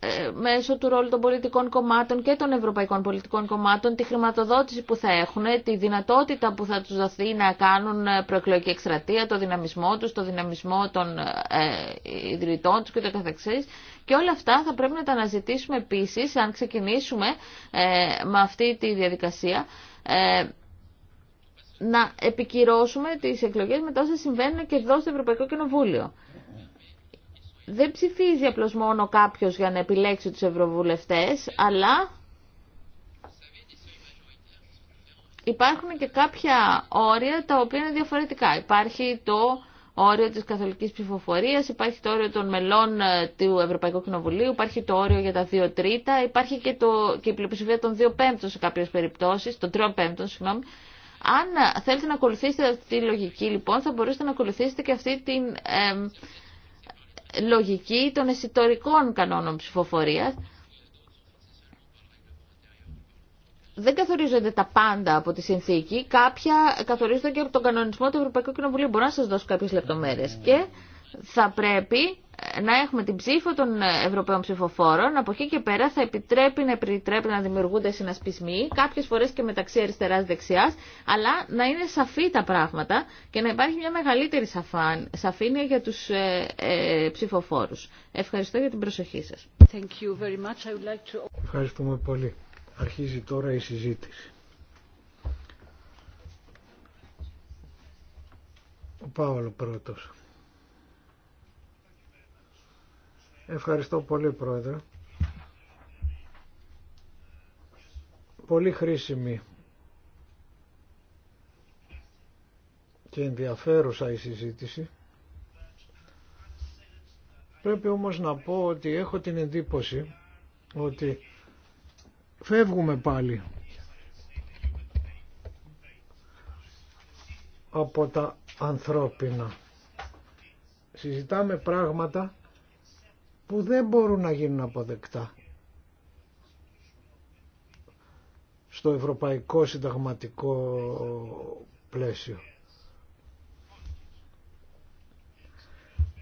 Ε, μέσω του ρόλου των πολιτικών κομμάτων και των ευρωπαϊκών πολιτικών κομμάτων, τη χρηματοδότηση που θα έχουν, τη δυνατότητα που θα τους δοθεί να κάνουν ε, προεκλογική εκστρατεία, το δυναμισμό τους, το δυναμισμό των ιδρυτών τους και το Και όλα αυτά θα πρέπει να τα αναζητήσουμε επίσης, αν ξεκινήσουμε με αυτή τη διαδικασία, να επικυρώσουμε τις εκλογές μετά όσα συμβαίνουν και εδώ στο Ευρωπαϊκό Κοινοβούλιο. Δεν ψηφίζει απλώς μόνο κάποιος για να επιλέξει τους ευρωβουλευτές, αλλά υπάρχουν και κάποια όρια τα οποία είναι διαφορετικά. Υπάρχει το όριο της καθολικής ψηφοφορίας, υπάρχει το όριο των μελών ε, του Ευρωπαϊκού Κοινοβουλίου, υπάρχει το όριο για τα δύο τρίτα, υπάρχει και, το, και η πλειοψηφία των δύο πέμπτων σε κάποιες περιπτώσεις, των τριών πέμπτων, συγγνώμη, αν θέλετε να ακολουθήσετε αυτή τη λογική, λοιπόν, θα μπορούσατε να ακολουθήσετε και αυτή τη λογική των εσωτερικών κανόνων ψηφοφορίας. Δεν καθορίζονται τα πάντα από τη συνθήκη, κάποια καθορίζονται και από τον κανονισμό του Ευρωπαϊκού Κοινοβουλίου. Μπορώ να σας δώσω κάποιες λεπτομέρειες. Και θα πρέπει ε, να έχουμε την ψήφο των Ευρωπαίων ψηφοφόρων. Από εκεί και πέρα θα επιτρέπει να επιτρέπει να δημιουργούνται συνασπισμοί, κάποιες φορές και μεταξύ αριστεράς δεξιάς, αλλά να είναι σαφή τα πράγματα και να υπάρχει μια μεγαλύτερη σαφήνεια για τους ε, ε, ψηφοφόρους. Ευχαριστώ για την προσοχή σας. like to... Ευχαριστούμε πολύ. Αρχίζει τώρα η συζήτηση. Ο Παύλος πρώτος. Ευχαριστώ πολύ Πρόεδρε. Πολύ χρήσιμη και ενδιαφέρουσα η συζήτηση. Πρέπει όμως να πω ότι έχω την εντύπωση ότι φεύγουμε πάλι από τα ανθρώπινα. Συζητάμε πράγματα που δεν μπορούν να γίνουν αποδεκτά στο ευρωπαϊκό συνταγματικό πλαίσιο.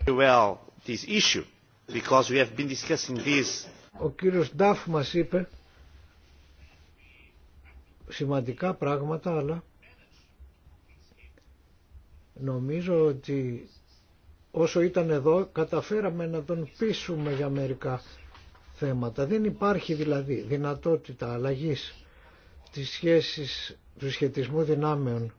Well, this issue, because we have been discussing this. Ο κύριος Νταφ μας είπε σημαντικά πράγματα, αλλά νομίζω ότι όσο ήταν εδώ καταφέραμε να τον πείσουμε για μερικά θέματα. Δεν υπάρχει δηλαδή δυνατότητα αλλαγής της σχέσης του σχετισμού δυνάμεων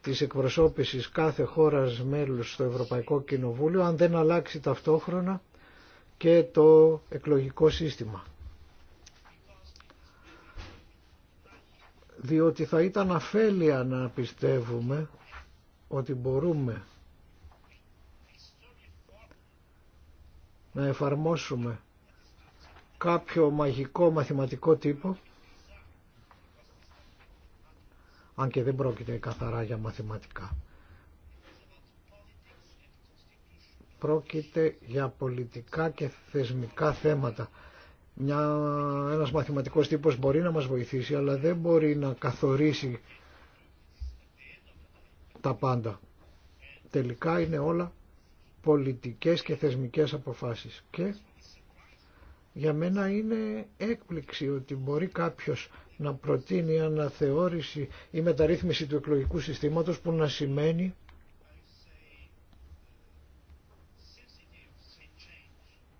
της εκπροσώπησης κάθε χώρας μέλους στο Ευρωπαϊκό Κοινοβούλιο αν δεν αλλάξει ταυτόχρονα και το εκλογικό σύστημα. Διότι θα ήταν αφέλεια να πιστεύουμε ότι μπορούμε να εφαρμόσουμε κάποιο μαγικό μαθηματικό τύπο αν και δεν πρόκειται καθαρά για μαθηματικά. Πρόκειται για πολιτικά και θεσμικά θέματα. Μια, ένας μαθηματικός τύπος μπορεί να μας βοηθήσει, αλλά δεν μπορεί να καθορίσει τα πάντα. Τελικά είναι όλα πολιτικές και θεσμικές αποφάσεις. Και για μένα είναι έκπληξη ότι μπορεί κάποιος να προτείνει αναθεώρηση ή μεταρρύθμιση του εκλογικού συστήματος που να σημαίνει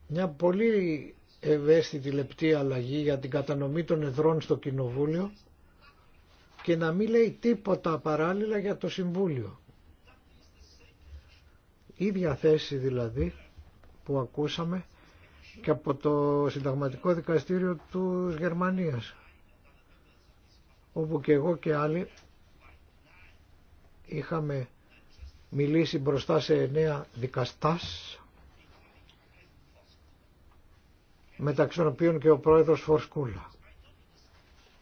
μια πολύ ευαίσθητη λεπτή αλλαγή για την κατανομή των εδρών στο Κοινοβούλιο και να μην λέει τίποτα παράλληλα για το Συμβούλιο ίδια θέση δηλαδή που ακούσαμε και από το συνταγματικό δικαστήριο του Γερμανίας όπου και εγώ και άλλοι είχαμε μιλήσει μπροστά σε εννέα δικαστάς μεταξύ των οποίων και ο πρόεδρος Φορσκούλα.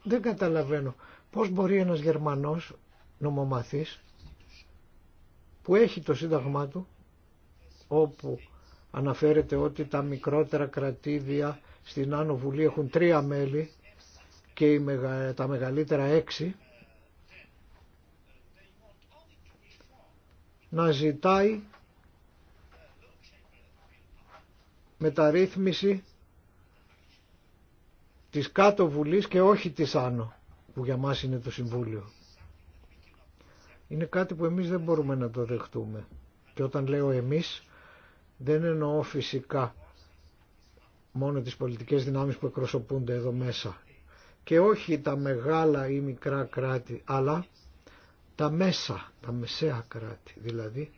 Δεν καταλαβαίνω πώς μπορεί ένας Γερμανός νομομαθής που έχει το σύνταγμά του όπου αναφέρεται ότι τα μικρότερα κρατήδια στην Άνω Βουλή έχουν τρία μέλη και τα μεγαλύτερα έξι να ζητάει μεταρρύθμιση της κάτω βουλής και όχι της άνω που για μας είναι το Συμβούλιο. Είναι κάτι που εμείς δεν μπορούμε να το δεχτούμε. Και όταν λέω εμείς δεν εννοώ φυσικά μόνο τις πολιτικές δυνάμεις που εκπροσωπούνται εδώ μέσα και όχι τα μεγάλα ή μικρά κράτη, αλλά τα μέσα, τα μεσαία κράτη, δηλαδή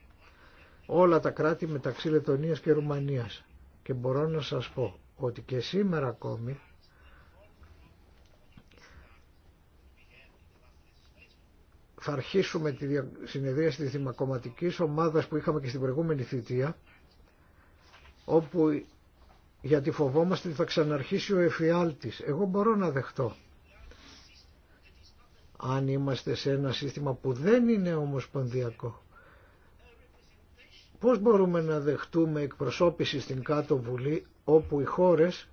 όλα τα κράτη μεταξύ Λετωνίας και Ρουμανίας. Και μπορώ να σας πω ότι και σήμερα ακόμη θα αρχίσουμε τη συνεδρία της θυμακομματική Ομάδας που είχαμε και στην προηγούμενη θητεία όπου γιατί φοβόμαστε ότι θα ξαναρχίσει ο εφιάλτης. Εγώ μπορώ να δεχτώ. Αν είμαστε σε ένα σύστημα που δεν είναι ομοσπονδιακό, πώς μπορούμε να δεχτούμε εκπροσώπηση στην κάτω βουλή όπου οι χώρες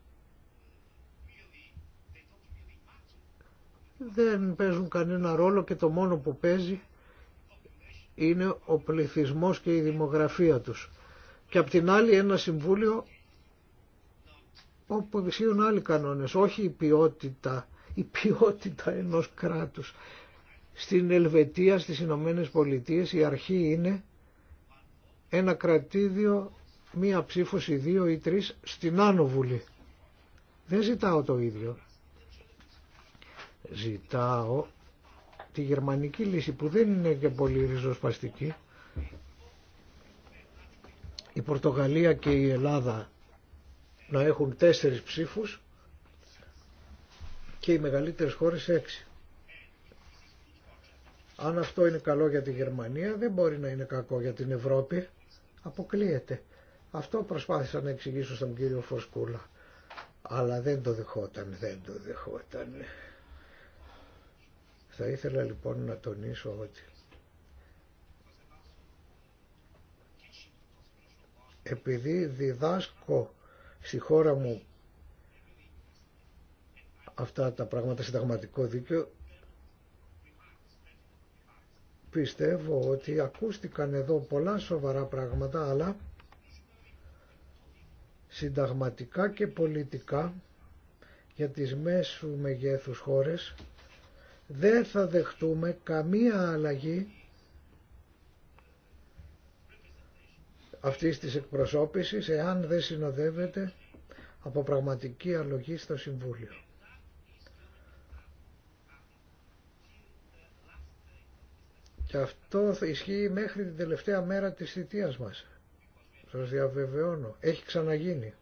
δεν παίζουν κανένα ρόλο και το μόνο που παίζει είναι ο πληθυσμός και η δημογραφία τους και απ' την άλλη ένα συμβούλιο όπου ισχύουν άλλοι κανόνες, όχι η ποιότητα, η ποιότητα ενός κράτους. Στην Ελβετία, στις Ηνωμένε Πολιτείες η αρχή είναι ένα κρατήδιο, μία ψήφωση, δύο ή τρεις στην Άνω Βουλή. Δεν ζητάω το ίδιο. Ζητάω τη γερμανική λύση που δεν είναι και πολύ ριζοσπαστική η Πορτογαλία και η Ελλάδα να έχουν τέσσερις ψήφους και οι μεγαλύτερες χώρες έξι. Αν αυτό είναι καλό για τη Γερμανία δεν μπορεί να είναι κακό για την Ευρώπη. Αποκλείεται. Αυτό προσπάθησα να εξηγήσω στον κύριο Φωσκούλα. Αλλά δεν το δεχόταν, δεν το δεχόταν. Θα ήθελα λοιπόν να τονίσω ότι επειδή διδάσκω στη χώρα μου αυτά τα πράγματα συνταγματικό δίκαιο πιστεύω ότι ακούστηκαν εδώ πολλά σοβαρά πράγματα αλλά συνταγματικά και πολιτικά για τις μέσου μεγέθους χώρες δεν θα δεχτούμε καμία αλλαγή Αυτή της εκπροσώπησης εάν δεν συνοδεύεται από πραγματική αλογή στο Συμβούλιο. Και αυτό ισχύει μέχρι την τελευταία μέρα της θητείας μας. Σας διαβεβαιώνω. Έχει ξαναγίνει.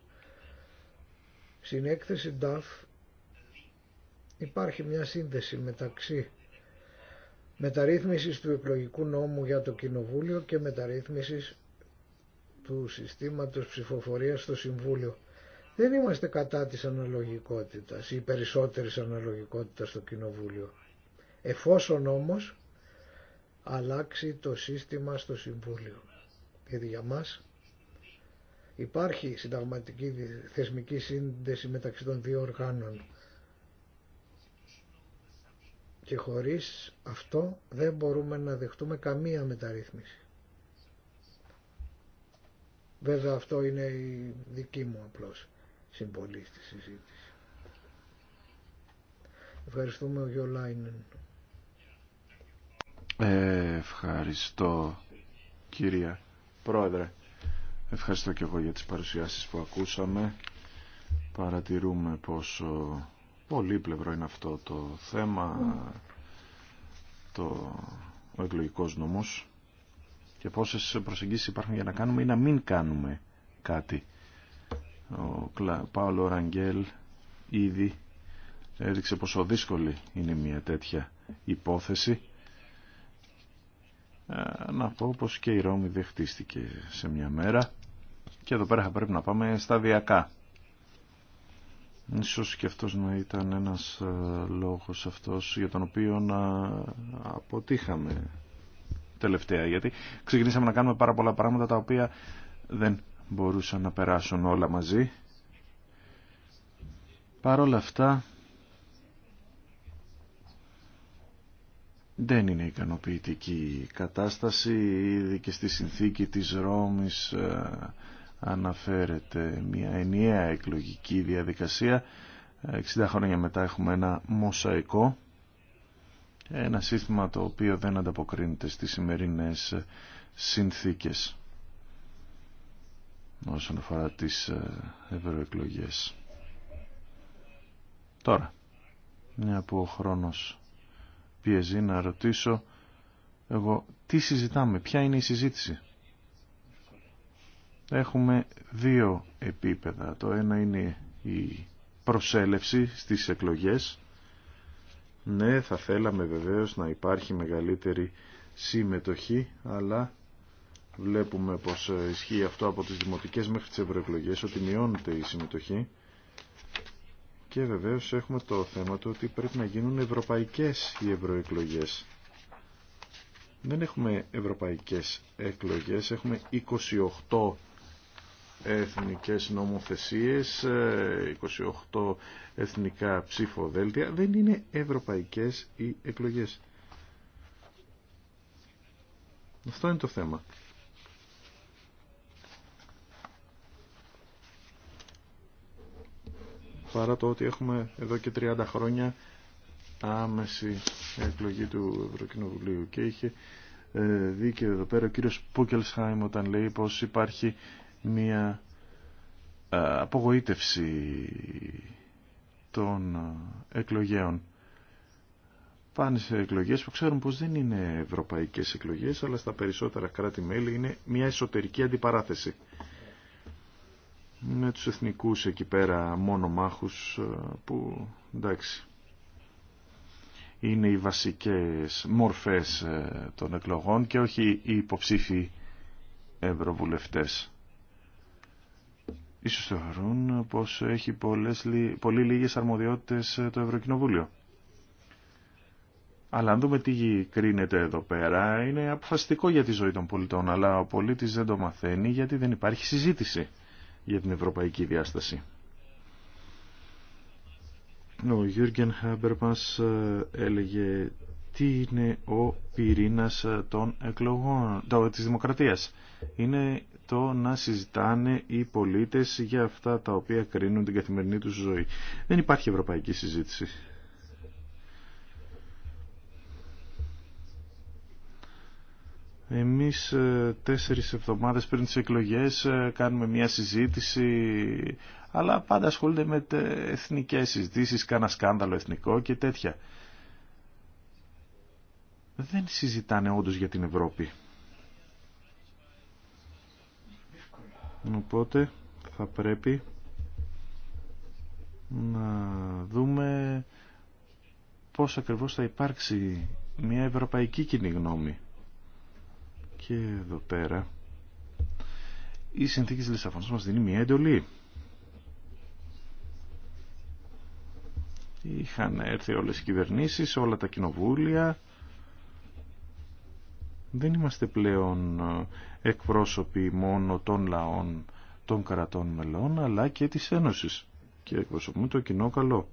Στην έκθεση DAF υπάρχει μια σύνδεση μεταξύ μεταρρύθμισης του εκλογικού νόμου για το Κοινοβούλιο και μεταρρύθμισης του συστήματος ψηφοφορίας στο Συμβούλιο. Δεν είμαστε κατά της αναλογικότητας ή περισσότερης αναλογικότητας στο Κοινοβούλιο. Εφόσον όμως αλλάξει το σύστημα στο Συμβούλιο. Γιατί για μας υπάρχει συνταγματική θεσμική σύνδεση μεταξύ των δύο οργάνων και χωρίς αυτό δεν μπορούμε να δεχτούμε καμία μεταρρύθμιση. Βέβαια αυτό είναι η δική μου απλώς συμβολή στη συζήτηση. Ευχαριστούμε ο Γιώ Λάινεν. ευχαριστώ κυρία Πρόεδρε. Ευχαριστώ και εγώ για τις παρουσιάσεις που ακούσαμε. Παρατηρούμε πόσο πολύπλευρο είναι αυτό το θέμα, το, ο νομός και πόσες προσεγγίσεις υπάρχουν για να κάνουμε ή να μην κάνουμε κάτι. Ο Πάολο Ραγγέλ ήδη έδειξε πόσο δύσκολη είναι μια τέτοια υπόθεση. Να πω πως και η Ρώμη δεν σε μια μέρα και εδώ πέρα θα πρέπει να πάμε σταδιακά. Ίσως και αυτός να ήταν ένας ε, λόγος αυτός για τον οποίο να αποτύχαμε τελευταία, γιατί ξεκινήσαμε να κάνουμε πάρα πολλά πράγματα τα οποία δεν μπορούσαν να περάσουν όλα μαζί. Παρ' όλα αυτά, δεν είναι ικανοποιητική η κατάσταση. Ήδη και στη συνθήκη της Ρώμης ε, αναφέρεται μια ενιαία εκλογική διαδικασία. 60 ε, χρόνια μετά έχουμε ένα μοσαϊκό ένα σύστημα το οποίο δεν ανταποκρίνεται στις σημερινές συνθήκες όσον αφορά τις ε, ευρωεκλογές. Τώρα, μια που ο χρόνος πιεζεί να ρωτήσω εγώ τι συζητάμε, ποια είναι η συζήτηση. Έχουμε δύο επίπεδα. Το ένα είναι η προσέλευση στις εκλογές ναι, θα θέλαμε βεβαίως να υπάρχει μεγαλύτερη συμμετοχή, αλλά βλέπουμε πως ε, ισχύει αυτό από τις δημοτικές μέχρι τις ευρωεκλογές, ότι μειώνεται η συμμετοχή. Και βεβαίως έχουμε το θέμα του ότι πρέπει να γίνουν ευρωπαϊκές οι ευρωεκλογές. Δεν έχουμε ευρωπαϊκές εκλογές, έχουμε 28 εθνικές νομοθεσίες, 28 ε, εθνικά ψηφοδέλτια, δεν είναι ευρωπαϊκές οι εκλογές. Αυτό είναι το θέμα. Παρά το ότι έχουμε εδώ και 30 χρόνια άμεση εκλογή του Ευρωκοινοβουλίου και είχε ε, δίκαιο εδώ πέρα ο κύριος Πούκελσχάιμ όταν λέει πως υπάρχει μια απογοήτευση των εκλογέων. Πάνε σε εκλογές που ξέρουν πως δεν είναι ευρωπαϊκές εκλογές, αλλά στα περισσότερα κράτη-μέλη είναι μια εσωτερική αντιπαράθεση. Με τους εθνικούς εκεί πέρα μόνο μάχους που εντάξει είναι οι βασικές μορφές ε, των εκλογών και όχι οι υποψήφοι ευρωβουλευτές. Ίσως θεωρούν πως έχει πολλές, πολύ λίγες αρμοδιότητες ε, το Ευρωκοινοβούλιο. Αλλά αν δούμε τι κρίνεται εδώ πέρα, είναι αποφασιστικό για τη ζωή των πολιτών, αλλά ο πολίτης δεν το μαθαίνει γιατί δεν υπάρχει συζήτηση για την ευρωπαϊκή διάσταση. Ο Γιούργεν Χάμπερμας ε, έλεγε τι είναι ο πυρήνας των εκλογών, της δημοκρατίας. Είναι το να συζητάνε οι πολίτες για αυτά τα οποία κρίνουν την καθημερινή τους ζωή. Δεν υπάρχει ευρωπαϊκή συζήτηση. Εμείς ε, τέσσερις εβδομάδες πριν τις εκλογές ε, κάνουμε μια συζήτηση, αλλά πάντα ασχολούνται με εθνικές συζητήσεις, κάνα σκάνδαλο εθνικό και τέτοια δεν συζητάνε όντως για την Ευρώπη. Οπότε θα πρέπει να δούμε πώς ακριβώς θα υπάρξει μια ευρωπαϊκή κοινή γνώμη. Και εδώ πέρα η συνθήκη της Λισαφωνίας μας δίνει μια εντολή. Είχαν έρθει όλες οι κυβερνήσεις, όλα τα κοινοβούλια δεν είμαστε πλέον ε, εκπρόσωποι μόνο των λαών των κρατών μελών, αλλά και της Ένωσης. Και εκπροσωπούμε το κοινό καλό.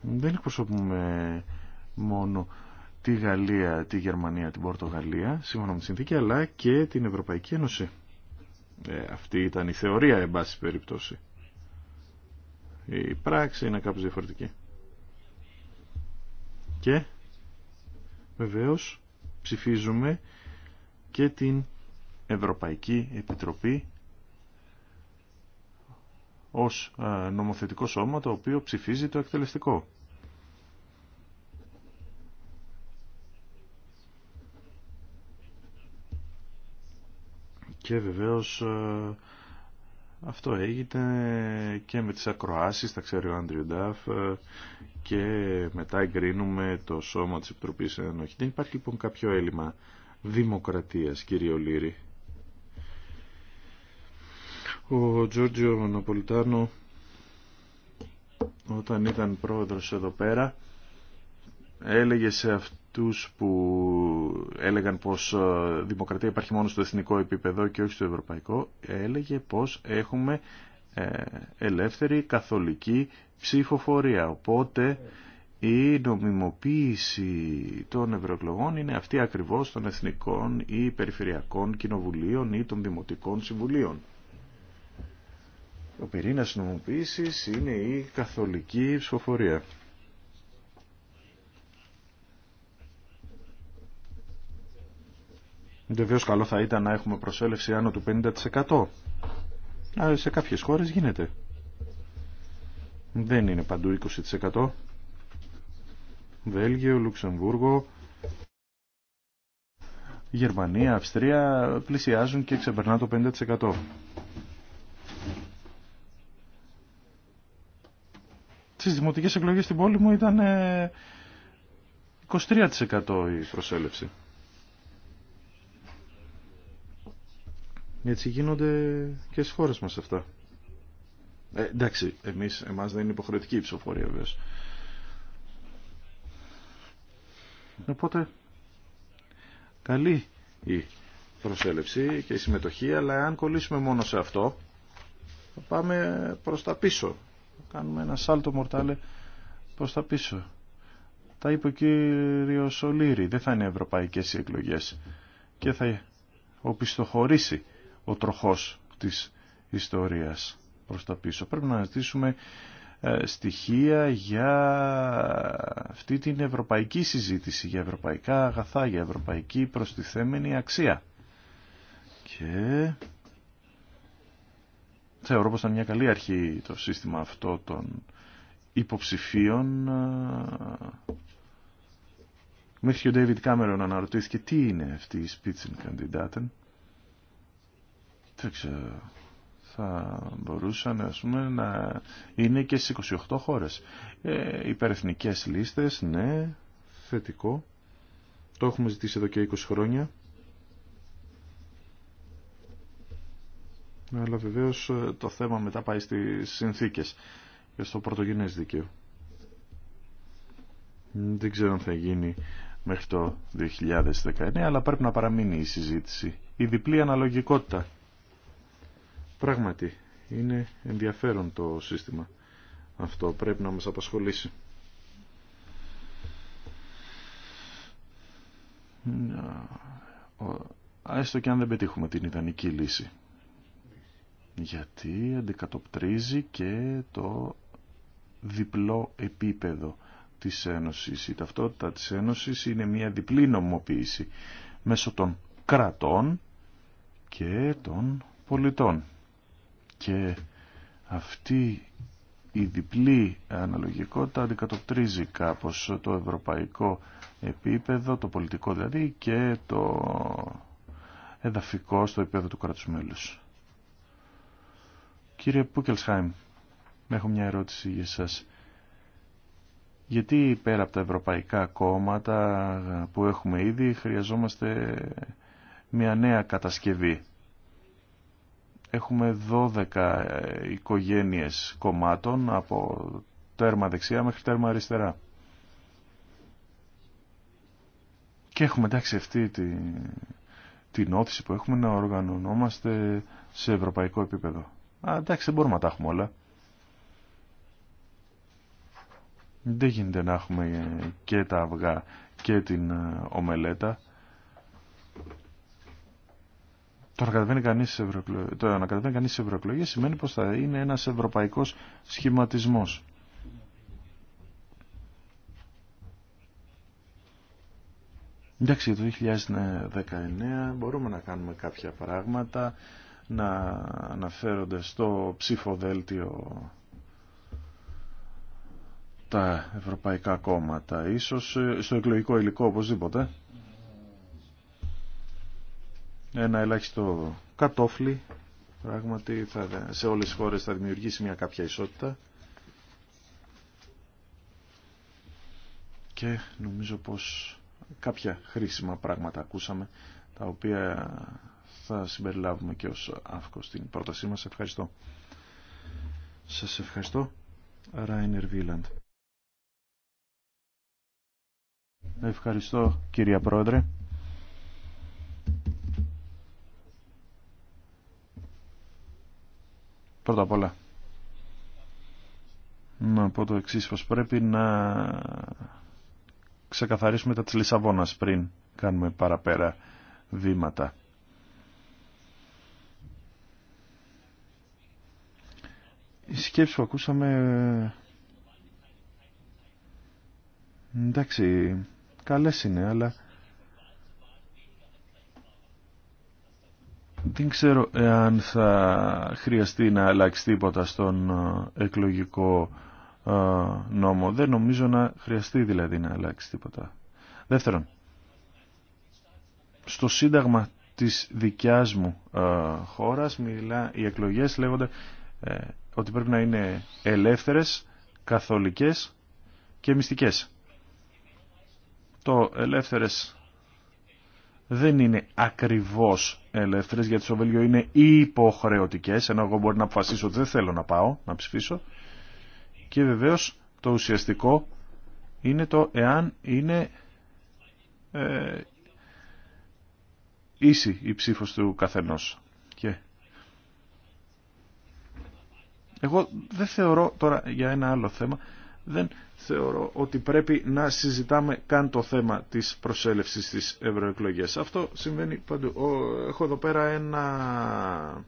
Δεν εκπροσωπούμε μόνο τη Γαλλία, τη Γερμανία, την Πορτογαλία, σύμφωνα με τη συνθήκη, αλλά και την Ευρωπαϊκή Ένωση. Ε, αυτή ήταν η θεωρία, εν πάση περιπτώσει. Η πράξη είναι κάπως διαφορετική. Και βεβαίως ψηφίζουμε και την Ευρωπαϊκή Επιτροπή ως ε, νομοθετικό σώμα το οποίο ψηφίζει το εκτελεστικό. Και βεβαίως ε, αυτό έγινε και με τις ακροάσεις, τα ξέρει ο Άντριο Ντάφ, ε, και μετά εγκρίνουμε το σώμα της Επιτροπής Ενοχή. Δεν υπάρχει λοιπόν κάποιο έλλειμμα δημοκρατίας, κύριε Ολύρη. Ο Τζόρτζιο Ναπολιτάνο, όταν ήταν πρόεδρος εδώ πέρα, έλεγε σε αυτό αυτούς που έλεγαν πως ε, δημοκρατία υπάρχει μόνο στο εθνικό επίπεδο και όχι στο ευρωπαϊκό, έλεγε πως έχουμε ε, ελεύθερη καθολική ψηφοφορία. Οπότε η νομιμοποίηση των ευρωεκλογών είναι αυτή ακριβώς των εθνικών ή περιφερειακών κοινοβουλίων ή των δημοτικών συμβουλίων. Ο πυρήνας νομοποίησης είναι η καθολική πυρηνας νομιμοποιησης ειναι η καθολικη ψηφοφορια Βεβαίω καλό θα ήταν να έχουμε προσέλευση άνω του 50%. Αλλά σε κάποιες χώρες γίνεται. Δεν είναι παντού 20%. Βέλγιο, Λουξεμβούργο, Γερμανία, Αυστρία πλησιάζουν και ξεπερνά το 50%. Στις δημοτικές εκλογές στην πόλη μου ήταν 23% ε, η προσέλευση. Έτσι γίνονται και στις χώρες μας αυτά. Ε, εντάξει, εμείς, εμάς δεν είναι υποχρεωτική η ψηφοφορία βέβαια. Οπότε, καλή η προσέλευση και η συμμετοχή, αλλά αν κολλήσουμε μόνο σε αυτό, θα πάμε προς τα πίσω. Κάνουμε ένα σάλτο μορτάλε προς τα πίσω. Τα είπε ο κύριος Σολύρη. δεν θα είναι ευρωπαϊκές οι εκλογές και θα οπισθοχωρήσει ο τροχός της ιστορίας προς τα πίσω. Πρέπει να ζητήσουμε ε, στοιχεία για αυτή την ευρωπαϊκή συζήτηση, για ευρωπαϊκά αγαθά, για ευρωπαϊκή προστιθέμενη αξία. Και θεωρώ πως ήταν μια καλή αρχή το σύστημα αυτό των υποψηφίων. Ε, μέχρι και ο David Cameron αναρωτήθηκε τι είναι αυτή η Spitzenkandidaten δεν ξέρω, θα μπορούσαν ας πούμε, να είναι και στις 28 χώρες. Ε, υπερεθνικές λίστες, ναι, θετικό. Το έχουμε ζητήσει εδώ και 20 χρόνια. Αλλά βεβαίως ε, το θέμα μετά πάει στις συνθήκες και στο πρωτογενές δίκαιο. Δεν ξέρω αν θα γίνει μέχρι το 2019, αλλά πρέπει να παραμείνει η συζήτηση. Η διπλή αναλογικότητα Πράγματι, είναι ενδιαφέρον το σύστημα. Αυτό πρέπει να μας απασχολήσει. Έστω και αν δεν πετύχουμε την ιδανική λύση. Γιατί αντικατοπτρίζει και το διπλό επίπεδο της Ένωσης. Η ταυτότητα της Ένωσης είναι μια διπλή νομοποίηση μέσω των κρατών και των πολιτών και αυτή η διπλή αναλογικότητα αντικατοπτρίζει κάπως το ευρωπαϊκό επίπεδο, το πολιτικό δηλαδή και το εδαφικό στο επίπεδο του κράτους μέλους. Κύριε Πούκελσχάιμ, έχω μια ερώτηση για σας. Γιατί πέρα από τα ευρωπαϊκά κόμματα που έχουμε ήδη χρειαζόμαστε μια νέα κατασκευή Έχουμε 12 ε, οικογένειες κομμάτων από τέρμα δεξιά μέχρι τέρμα αριστερά. Και έχουμε εντάξει αυτή τη, την όθηση που έχουμε να οργανωνόμαστε σε ευρωπαϊκό επίπεδο. Α, εντάξει δεν μπορούμε να τα έχουμε όλα. Δεν γίνεται να έχουμε και τα αυγά και την ε, ομελέτα. Το να κατεβαίνει κανείς σε ευρωεκλογές σημαίνει πως θα είναι ένας ευρωπαϊκός σχηματισμός. Εντάξει, το 2019 μπορούμε να κάνουμε κάποια πράγματα, να αναφέρονται στο ψηφοδέλτιο τα ευρωπαϊκά κόμματα, ίσως ε, στο εκλογικό υλικό οπωσδήποτε, ένα ελάχιστο κατόφλι πράγματι θα, σε όλες τις χώρες θα δημιουργήσει μια κάποια ισότητα και νομίζω πως κάποια χρήσιμα πράγματα ακούσαμε τα οποία θα συμπεριλάβουμε και ως αύκο στην πρότασή μας. Ευχαριστώ. Σας ευχαριστώ. Ράινερ Βίλαντ. Ευχαριστώ κυρία Πρόεδρε. Πρώτα απ' όλα, να πω το εξή πως πρέπει να ξεκαθαρίσουμε τα της Λισαβόνας πριν κάνουμε παραπέρα βήματα. Η σκέψη που ακούσαμε... Εντάξει, καλές είναι, αλλά Δεν ξέρω εάν θα χρειαστεί να αλλάξει τίποτα στον ε, εκλογικό ε, νόμο. Δεν νομίζω να χρειαστεί δηλαδή να αλλάξει τίποτα. Δεύτερον, στο σύνταγμα της δικιάς μου ε, χώρας μιλά, οι εκλογές λέγονται ότι πρέπει να είναι ελεύθερες, καθολικές και μυστικές. Το ελεύθερες δεν είναι ακριβώς ελεύθερες, γιατί στο Βέλγιο είναι υποχρεωτικές, ενώ εγώ μπορεί να αποφασίσω ότι δεν θέλω να πάω, να ψηφίσω. Και βεβαίως το ουσιαστικό είναι το εάν είναι ε, ίση η ψήφος του καθενός. Και εγώ δεν θεωρώ τώρα για ένα άλλο θέμα δεν θεωρώ ότι πρέπει να συζητάμε καν το θέμα της προσέλευσης της ευρωεκλογές. Αυτό συμβαίνει παντού. Έχω εδώ πέρα ένα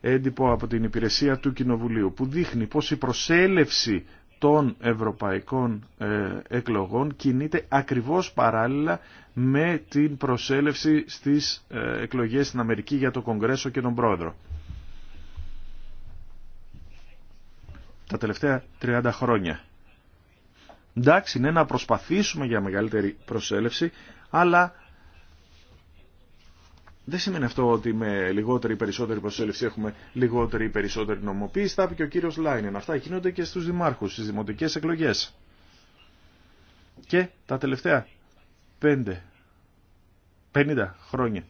έντυπο από την υπηρεσία του Κοινοβουλίου που δείχνει πως η προσέλευση των ευρωπαϊκών ε, εκλογών κινείται ακριβώς παράλληλα με την προσέλευση στις ε, εκλογές στην Αμερική για το Κογκρέσο και τον Πρόεδρο. τα τελευταία 30 χρόνια. Εντάξει, ναι, να προσπαθήσουμε για μεγαλύτερη προσέλευση, αλλά δεν σημαίνει αυτό ότι με λιγότερη ή περισσότερη προσέλευση έχουμε λιγότερη ή περισσότερη νομοποίηση. Θα είπε και ο κύριος Λάινεν. Αυτά γίνονται και στους δημάρχους, στις δημοτικές εκλογές. Και τα τελευταία 5, 50 χρόνια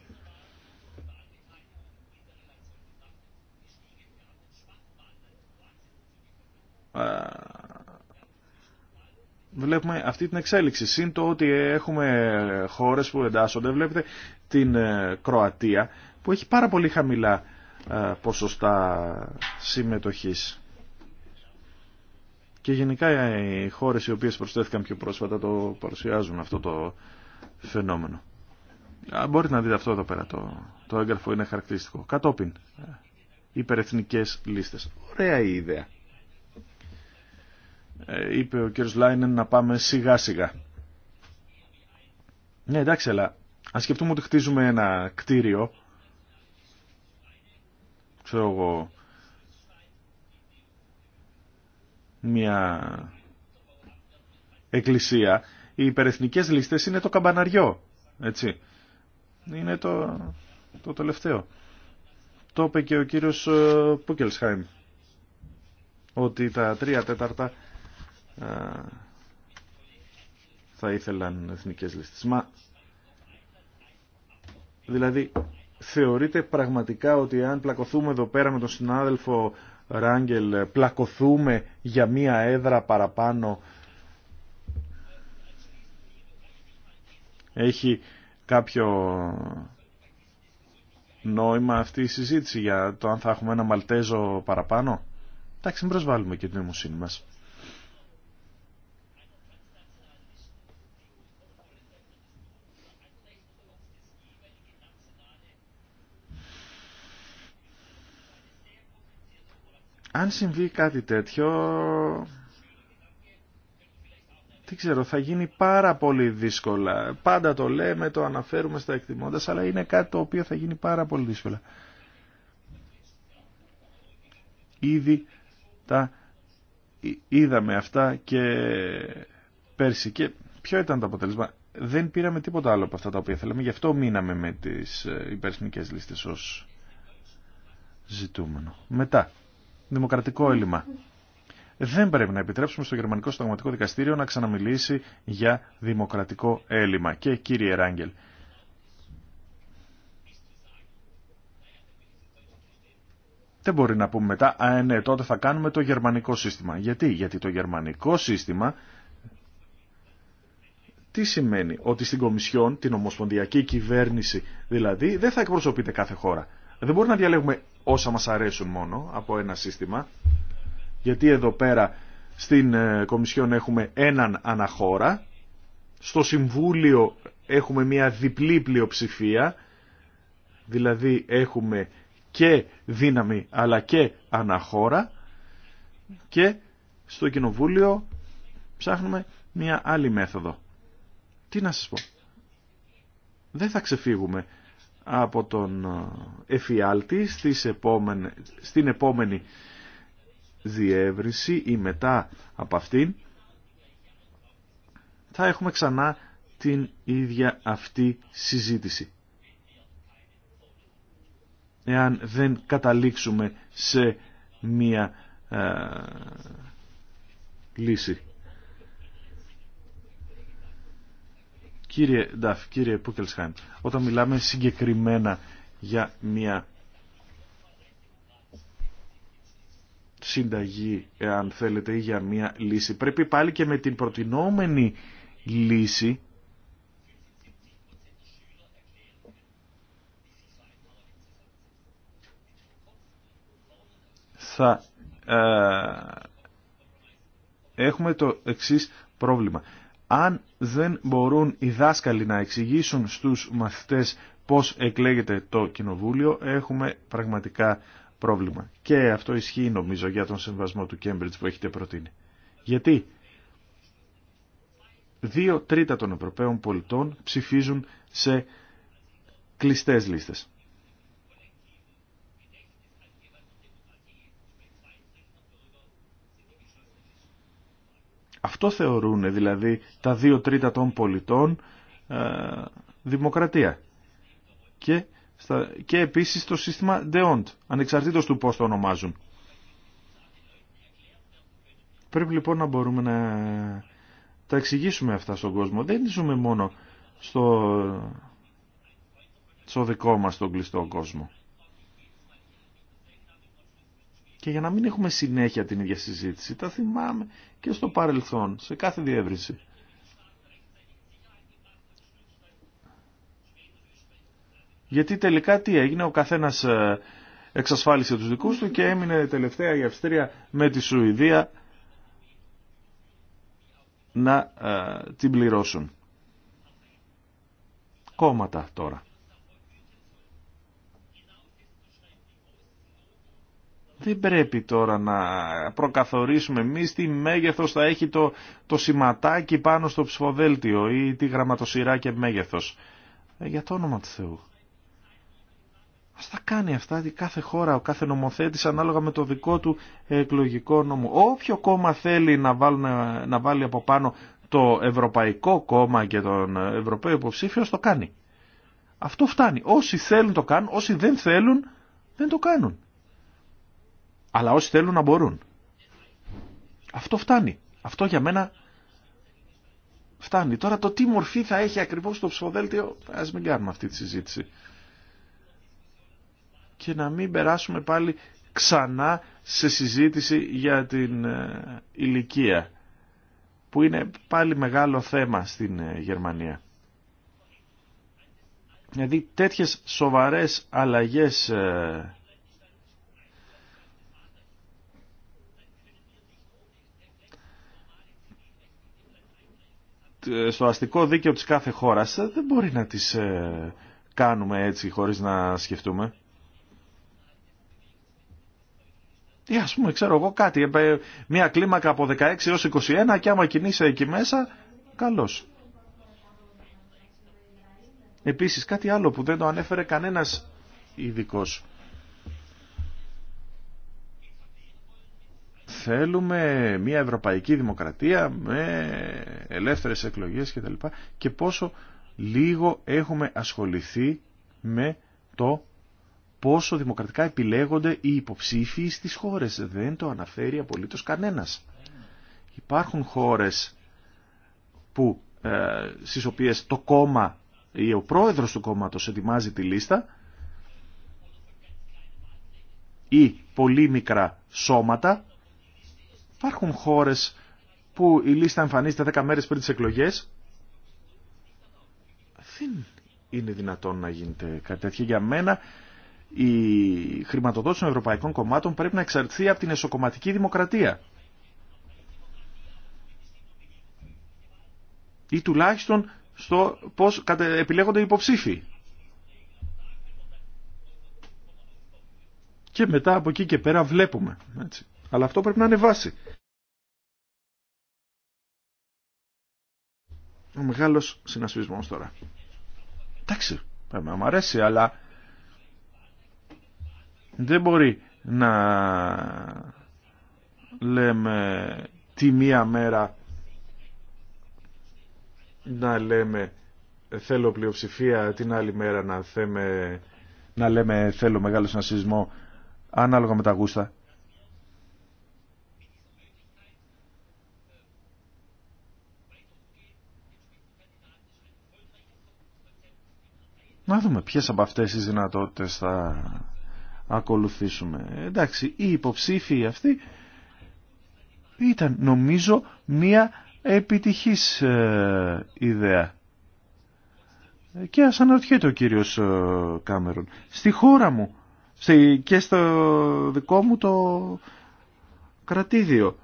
βλέπουμε αυτή την εξέλιξη. Συν το ότι έχουμε χώρες που εντάσσονται, βλέπετε την ε, Κροατία που έχει πάρα πολύ χαμηλά ε, ποσοστά συμμετοχής. Και γενικά ε, οι χώρες οι οποίες προσθέθηκαν πιο πρόσφατα το παρουσιάζουν αυτό το φαινόμενο. Μπορείτε να δείτε αυτό εδώ πέρα, το, το έγγραφο είναι χαρακτηριστικό. Κατόπιν, υπερεθνικές λίστες. Ωραία η ιδέα. Ε, είπε ο κύριος Λάινεν να πάμε σιγά σιγά. Ναι εντάξει αλλά ας σκεφτούμε ότι χτίζουμε ένα κτίριο ξέρω εγώ μια εκκλησία οι υπερεθνικές λίστες είναι το καμπαναριό έτσι είναι το, το τελευταίο το είπε και ο κύριος ε, Πούκελσχάιμ ότι τα τρία τέταρτα θα ήθελαν εθνικές λίστες. Μα, δηλαδή, θεωρείτε πραγματικά ότι αν πλακοθούμε εδώ πέρα με τον συνάδελφο Ράγκελ, πλακοθούμε για μία έδρα παραπάνω, έχει κάποιο νόημα αυτή η συζήτηση για το αν θα έχουμε ένα Μαλτέζο παραπάνω. Εντάξει, μην προσβάλλουμε και την νοημοσύνη μας. Αν συμβεί κάτι τέτοιο, τι ξέρω, θα γίνει πάρα πολύ δύσκολα. Πάντα το λέμε, το αναφέρουμε στα εκτιμώντας, αλλά είναι κάτι το οποίο θα γίνει πάρα πολύ δύσκολα. Ήδη τα είδαμε αυτά και πέρσι και ποιο ήταν το αποτέλεσμα. Δεν πήραμε τίποτα άλλο από αυτά τα οποία θέλαμε, γι' αυτό μείναμε με τις ε, υπερσμικές λίστες ως ζητούμενο. Μετά, δημοκρατικό έλλειμμα. Δεν πρέπει να επιτρέψουμε στο Γερμανικό Συνταγματικό Δικαστήριο να ξαναμιλήσει για δημοκρατικό έλλειμμα. Και κύριε Ράγγελ, Δεν μπορεί να πούμε μετά, α, ναι, τότε θα κάνουμε το γερμανικό σύστημα. Γιατί, γιατί το γερμανικό σύστημα, τι σημαίνει, ότι στην Κομισιόν, την Ομοσπονδιακή Κυβέρνηση δηλαδή, δεν θα εκπροσωπείται κάθε χώρα. Δεν μπορούμε να διαλέγουμε όσα μας αρέσουν μόνο από ένα σύστημα, γιατί εδώ πέρα στην ε, Κομισιόν έχουμε έναν αναχώρα, στο Συμβούλιο έχουμε μια διπλή πλειοψηφία, δηλαδή έχουμε και δύναμη αλλά και αναχώρα και στο Κοινοβούλιο ψάχνουμε μια άλλη μέθοδο. Τι να σας πω. Δεν θα ξεφύγουμε από τον ε, εφιάλτη στην επόμενη διεύρυνση ή μετά από αυτήν θα έχουμε ξανά την ίδια αυτή συζήτηση. Εάν δεν καταλήξουμε σε μία ε, λύση. Κύριε Νταφ, κύριε Πούκελσχάιν, όταν μιλάμε συγκεκριμένα για μια συνταγή, εάν θέλετε, ή για μια λύση, πρέπει πάλι και με την προτινόμενη λύση θα ε, έχουμε το εξής πρόβλημα. Αν δεν μπορούν οι δάσκαλοι να εξηγήσουν στους μαθητές πώς εκλέγεται το κοινοβούλιο, έχουμε πραγματικά πρόβλημα. Και αυτό ισχύει νομίζω για τον συμβασμό του Κέμπριτς που έχετε προτείνει. Γιατί δύο τρίτα των Ευρωπαίων πολιτών ψηφίζουν σε κλειστές λίστες. Αυτό θεωρούν δηλαδή τα δύο τρίτα των πολιτών ε, δημοκρατία. Και, στα, και επίσης το σύστημα DEONT, ανεξαρτήτως του πώς το ονομάζουν. Πρέπει λοιπόν να μπορούμε να τα εξηγήσουμε αυτά στον κόσμο. Δεν ζούμε μόνο στο, στο δικό μας τον κλειστό κόσμο. Και για να μην έχουμε συνέχεια την ίδια συζήτηση, τα θυμάμαι και στο παρελθόν, σε κάθε διεύρυνση. Γιατί τελικά τι έγινε, ο καθένας ε, εξασφάλισε τους δικούς του και έμεινε τελευταία η Αυστρία με τη Σουηδία να ε, την πληρώσουν. Κόμματα τώρα. Δεν πρέπει τώρα να προκαθορίσουμε εμεί τι μέγεθος θα έχει το, το σηματάκι πάνω στο ψηφοδέλτιο ή τη γραμματοσυρά και μέγεθος. Ε, για το όνομα του Θεού. Α τα κάνει αυτά η κάθε χώρα, ο κάθε νομοθέτης ανάλογα με το δικό του εκλογικό νόμο. Όποιο κόμμα θέλει να, να βάλει από πάνω το Ευρωπαϊκό Κόμμα και τον Ευρωπαίο Υποψήφιο το κάνει. Αυτό φτάνει. Όσοι θέλουν το κάνουν, όσοι δεν θέλουν δεν το κάνουν. Αλλά όσοι θέλουν να μπορούν. Αυτό φτάνει. Αυτό για μένα φτάνει. Τώρα το τι μορφή θα έχει ακριβώς το ψηφοδέλτιο, ας μην κάνουμε αυτή τη συζήτηση. Και να μην περάσουμε πάλι ξανά σε συζήτηση για την ε, ηλικία, που είναι πάλι μεγάλο θέμα στην ε, Γερμανία. Δηλαδή τέτοιες σοβαρές αλλαγές ε, στο αστικό δίκαιο της κάθε χώρας ε, δεν μπορεί να τις ε, κάνουμε έτσι χωρίς να σκεφτούμε. Ή ε, ας πούμε ξέρω εγώ κάτι, μια κλίμακα από 16 έως 21 και άμα κινείσαι εκεί μέσα, καλώς. Επίσης κάτι άλλο που δεν το ανέφερε κανένας ειδικός. θέλουμε μια ευρωπαϊκή δημοκρατία με ελεύθερες εκλογές κτλ. Και, και πόσο λίγο έχουμε ασχοληθεί με το πόσο δημοκρατικά επιλέγονται οι υποψήφοι στις χώρες. Δεν το αναφέρει απολύτως κανένας. Υπάρχουν χώρες που, ε, στις οποίες το κόμμα ή ο πρόεδρος του κόμματος ετοιμάζει τη λίστα ή πολύ μικρά σώματα Υπάρχουν χώρες που η λίστα εμφανίζεται 10 μέρες πριν τις εκλογές. Δεν είναι δυνατόν να γίνεται κάτι τέτοιο. Για μένα η χρηματοδότηση των ευρωπαϊκών κομμάτων πρέπει να εξαρτηθεί από την εσωκομματική δημοκρατία. Ή τουλάχιστον στο πώς επιλέγονται οι υποψήφοι. Και μετά από εκεί και πέρα βλέπουμε. Έτσι. Αλλά αυτό πρέπει να είναι βάση. Ο μεγάλος συνασπισμός τώρα. Εντάξει, πρέπει να μου αρέσει, αλλά δεν μπορεί να λέμε τη μία μέρα να λέμε θέλω πλειοψηφία την άλλη μέρα να, θέμε, να λέμε θέλω μεγάλο συνασπισμό ανάλογα με τα γούστα. δούμε ποιες από αυτές τις δυνατότητες θα ακολουθήσουμε. Εντάξει, οι υποψήφοι αυτοί ήταν νομίζω μία επιτυχής ε, ιδέα. Και ας αναρωτιέται ο κύριος ε, Κάμερον. Στη χώρα μου στη, και στο δικό μου το κρατήδιο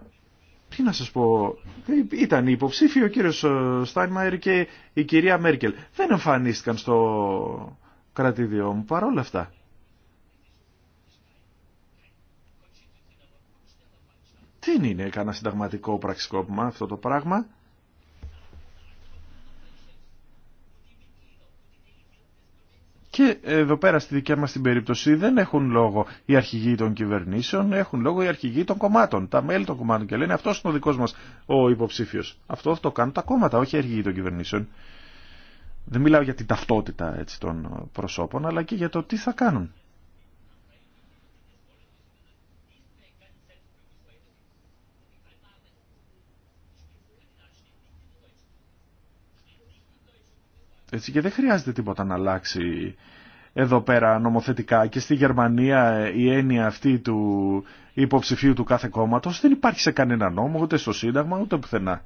τι να σας πω, ήταν υποψήφιο ο κύριος Στάινμαερ και η κυρία Μέρκελ. Δεν εμφανίστηκαν στο κρατηδιό μου παρόλα αυτά. Δεν είναι κανένα συνταγματικό πραξικόπημα αυτό το πράγμα. Και εδώ πέρα στη δικιά μας την περίπτωση δεν έχουν λόγο οι αρχηγοί των κυβερνήσεων, έχουν λόγο οι αρχηγοί των κομμάτων, τα μέλη των κομμάτων και λένε αυτός είναι ο δικός μας ο υποψήφιος. Αυτό το κάνουν τα κόμματα, όχι οι αρχηγοί των κυβερνήσεων. Δεν μιλάω για την ταυτότητα έτσι, των προσώπων, αλλά και για το τι θα κάνουν. Έτσι, και δεν χρειάζεται τίποτα να αλλάξει εδώ πέρα νομοθετικά και στη Γερμανία ε, η έννοια αυτή του υποψηφίου του κάθε κόμματος δεν υπάρχει σε κανένα νόμο, ούτε στο Σύνταγμα, ούτε πουθενά.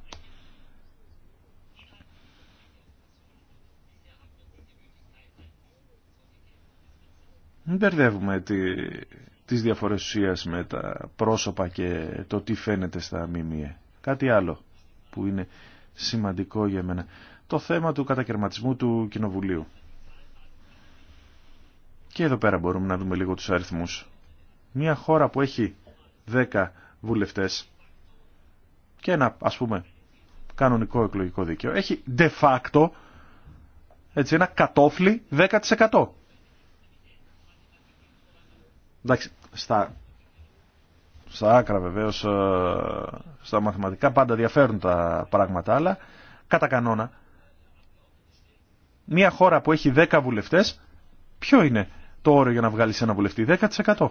Μην μπερδεύουμε τη, τις διαφορές με τα πρόσωπα και το τι φαίνεται στα μημύε. Κάτι άλλο που είναι σημαντικό για μένα το θέμα του κατακαιρματισμού του Κοινοβουλίου. Και εδώ πέρα μπορούμε να δούμε λίγο τους αριθμούς. Μια χώρα που έχει 10 βουλευτές και ένα ας πούμε κανονικό εκλογικό δίκαιο έχει de facto έτσι, ένα κατόφλι 10%. Εντάξει, στα, στα άκρα βεβαίως, ε, στα μαθηματικά πάντα διαφέρουν τα πράγματα, αλλά κατά κανόνα μια χώρα που έχει 10 βουλευτές, ποιο είναι το όριο για να βγάλεις ένα βουλευτή, 10%.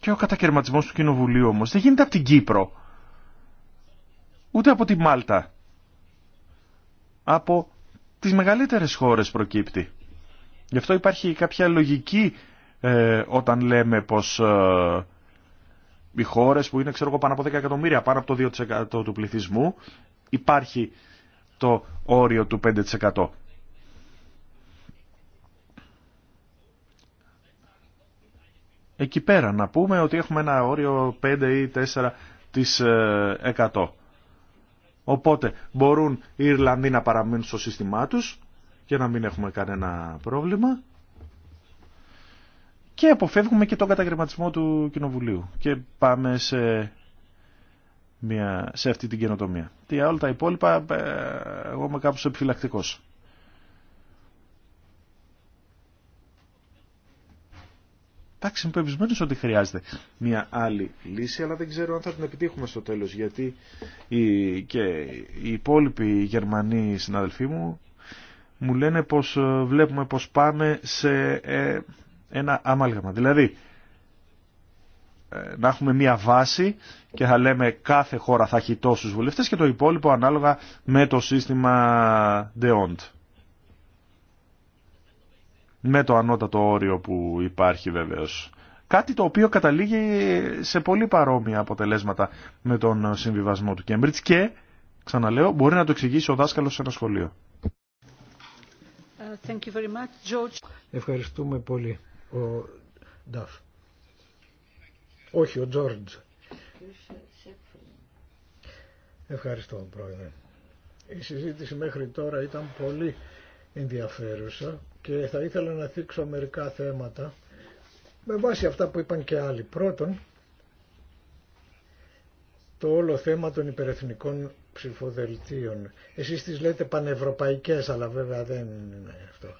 Και ο κατακαιρματισμός του Κοινοβουλίου όμως δεν γίνεται από την Κύπρο, ούτε από τη Μάλτα. Από τις μεγαλύτερες χώρες προκύπτει. Γι' αυτό υπάρχει κάποια λογική ε, όταν λέμε πως ε, οι χώρες που είναι ξέρω, πάνω από 10 εκατομμύρια, πάνω από το 2% του πληθυσμού, υπάρχει το όριο του 5%. Εκεί πέρα να πούμε ότι έχουμε ένα όριο 5 ή 4%. Οπότε μπορούν οι Ιρλανδοί να παραμείνουν στο σύστημά τους και να μην έχουμε κανένα πρόβλημα και αποφεύγουμε και τον καταγρηματισμό του Κοινοβουλίου και πάμε σε μια, σε αυτή την καινοτομία. Τι όλα τα υπόλοιπα, ε, εγώ είμαι κάπως επιφυλακτικός. Εντάξει, είμαι πεπισμένο ότι χρειάζεται μια άλλη λύση, αλλά δεν ξέρω αν θα την επιτύχουμε στο τέλο. Γιατί και οι υπόλοιποι Γερμανοί συναδελφοί μου μου λένε πω ε, βλέπουμε πω πάμε σε ε, ένα αμάλγαμα. Δηλαδή, ε, να έχουμε μια βάση και θα λέμε κάθε χώρα θα έχει τόσους βουλευτές και το υπόλοιπο ανάλογα με το σύστημα DEONT. Με το ανώτατο όριο που υπάρχει βεβαίως. Κάτι το οποίο καταλήγει σε πολύ παρόμοια αποτελέσματα με τον συμβιβασμό του Κέμπριτς και, ξαναλέω, μπορεί να το εξηγήσει ο δάσκαλος σε ένα σχολείο. Ε, thank you very much, George. Ευχαριστούμε πολύ. Ο Νταφ. Όχι, ο Τζόρτζ. Ευχαριστώ, Πρόεδρε. Η συζήτηση μέχρι τώρα ήταν πολύ ενδιαφέρουσα και θα ήθελα να θίξω μερικά θέματα με βάση αυτά που είπαν και άλλοι. Πρώτον, το όλο θέμα των υπερεθνικών ψηφοδελτίων. Εσείς τις λέτε πανευρωπαϊκές, αλλά βέβαια δεν είναι αυτό.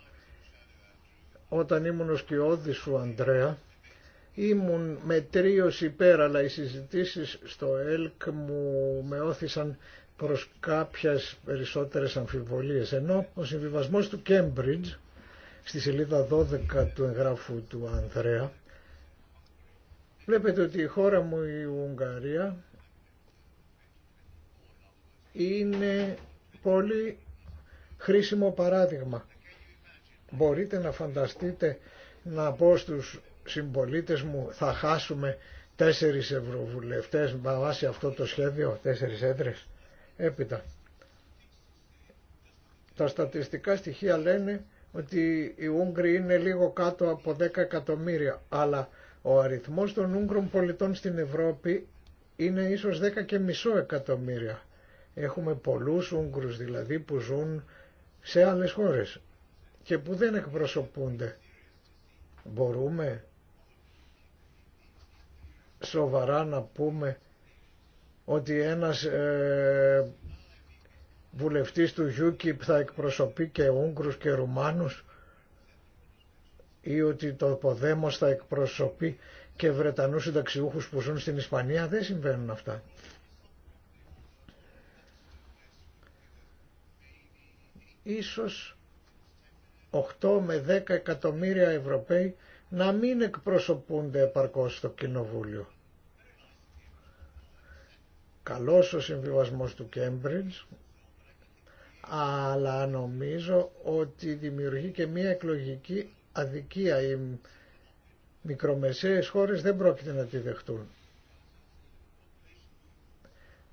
Όταν ήμουν ο σκιώδης σου, Ανδρέα, Ήμουν μετρίος υπέρ, αλλά οι συζητήσει στο ΕΛΚ μου με όθησαν προς κάποιες περισσότερες αμφιβολίε. Ενώ ο συμβιβασμό του Κέμπριτζ, στη σελίδα 12 του εγγράφου του Ανδρέα, βλέπετε ότι η χώρα μου η Ουγγαρία είναι πολύ χρήσιμο παράδειγμα. Μπορείτε να φανταστείτε να πω στους συμπολίτες μου θα χάσουμε τέσσερις ευρωβουλευτές με βάση αυτό το σχέδιο, τέσσερις έντρες. Έπειτα, τα στατιστικά στοιχεία λένε ότι οι Ούγγροι είναι λίγο κάτω από 10 εκατομμύρια, αλλά ο αριθμός των Ούγγρων πολιτών στην Ευρώπη είναι ίσως 10 και μισό εκατομμύρια. Έχουμε πολλούς Ούγγρους δηλαδή που ζουν σε άλλες χώρες και που δεν εκπροσωπούνται. Μπορούμε σοβαρά να πούμε ότι ένας ε, βουλευτής του UKIP θα εκπροσωπεί και Ούγγρους και Ρουμάνους ή ότι το Ποδέμος θα εκπροσωπεί και Βρετανούς συνταξιούχους που ζουν στην Ισπανία. Δεν συμβαίνουν αυτά. Ίσως 8 με 10 εκατομμύρια Ευρωπαίοι να μην εκπροσωπούνται επαρκώς στο Κοινοβούλιο. Καλός ο συμβιβασμός του Κέμπριτζ, αλλά νομίζω ότι δημιουργεί και μία εκλογική αδικία. Οι μικρομεσαίες χώρες δεν πρόκειται να τη δεχτούν.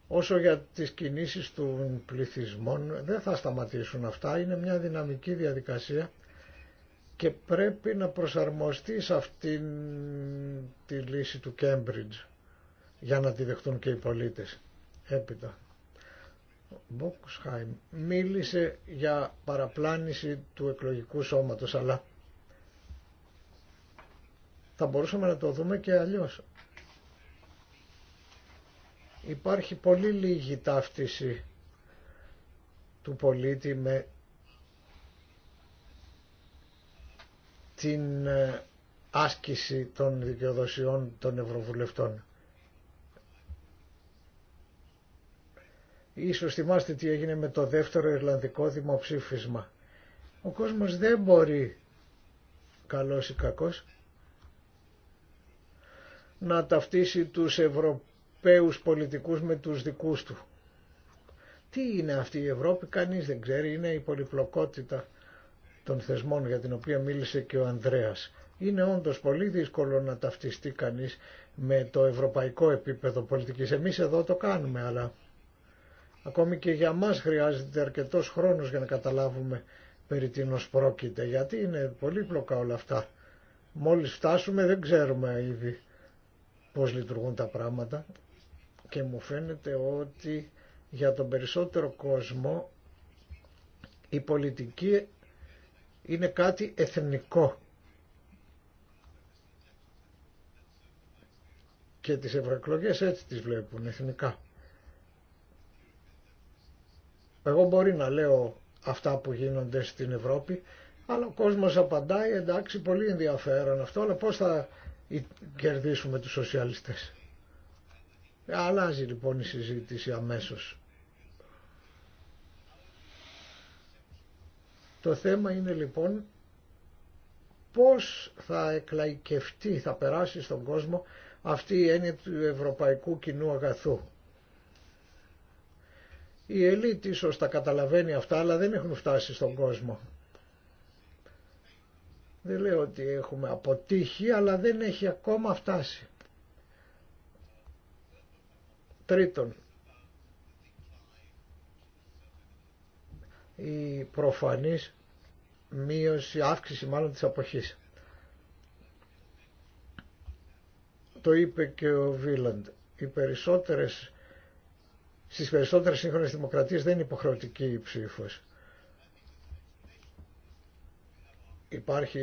Όσο για τις κινήσεις των πληθυσμών δεν θα σταματήσουν αυτά, είναι μια δυναμική διαδικασία και πρέπει να προσαρμοστεί σε αυτήν τη λύση του Κέμπριτζ για να τη δεχτούν και οι πολίτες. Έπειτα. Μπόκουσχάιμ μίλησε για παραπλάνηση του εκλογικού σώματος, αλλά θα μπορούσαμε να το δούμε και αλλιώς. Υπάρχει πολύ λίγη ταύτιση του πολίτη με την ε, άσκηση των δικαιοδοσιών των Ευρωβουλευτών. Ίσως θυμάστε τι έγινε με το δεύτερο Ιρλανδικό δημοψήφισμα. Ο κόσμος δεν μπορεί, καλός ή κακός, να ταυτίσει τους Ευρωπαίους πολιτικούς με τους δικούς του. Τι είναι αυτή η Ευρώπη, κανείς δεν ξέρει, είναι η πολυπλοκότητα των θεσμών για την οποία μίλησε και ο Ανδρέας. Είναι όντως πολύ δύσκολο να ταυτιστεί κανείς με το ευρωπαϊκό επίπεδο πολιτικής. Εμείς εδώ το κάνουμε, αλλά ακόμη και για μας χρειάζεται αρκετός χρόνος για να καταλάβουμε περί τίνος πρόκειται, γιατί είναι πολύπλοκα όλα αυτά. Μόλις φτάσουμε δεν ξέρουμε ήδη πώς λειτουργούν τα πράγματα και μου φαίνεται ότι για τον περισσότερο κόσμο η πολιτική είναι κάτι εθνικό και τις ευρωεκλογέ έτσι τις βλέπουν εθνικά. Εγώ μπορεί να λέω αυτά που γίνονται στην Ευρώπη, αλλά ο κόσμος απαντάει εντάξει πολύ ενδιαφέρον αυτό, αλλά πώς θα κερδίσουμε τους σοσιαλιστές. Αλλάζει λοιπόν η συζήτηση αμέσως. Το θέμα είναι λοιπόν πώς θα εκλαϊκευτεί, θα περάσει στον κόσμο αυτή η έννοια του ευρωπαϊκού κοινού αγαθού. Η ελίτ ίσως τα καταλαβαίνει αυτά, αλλά δεν έχουν φτάσει στον κόσμο. Δεν λέω ότι έχουμε αποτύχει, αλλά δεν έχει ακόμα φτάσει. Τρίτον, η προφανής μείωση, αύξηση μάλλον της αποχής. Το είπε και ο Βίλαντ. Οι περισσότερες, στις περισσότερες σύγχρονες δημοκρατίες δεν είναι υποχρεωτική η ψήφος. Υπάρχει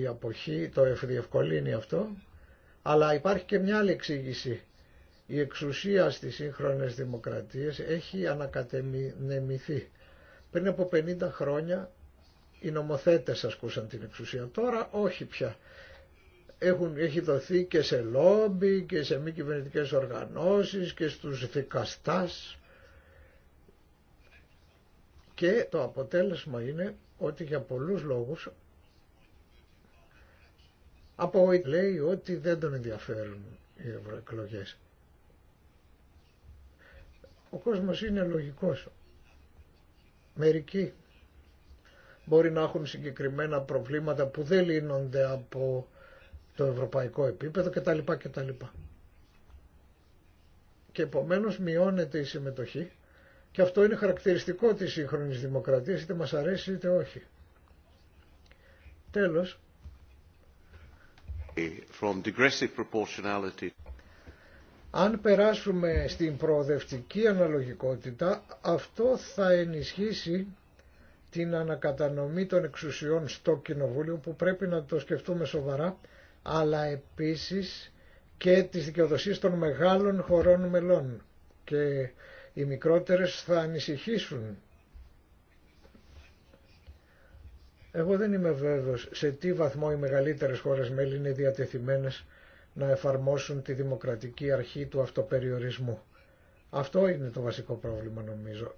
η αποχή, το ευδιευκολύνει αυτό, αλλά υπάρχει και μια άλλη εξήγηση. Η εξουσία στις σύγχρονες δημοκρατίες έχει ανακατεμινεμηθεί. Πριν από 50 χρόνια οι νομοθέτες ασκούσαν την εξουσία. Τώρα όχι πια. Έχουν, έχει δοθεί και σε λόμπι και σε μη κυβερνητικέ οργανώσεις και στους δικαστάς. Και το αποτέλεσμα είναι ότι για πολλούς λόγους από λέει ότι δεν τον ενδιαφέρουν οι ευρωεκλογέ. Ο κόσμος είναι λογικός. Μερικοί μπορεί να έχουν συγκεκριμένα προβλήματα που δεν λύνονται από το ευρωπαϊκό επίπεδο κτλ. Και επομένως μειώνεται η συμμετοχή και αυτό είναι χαρακτηριστικό της σύγχρονης δημοκρατίας, είτε μας αρέσει είτε όχι. Τέλος, αν περάσουμε στην προοδευτική αναλογικότητα, αυτό θα ενισχύσει την ανακατανομή των εξουσιών στο Κοινοβούλιο που πρέπει να το σκεφτούμε σοβαρά, αλλά επίσης και τις δικαιοδοσίες των μεγάλων χωρών μελών και οι μικρότερες θα ανησυχήσουν. Εγώ δεν είμαι βέβαιος σε τι βαθμό οι μεγαλύτερες χώρες μέλη είναι διατεθειμένες να εφαρμόσουν τη δημοκρατική αρχή του αυτοπεριορισμού. Αυτό είναι το βασικό πρόβλημα νομίζω.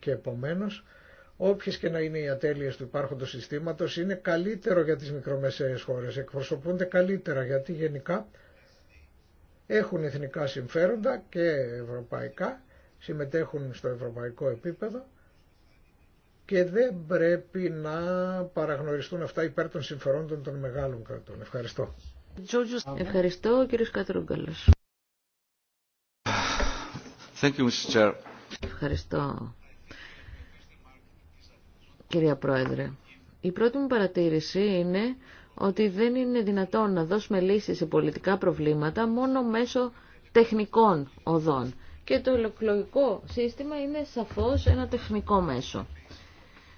Και επομένως, όποιες και να είναι οι ατέλειες του υπάρχοντος συστήματος, είναι καλύτερο για τις μικρομεσαίες χώρες, εκπροσωπούνται καλύτερα, γιατί γενικά έχουν εθνικά συμφέροντα και ευρωπαϊκά, συμμετέχουν στο ευρωπαϊκό επίπεδο και δεν πρέπει να παραγνωριστούν αυτά υπέρ των συμφερόντων των μεγάλων κρατών. Ευχαριστώ. Ευχαριστώ, κύριος Κατρούγκαλος. Thank you, Mr. Chair. Ευχαριστώ, κυρία Πρόεδρε. Η πρώτη μου παρατήρηση είναι ότι δεν είναι δυνατόν να δώσουμε λύσεις σε πολιτικά προβλήματα μόνο μέσω τεχνικών οδών. Και το ολοκληρωτικό σύστημα είναι σαφώς ένα τεχνικό μέσο.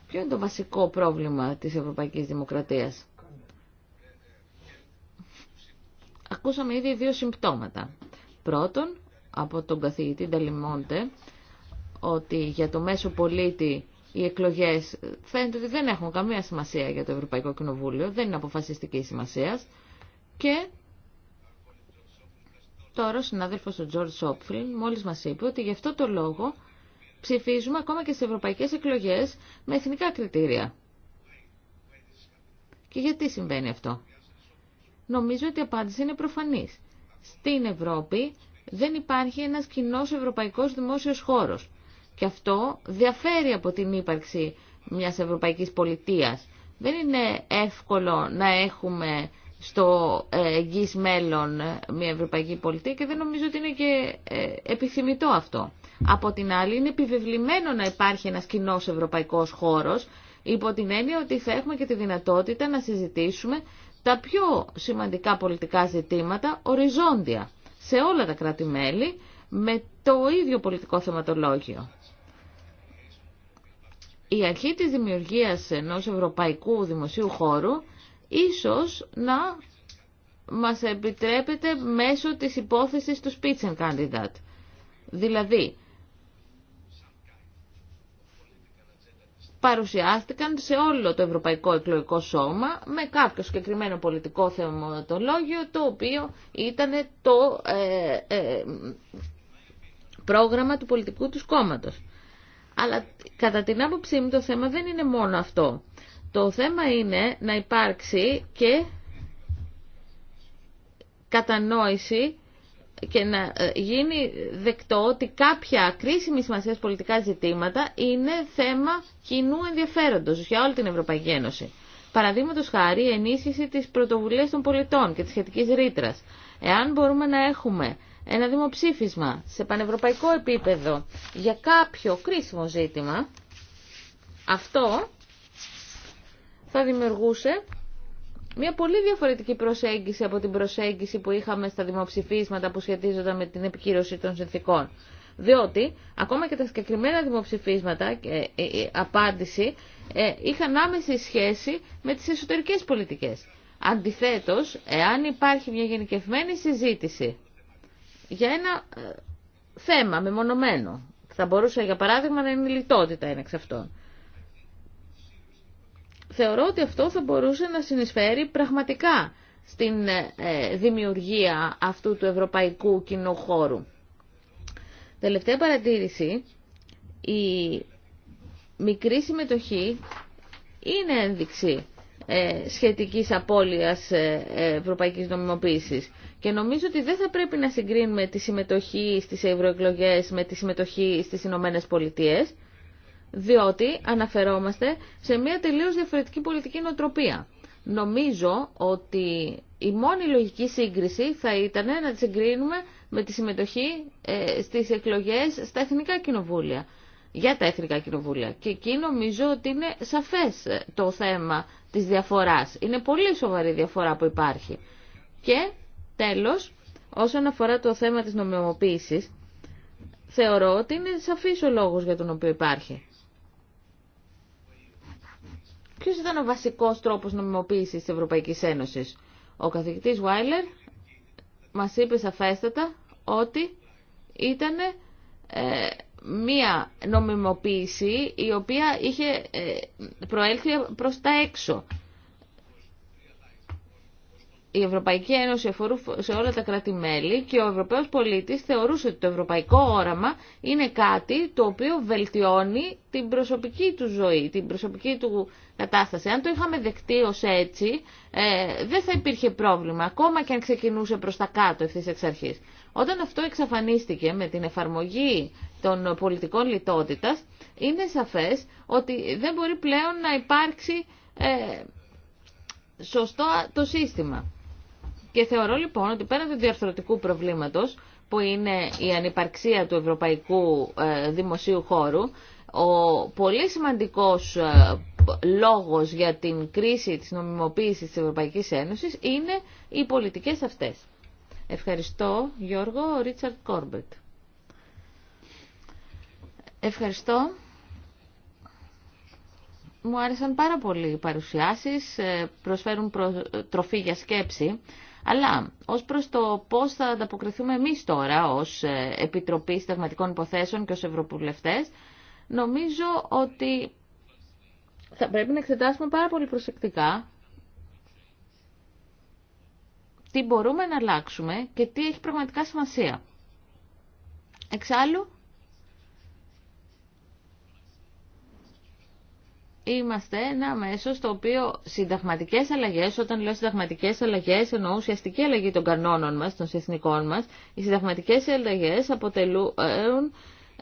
Ποιο είναι το βασικό πρόβλημα της Ευρωπαϊκής Δημοκρατίας. Ακούσαμε ήδη δύο συμπτώματα. Πρώτον, από τον καθηγητή Νταλιμόντε, ότι για το μέσο πολίτη οι εκλογές φαίνεται ότι δεν έχουν καμία σημασία για το Ευρωπαϊκό Κοινοβούλιο, δεν είναι αποφασιστική σημασία. Και τώρα ο συνάδελφος ο Τζορτ Σόπφιλ μόλις μας είπε ότι γι' αυτό το λόγο ψηφίζουμε ακόμα και στις ευρωπαϊκές εκλογές με εθνικά κριτήρια. Και γιατί συμβαίνει αυτό νομίζω ότι η απάντηση είναι προφανής. Στην Ευρώπη δεν υπάρχει ένας κοινό ευρωπαϊκός δημόσιος χώρος. Και αυτό διαφέρει από την ύπαρξη μιας ευρωπαϊκής πολιτείας. Δεν είναι εύκολο να έχουμε στο ε, εγγύς μέλλον ε, μια ευρωπαϊκή πολιτεία και δεν νομίζω ότι είναι και ε, επιθυμητό αυτό. Από την άλλη είναι επιβεβλημένο να υπάρχει ένας κοινό ευρωπαϊκός χώρος υπό την έννοια ότι θα έχουμε και τη δυνατότητα να συζητήσουμε τα πιο σημαντικά πολιτικά ζητήματα οριζόντια σε όλα τα κράτη-μέλη με το ίδιο πολιτικό θεματολόγιο. Η αρχή της δημιουργίας ενός ευρωπαϊκού δημοσίου χώρου ίσως να μας επιτρέπεται μέσω της υπόθεσης του Spitzenkandidat. Δηλαδή, παρουσιάστηκαν σε όλο το Ευρωπαϊκό Εκλογικό Σώμα με κάποιο συγκεκριμένο πολιτικό θεματολόγιο το οποίο ήταν το ε, ε, πρόγραμμα του πολιτικού του κόμματος. Αλλά κατά την άποψή μου το θέμα δεν είναι μόνο αυτό. Το θέμα είναι να υπάρξει και κατανόηση και να ε, γίνει δεκτό ότι κάποια κρίσιμη σημασία πολιτικά ζητήματα είναι θέμα κοινού ενδιαφέροντο για όλη την Ευρωπαϊκή Ένωση. Παραδείγματο χάρη η ενίσχυση της πρωτοβουλία των πολιτών και τη σχετική ρήτρα. Εάν μπορούμε να έχουμε ένα δημοψήφισμα σε πανευρωπαϊκό επίπεδο για κάποιο κρίσιμο ζήτημα, αυτό θα δημιουργούσε μια πολύ διαφορετική προσέγγιση από την προσέγγιση που είχαμε στα δημοψηφίσματα που σχετίζονταν με την επικύρωση των συνθήκων. Διότι ακόμα και τα συγκεκριμένα δημοψηφίσματα και ε, ε, ε, απάντηση είχαν άμεση σχέση με τις εσωτερικές πολιτικές. Αντιθέτως, εάν υπάρχει μια γενικευμένη συζήτηση για ένα θέμα μεμονωμένο, θα μπορούσε για παράδειγμα να είναι η λιτότητα ένα εξ αυτών, θεωρώ ότι αυτό θα μπορούσε να συνεισφέρει πραγματικά στην ε, ε, δημιουργία αυτού του ευρωπαϊκού χώρου. Τελευταία παρατήρηση, η μικρή συμμετοχή είναι ένδειξη ε, σχετικής απώλειας ευρωπαϊκής νομιμοποίησης. Και νομίζω ότι δεν θα πρέπει να συγκρίνουμε τη συμμετοχή στις ευρωεκλογέ με τη συμμετοχή στις Ηνωμένε Πολιτείες διότι αναφερόμαστε σε μια τελείως διαφορετική πολιτική νοοτροπία. Νομίζω ότι η μόνη λογική σύγκριση θα ήταν να τις συγκρίνουμε με τη συμμετοχή ε, στις εκλογές στα εθνικά κοινοβούλια, για τα εθνικά κοινοβούλια. Και εκεί νομίζω ότι είναι σαφές ε, το θέμα της διαφοράς. Είναι πολύ σοβαρή διαφορά που υπάρχει. Και τέλος, όσον αφορά το θέμα της νομιμοποίησης, θεωρώ ότι είναι σαφής ο λόγος για τον οποίο υπάρχει. Ποιο ήταν ο βασικός τρόπος νομιμοποίηση της Ευρωπαϊκής Ένωσης. Ο καθηγητής Βάιλερ μας είπε σαφέστατα ότι ήταν ε, μία νομιμοποίηση η οποία είχε ε, προέλθει προς τα έξω η Ευρωπαϊκή Ένωση αφορούσε όλα τα κράτη-μέλη και ο Ευρωπαίος πολίτης θεωρούσε ότι το ευρωπαϊκό όραμα είναι κάτι το οποίο βελτιώνει την προσωπική του ζωή, την προσωπική του κατάσταση. Αν το είχαμε δεχτεί ως έτσι, ε, δεν θα υπήρχε πρόβλημα, ακόμα και αν ξεκινούσε προς τα κάτω ευθύς εξ αρχής. Όταν αυτό εξαφανίστηκε με την εφαρμογή των πολιτικών λιτότητας, είναι σαφές ότι δεν μπορεί πλέον να υπάρξει ε, σωστό το σύστημα. Και θεωρώ λοιπόν ότι πέραν του διαρθρωτικού προβλήματος, που είναι η ανυπαρξία του ευρωπαϊκού ε, δημοσίου χώρου, ο πολύ σημαντικός ε, λόγος για την κρίση της νομιμοποίησης της Ευρωπαϊκής Ένωσης είναι οι πολιτικές αυτές. Ευχαριστώ, Γιώργο Ρίτσαρτ Κόρμπετ. Ευχαριστώ. Μου άρεσαν πάρα πολύ οι παρουσιάσεις, ε, προσφέρουν τροφή για σκέψη. Αλλά ως προς το πώς θα ανταποκριθούμε εμεί τώρα ως ε, Επιτροπή Σταγματικών Υποθέσεων και ως Ευρωβουλευτές, νομίζω ότι θα πρέπει να εξετάσουμε πάρα πολύ προσεκτικά τι μπορούμε να αλλάξουμε και τι έχει πραγματικά σημασία. Εξάλλου, είμαστε ένα μέσο στο οποίο συνταγματικέ αλλαγέ, όταν λέω συνταγματικέ αλλαγέ, εννοώ ουσιαστική αλλαγή των κανόνων μα, των εθνικών μα, οι συνταγματικέ αλλαγέ αποτελούν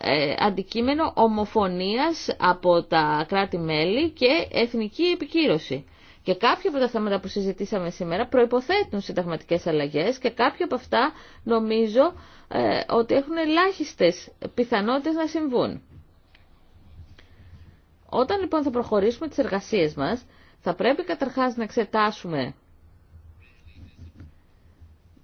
ε, αντικείμενο ομοφωνίας από τα κράτη-μέλη και εθνική επικύρωση. Και κάποια από τα θέματα που συζητήσαμε σήμερα προϋποθέτουν συνταγματικές αλλαγές και κάποια από αυτά νομίζω ε, ότι έχουν ελάχιστες πιθανότητες να συμβούν. Όταν λοιπόν θα προχωρήσουμε τις εργασίες μας, θα πρέπει καταρχάς να εξετάσουμε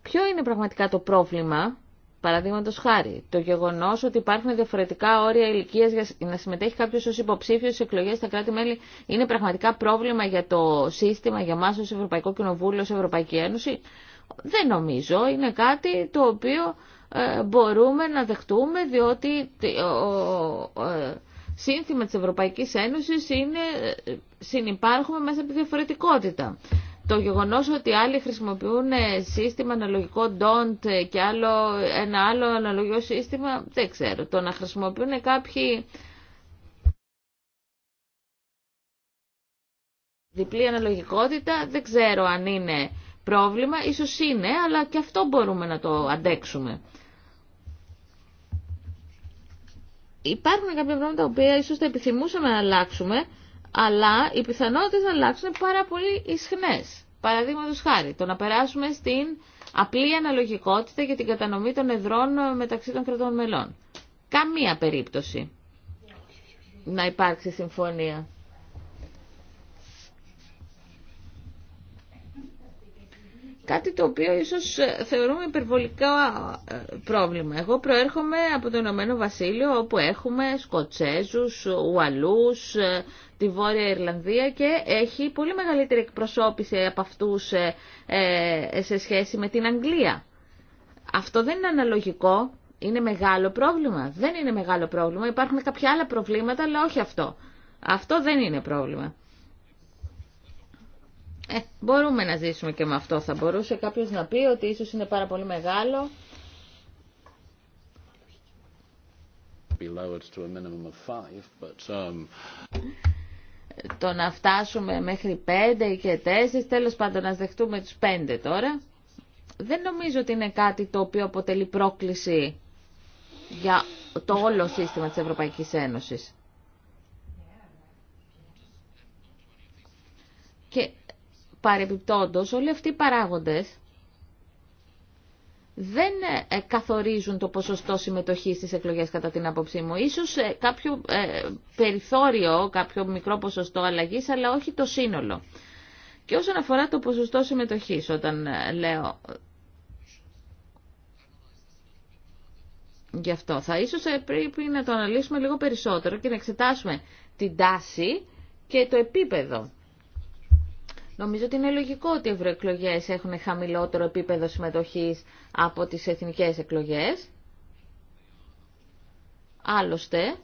ποιο είναι πραγματικά το πρόβλημα, παραδείγματο χάρη, το γεγονό ότι υπάρχουν διαφορετικά όρια ηλικία για να συμμετέχει κάποιο ω υποψήφιο σε εκλογέ στα κράτη-μέλη, είναι πραγματικά πρόβλημα για το σύστημα, για εμά ω Ευρωπαϊκό Κοινοβούλιο, ω Ευρωπαϊκή Ένωση. Δεν νομίζω. Είναι κάτι το οποίο ε, μπορούμε να δεχτούμε, διότι. Ε, σύνθημα της Ευρωπαϊκής Ένωσης είναι ε, συνυπάρχουμε μέσα από τη διαφορετικότητα. Το γεγονός ότι άλλοι χρησιμοποιούν ε, σύστημα αναλογικό don't και άλλο, ένα άλλο αναλογικό σύστημα, δεν ξέρω. Το να χρησιμοποιούν κάποιοι διπλή αναλογικότητα, δεν ξέρω αν είναι πρόβλημα, ίσως είναι, αλλά και αυτό μπορούμε να το αντέξουμε. υπάρχουν κάποια πράγματα οποία ίσως θα επιθυμούσαμε να αλλάξουμε, αλλά οι πιθανότητες να αλλάξουν είναι πάρα πολύ ισχνές. Παραδείγματος χάρη, το να περάσουμε στην απλή αναλογικότητα για την κατανομή των εδρών μεταξύ των κρατών μελών. Καμία περίπτωση να υπάρξει συμφωνία. Κάτι το οποίο ίσως ε, θεωρούμε υπερβολικά ε, πρόβλημα. Εγώ προέρχομαι από το Ηνωμένο Βασίλειο όπου έχουμε Σκοτσέζους, Ουαλούς, ε, τη Βόρεια Ιρλανδία και έχει πολύ μεγαλύτερη εκπροσώπηση από αυτούς σε σχέση με την Αγγλία. Αυτό δεν είναι αναλογικό, είναι μεγάλο πρόβλημα. Δεν είναι μεγάλο πρόβλημα, υπάρχουν κάποια άλλα προβλήματα αλλά όχι αυτό. Αυτό δεν είναι πρόβλημα. Ε, μπορούμε να ζήσουμε και με αυτό. Θα μπορούσε κάποιος να πει ότι ίσως είναι πάρα πολύ μεγάλο. Um, το να φτάσουμε μέχρι ή και τέσσερις τέλος πάντων να δεχτούμε τους πέντε τώρα. Δεν νομίζω ότι είναι κάτι το οποίο αποτελεί πρόκληση για το όλο σύστημα της Ευρωπαϊκής Ένωσης. Και Παρεμπιπτόντως, όλοι αυτοί οι παράγοντες δεν ε, καθορίζουν το ποσοστό συμμετοχής στις εκλογές κατά την άποψή μου. Ίσως ε, κάποιο ε, περιθώριο, κάποιο μικρό ποσοστό αλλαγής, αλλά όχι το σύνολο. Και όσον αφορά το ποσοστό συμμετοχής, όταν λέω γι' αυτό. Θα ίσως πρέπει να το αναλύσουμε λίγο περισσότερο και να εξετάσουμε την τάση και το επίπεδο. Νομίζω ότι είναι λογικό ότι οι ευρωεκλογέ έχουν χαμηλότερο επίπεδο συμμετοχής από τις εθνικέ εκλογές. Άλλωστε,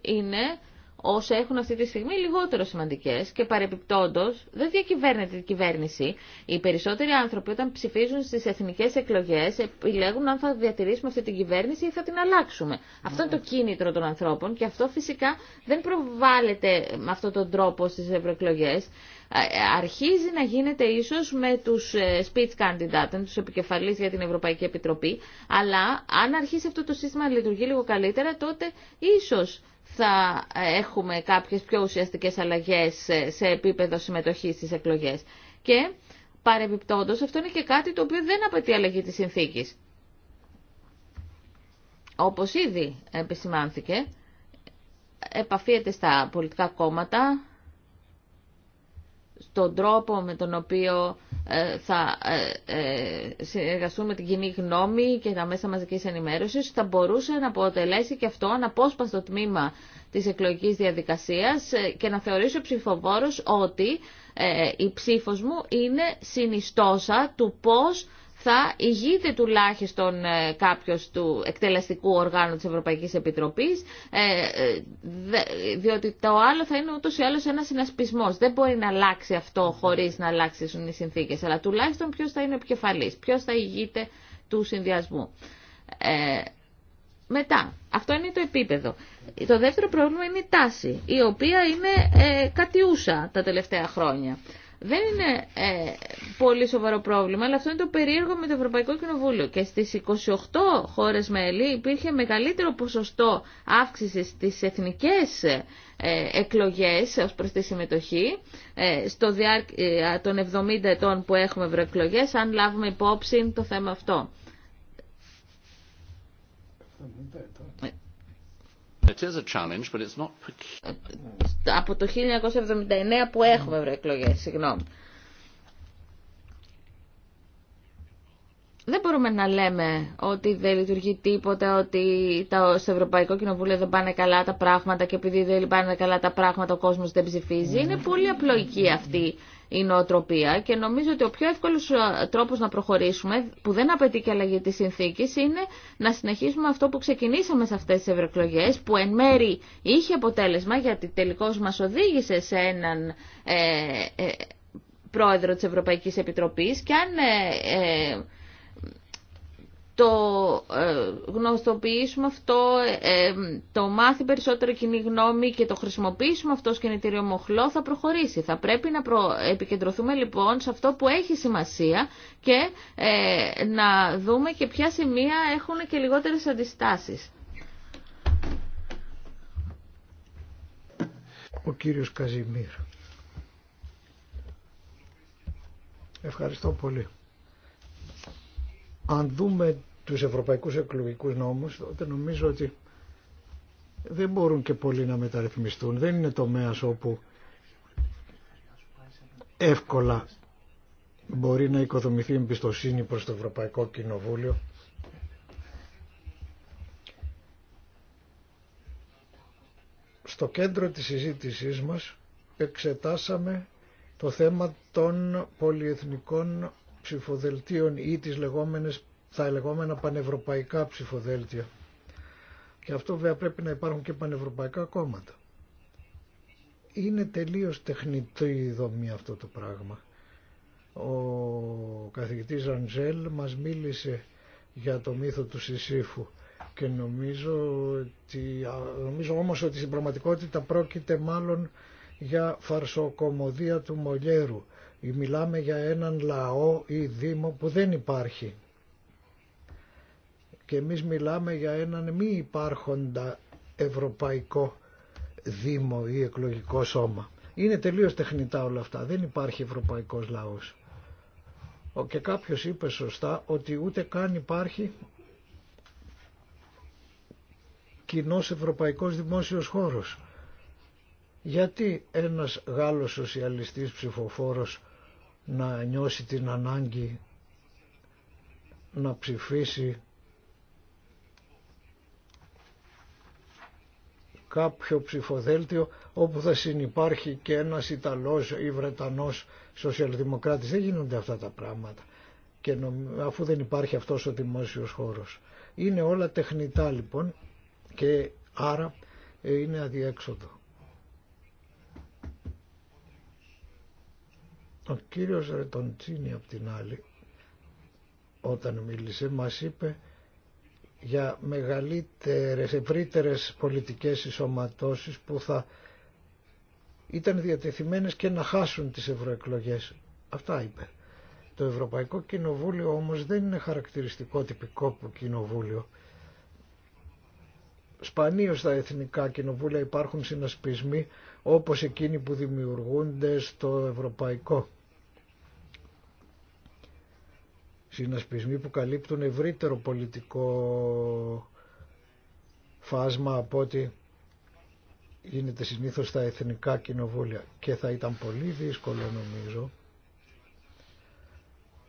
είναι όσα έχουν αυτή τη στιγμή λιγότερο σημαντικέ και παρεπιπτόντω δεν διακυβέρνεται η κυβέρνηση. Οι περισσότεροι άνθρωποι όταν ψηφίζουν στι εθνικέ εκλογέ, επιλέγουν αν θα διατηρήσουμε αυτή την κυβέρνηση ή θα την αλλάξουμε. Αυτό είναι το ναι. κίνητρο των ανθρώπων και αυτό φυσικά δεν προβάλλεται με αυτόν τον τρόπο στι ευρωεκλογέ. Ε, αρχίζει να γίνεται ίσω με του ε, speech candidates, του επικεφαλεί για την Ευρωπαϊκή Επιτροπή, αλλά αν αρχίσει αυτό το σύστημα να λειτουργεί λίγο καλύτερα, τότε ίσω θα έχουμε κάποιες πιο ουσιαστικές αλλαγές σε επίπεδο συμμετοχής στις εκλογές. Και παρεμπιπτόντως αυτό είναι και κάτι το οποίο δεν απαιτεί αλλαγή της συνθήκης. Όπως ήδη επισημάνθηκε, επαφίεται στα πολιτικά κόμματα στον τρόπο με τον οποίο ε, θα ε, ε, συνεργαστούμε την κοινή γνώμη και τα μέσα μαζικής ενημέρωσης θα μπορούσε να αποτελέσει και αυτό ένα απόσπαστο τμήμα της εκλογικής διαδικασίας και να θεωρήσω ο ψηφοφόρος ότι η ψήφος μου είναι συνιστόσα του πώς θα ηγείται τουλάχιστον ε, κάποιος του εκτελεστικού οργάνου της Ευρωπαϊκής Επιτροπής, ε, ε, διότι το άλλο θα είναι ούτως ή άλλως ένα συνασπισμός. Δεν μπορεί να αλλάξει αυτό χωρίς να αλλάξουν οι συνθήκες, αλλά τουλάχιστον ποιος θα είναι ο επικεφαλής, ποιος θα ηγείται του συνδυασμού. Μετά, αυτό είναι το επίπεδο. Το δεύτερο πρόβλημα είναι η τάση, η οποία είναι κατιούσα τα τελευταία χρόνια. Δεν είναι ε, πολύ σοβαρό πρόβλημα, αλλά αυτό είναι το περίεργο με το Ευρωπαϊκό Κοινοβούλιο. Και στις 28 χώρες μέλη υπήρχε μεγαλύτερο ποσοστό αύξηση στις εθνικές ε, εκλογές ως προς τη συμμετοχή ε, στο διάρκεια των 70 ετών που έχουμε ευρωεκλογές, αν λάβουμε υπόψη το θέμα αυτό. Από το 1979 που έχουμε ευρωεκλογέ, συγγνώμη. Δεν μπορούμε να λέμε ότι δεν λειτουργεί τίποτα, ότι στο Ευρωπαϊκό Κοινοβούλιο δεν πάνε καλά τα πράγματα και επειδή δεν πάνε καλά τα πράγματα ο κόσμος δεν ψηφίζει. Είναι πολύ απλοϊκή αυτή η νοοτροπία και νομίζω ότι ο πιο εύκολος ε, τρόπος να προχωρήσουμε, που δεν απαιτεί και αλλαγή της συνθήκης, είναι να συνεχίσουμε αυτό που ξεκινήσαμε σε αυτές τις ευρωεκλογέ, που εν μέρη είχε αποτέλεσμα, γιατί τελικώς μας οδήγησε σε έναν ε, ε, πρόεδρο της Ευρωπαϊκής Επιτροπής και αν το ε, γνωστοποιήσουμε αυτό, ε, ε, το μάθει περισσότερο κοινή γνώμη και το χρησιμοποιήσουμε αυτό ως κινητήριο μοχλό θα προχωρήσει. Θα πρέπει να επικεντρωθούμε λοιπόν σε αυτό που έχει σημασία και να δούμε και ποια σημεία έχουν και λιγότερες αντιστάσεις. Ο κύριος Καζιμίρ. Ευχαριστώ πολύ. Αν δούμε τους ευρωπαϊκούς εκλογικούς νόμους, τότε νομίζω ότι δεν μπορούν και πολλοί να μεταρρυθμιστούν. Δεν είναι τομέας όπου εύκολα μπορεί να οικοδομηθεί εμπιστοσύνη προς το Ευρωπαϊκό Κοινοβούλιο. Στο κέντρο της συζήτησής μας εξετάσαμε το θέμα των πολυεθνικών ψηφοδελτίων ή τις λεγόμενες, τα λεγόμενα πανευρωπαϊκά ψηφοδέλτια. Και αυτό βέβαια πρέπει να υπάρχουν και πανευρωπαϊκά κόμματα. Είναι τελείως τεχνητή η δομή αυτό το πράγμα. Ο καθηγητής Ραντζέλ μας μίλησε για το μύθο του Σισίφου και νομίζω, ότι, νομίζω όμως ότι στην πραγματικότητα πρόκειται μάλλον για φαρσοκομωδία του Μολιέρου. Μιλάμε για έναν λαό ή δήμο που δεν υπάρχει. Και εμείς μιλάμε για έναν μη υπάρχοντα ευρωπαϊκό δήμο ή εκλογικό σώμα. Είναι τελείως τεχνητά όλα αυτά. Δεν υπάρχει ευρωπαϊκός λαός. Και κάποιος είπε σωστά ότι ούτε καν υπάρχει κοινός ευρωπαϊκός δημόσιος χώρος. Γιατί ένας Γάλλος σοσιαλιστής ψηφοφόρος να νιώσει την ανάγκη να ψηφίσει κάποιο ψηφοδέλτιο όπου θα συνυπάρχει και ένας Ιταλός ή Βρετανός σοσιαλδημοκράτης. Δεν γίνονται αυτά τα πράγματα και αφού δεν υπάρχει αυτός ο δημόσιος χώρος. Είναι όλα τεχνητά λοιπόν και άρα ε, είναι αδιέξοδο. Ο κύριος Ρετοντσίνη απ' την άλλη όταν μίλησε μας είπε για μεγαλύτερες, ευρύτερες πολιτικές ισοματώσεις που θα ήταν διατεθειμένες και να χάσουν τις ευρωεκλογέ. Αυτά είπε. Το Ευρωπαϊκό Κοινοβούλιο όμως δεν είναι χαρακτηριστικό τυπικό που κοινοβούλιο. Σπανίως στα εθνικά κοινοβούλια υπάρχουν συνασπισμοί όπως εκείνοι που δημιουργούνται στο Ευρωπαϊκό. συνασπισμοί που καλύπτουν ευρύτερο πολιτικό φάσμα από ό,τι γίνεται συνήθως στα εθνικά κοινοβούλια και θα ήταν πολύ δύσκολο νομίζω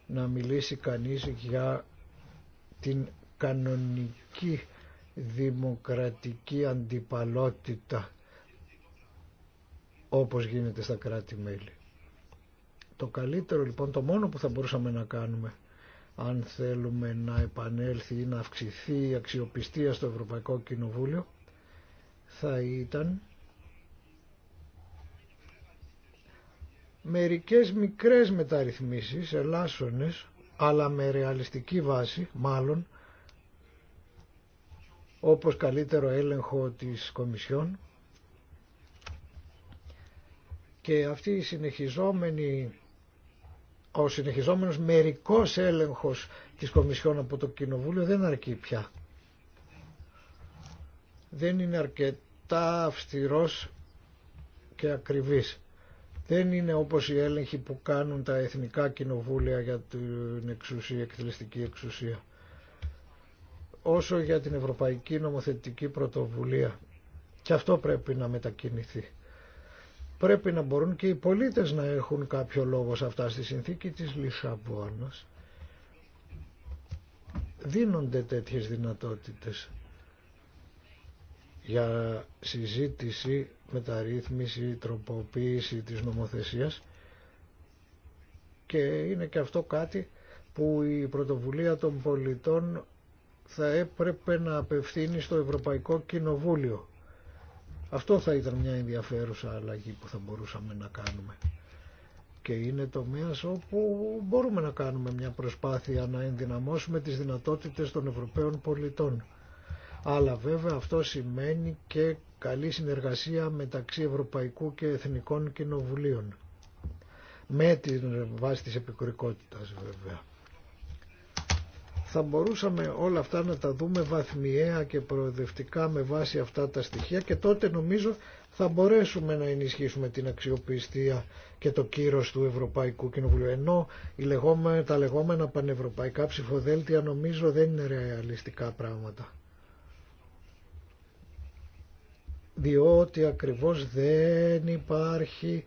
να μιλήσει κανείς για την κανονική δημοκρατική αντιπαλότητα όπως γίνεται στα κράτη-μέλη. Το καλύτερο λοιπόν, το μόνο που θα μπορούσαμε να κάνουμε αν θέλουμε να επανέλθει ή να αυξηθεί η αξιοπιστία στο Ευρωπαϊκό Κοινοβούλιο θα ήταν μερικές μικρές μεταρρυθμίσεις, ελάσσονες, αλλά με ρεαλιστική βάση, μάλλον, όπως καλύτερο έλεγχο της Κομισιόν και αυτή η συνεχιζόμενη ο συνεχιζόμενος μερικός έλεγχος της Κομισιόν από το Κοινοβούλιο δεν αρκεί πια. Δεν είναι αρκετά αυστηρός και ακριβής. Δεν είναι όπως οι έλεγχοι που κάνουν τα εθνικά κοινοβούλια για την εξουσία, εκτελεστική εξουσία. Όσο για την Ευρωπαϊκή Νομοθετική Πρωτοβουλία. Και αυτό πρέπει να μετακινηθεί πρέπει να μπορούν και οι πολίτες να έχουν κάποιο λόγο σε αυτά στη συνθήκη της Λισαβόνας δίνονται τέτοιες δυνατότητες για συζήτηση, μεταρρύθμιση, τροποποίηση της νομοθεσίας και είναι και αυτό κάτι που η πρωτοβουλία των πολιτών θα έπρεπε να απευθύνει στο Ευρωπαϊκό Κοινοβούλιο. Αυτό θα ήταν μια ενδιαφέρουσα αλλαγή που θα μπορούσαμε να κάνουμε. Και είναι τομέα όπου μπορούμε να κάνουμε μια προσπάθεια να ενδυναμώσουμε τις δυνατότητες των Ευρωπαίων πολιτών. Αλλά βέβαια αυτό σημαίνει και καλή συνεργασία μεταξύ Ευρωπαϊκού και Εθνικών Κοινοβουλίων. Με την βάση της επικουρικότητας βέβαια θα μπορούσαμε όλα αυτά να τα δούμε βαθμιαία και προοδευτικά με βάση αυτά τα στοιχεία και τότε νομίζω θα μπορέσουμε να ενισχύσουμε την αξιοπιστία και το κύρος του Ευρωπαϊκού Κοινοβουλίου. Ενώ τα λεγόμενα πανευρωπαϊκά ψηφοδέλτια νομίζω δεν είναι ρεαλιστικά πράγματα. Διότι ακριβώς δεν υπάρχει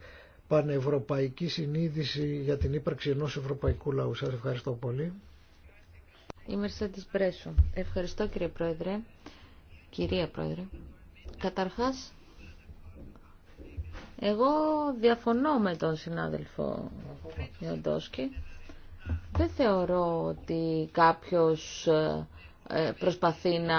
πανευρωπαϊκή συνείδηση για την ύπαρξη ενός ευρωπαϊκού λαού. Σας ευχαριστώ πολύ. Η Mercedes Ευχαριστώ κύριε Πρόεδρε. Κυρία Πρόεδρε. Καταρχάς, εγώ διαφωνώ με τον συνάδελφο Ιοντόσκι. Δεν θεωρώ ότι κάποιος ε, προσπαθεί να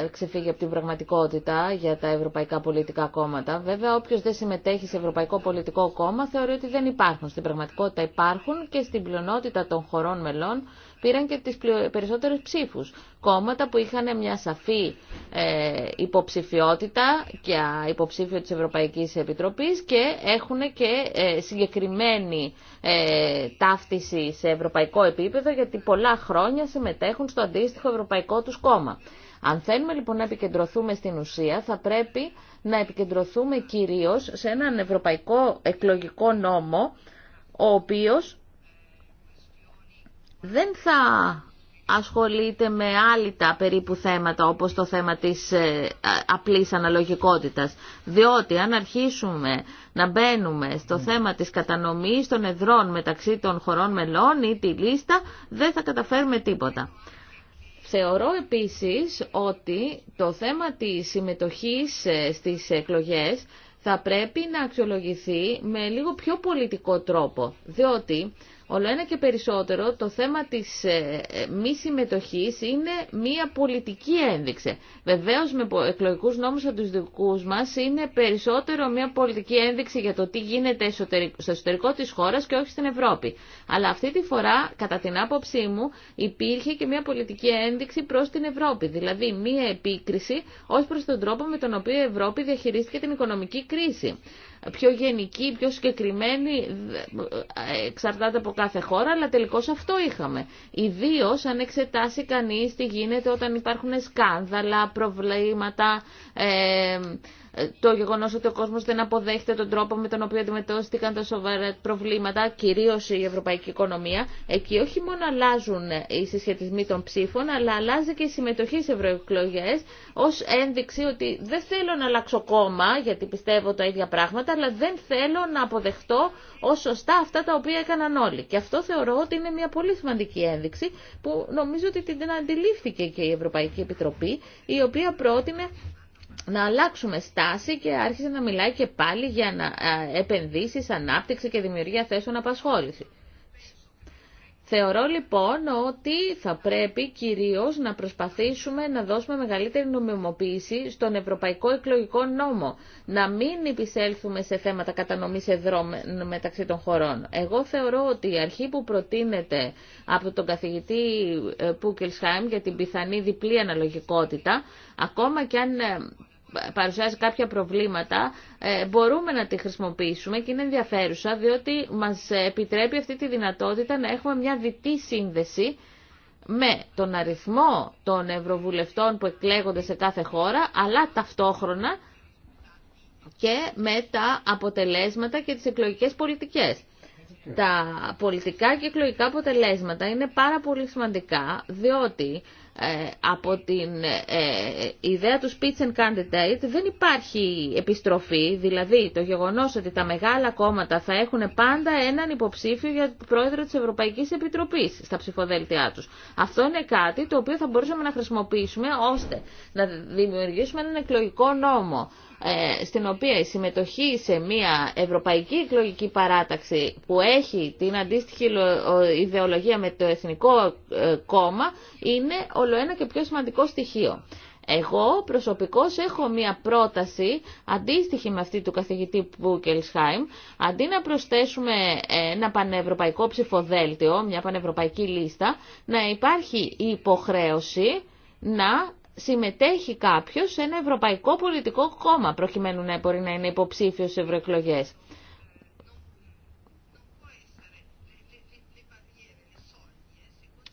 ε, ξεφύγει από την πραγματικότητα για τα ευρωπαϊκά πολιτικά κόμματα. Βέβαια, όποιος δεν συμμετέχει σε ευρωπαϊκό πολιτικό κόμμα θεωρεί ότι δεν υπάρχουν. Στην πραγματικότητα υπάρχουν και στην πλειονότητα των χωρών μελών πήραν και τις περισσότερες ψήφους. Κόμματα που είχαν μια σαφή ε, υποψηφιότητα και υποψήφιο της Ευρωπαϊκής Επιτροπής και έχουν και ε, συγκεκριμένη ε, ταύτιση σε ευρωπαϊκό επίπεδο γιατί πολλά χρόνια συμμετέχουν στο αντίστοιχο ευρωπαϊκό τους κόμμα. Αν θέλουμε λοιπόν να επικεντρωθούμε στην ουσία, θα πρέπει να επικεντρωθούμε κυρίως σε έναν ευρωπαϊκό εκλογικό νόμο, ο οποίος δεν θα ασχολείται με άλλη τα περίπου θέματα όπως το θέμα της ε, απλής αναλογικότητας. Διότι αν αρχίσουμε να μπαίνουμε στο ναι. θέμα της κατανομής των εδρών μεταξύ των χωρών μελών ή τη λίστα δεν θα καταφέρουμε τίποτα. Θεωρώ επίσης ότι το θέμα της συμμετοχής ε, στις εκλογές θα πρέπει να αξιολογηθεί με λίγο πιο πολιτικό τρόπο, διότι Όλο ένα και περισσότερο το θέμα της ε, ε, μη συμμετοχής είναι μία πολιτική ένδειξη. Βεβαίως με εκλογικούς νόμους από τους δικούς μας είναι περισσότερο μία πολιτική ένδειξη για το τι γίνεται στο εσωτερικό της χώρας και όχι στην Ευρώπη. Αλλά αυτή τη φορά, κατά την άποψή μου, υπήρχε και μία πολιτική ένδειξη προς την Ευρώπη. Δηλαδή μία επίκριση ως προς τον τρόπο με τον οποίο η Ευρώπη διαχειρίστηκε την οικονομική κρίση πιο γενική, πιο συγκεκριμένη, ε, εξαρτάται από κάθε χώρα, αλλά τελικώς αυτό είχαμε. Ιδίω αν εξετάσει κανείς τι γίνεται όταν υπάρχουν σκάνδαλα, προβλήματα, ε, το γεγονό ότι ο κόσμο δεν αποδέχεται τον τρόπο με τον οποίο αντιμετώστηκαν τα σοβαρά προβλήματα, κυρίω η ευρωπαϊκή οικονομία. Εκεί όχι μόνο αλλάζουν οι συσχετισμοί των ψήφων, αλλά αλλάζει και η συμμετοχή σε ευρωεκλογέ ω ένδειξη ότι δεν θέλω να αλλάξω κόμμα, γιατί πιστεύω τα ίδια πράγματα, αλλά δεν θέλω να αποδεχτώ ω σωστά αυτά τα οποία έκαναν όλοι. Και αυτό θεωρώ ότι είναι μια πολύ σημαντική ένδειξη που νομίζω ότι την αντιλήφθηκε και η Ευρωπαϊκή Επιτροπή, η οποία πρότεινε να αλλάξουμε στάση και άρχισε να μιλάει και πάλι για να, επενδύσεις, ανάπτυξη και δημιουργία θέσεων απασχόληση. Θεωρώ λοιπόν ότι θα πρέπει κυρίως να προσπαθήσουμε να δώσουμε μεγαλύτερη νομιμοποίηση στον Ευρωπαϊκό Εκλογικό Νόμο, να μην επισέλθουμε σε θέματα κατανομής εδρών μεταξύ των χωρών. Εγώ θεωρώ ότι η αρχή που προτείνεται από τον καθηγητή ε, Πούκελσχάιμ για την πιθανή διπλή αναλογικότητα, ακόμα και αν ε, παρουσιάζει κάποια προβλήματα, ε, μπορούμε να τη χρησιμοποιήσουμε και είναι ενδιαφέρουσα διότι μας επιτρέπει αυτή τη δυνατότητα να έχουμε μια διτή σύνδεση με τον αριθμό των ευρωβουλευτών που εκλέγονται σε κάθε χώρα, αλλά ταυτόχρονα και με τα αποτελέσματα και τις εκλογικές πολιτικές. Τα πολιτικά και εκλογικά αποτελέσματα είναι πάρα πολύ σημαντικά, διότι ε, από την ε, ιδέα του speech and candidate δεν υπάρχει επιστροφή, δηλαδή το γεγονός ότι τα μεγάλα κόμματα θα έχουν πάντα έναν υποψήφιο για πρόεδρο της Ευρωπαϊκής Επιτροπής στα ψηφοδέλτια τους. Αυτό είναι κάτι το οποίο θα μπορούσαμε να χρησιμοποιήσουμε ώστε να δημιουργήσουμε έναν εκλογικό νόμο ε, στην οποία η συμμετοχή σε μια ευρωπαϊκή εκλογική παράταξη που έχει την αντίστοιχη ιδεολογία με το Εθνικό ε, Κόμμα είναι ένα και πιο σημαντικό στοιχείο. Εγώ προσωπικώς έχω μία πρόταση αντίστοιχη με αυτή του καθηγητή Πούκελσχάιμ. Αντί να προσθέσουμε ε, ένα πανευρωπαϊκό ψηφοδέλτιο, μια πανευρωπαϊκή λίστα, να υπάρχει η υποχρέωση να συμμετέχει κάποιο σε ένα ευρωπαϊκό πολιτικό κόμμα προκειμένου να μπορεί να είναι υποψήφιος σε ευρωεκλογέ.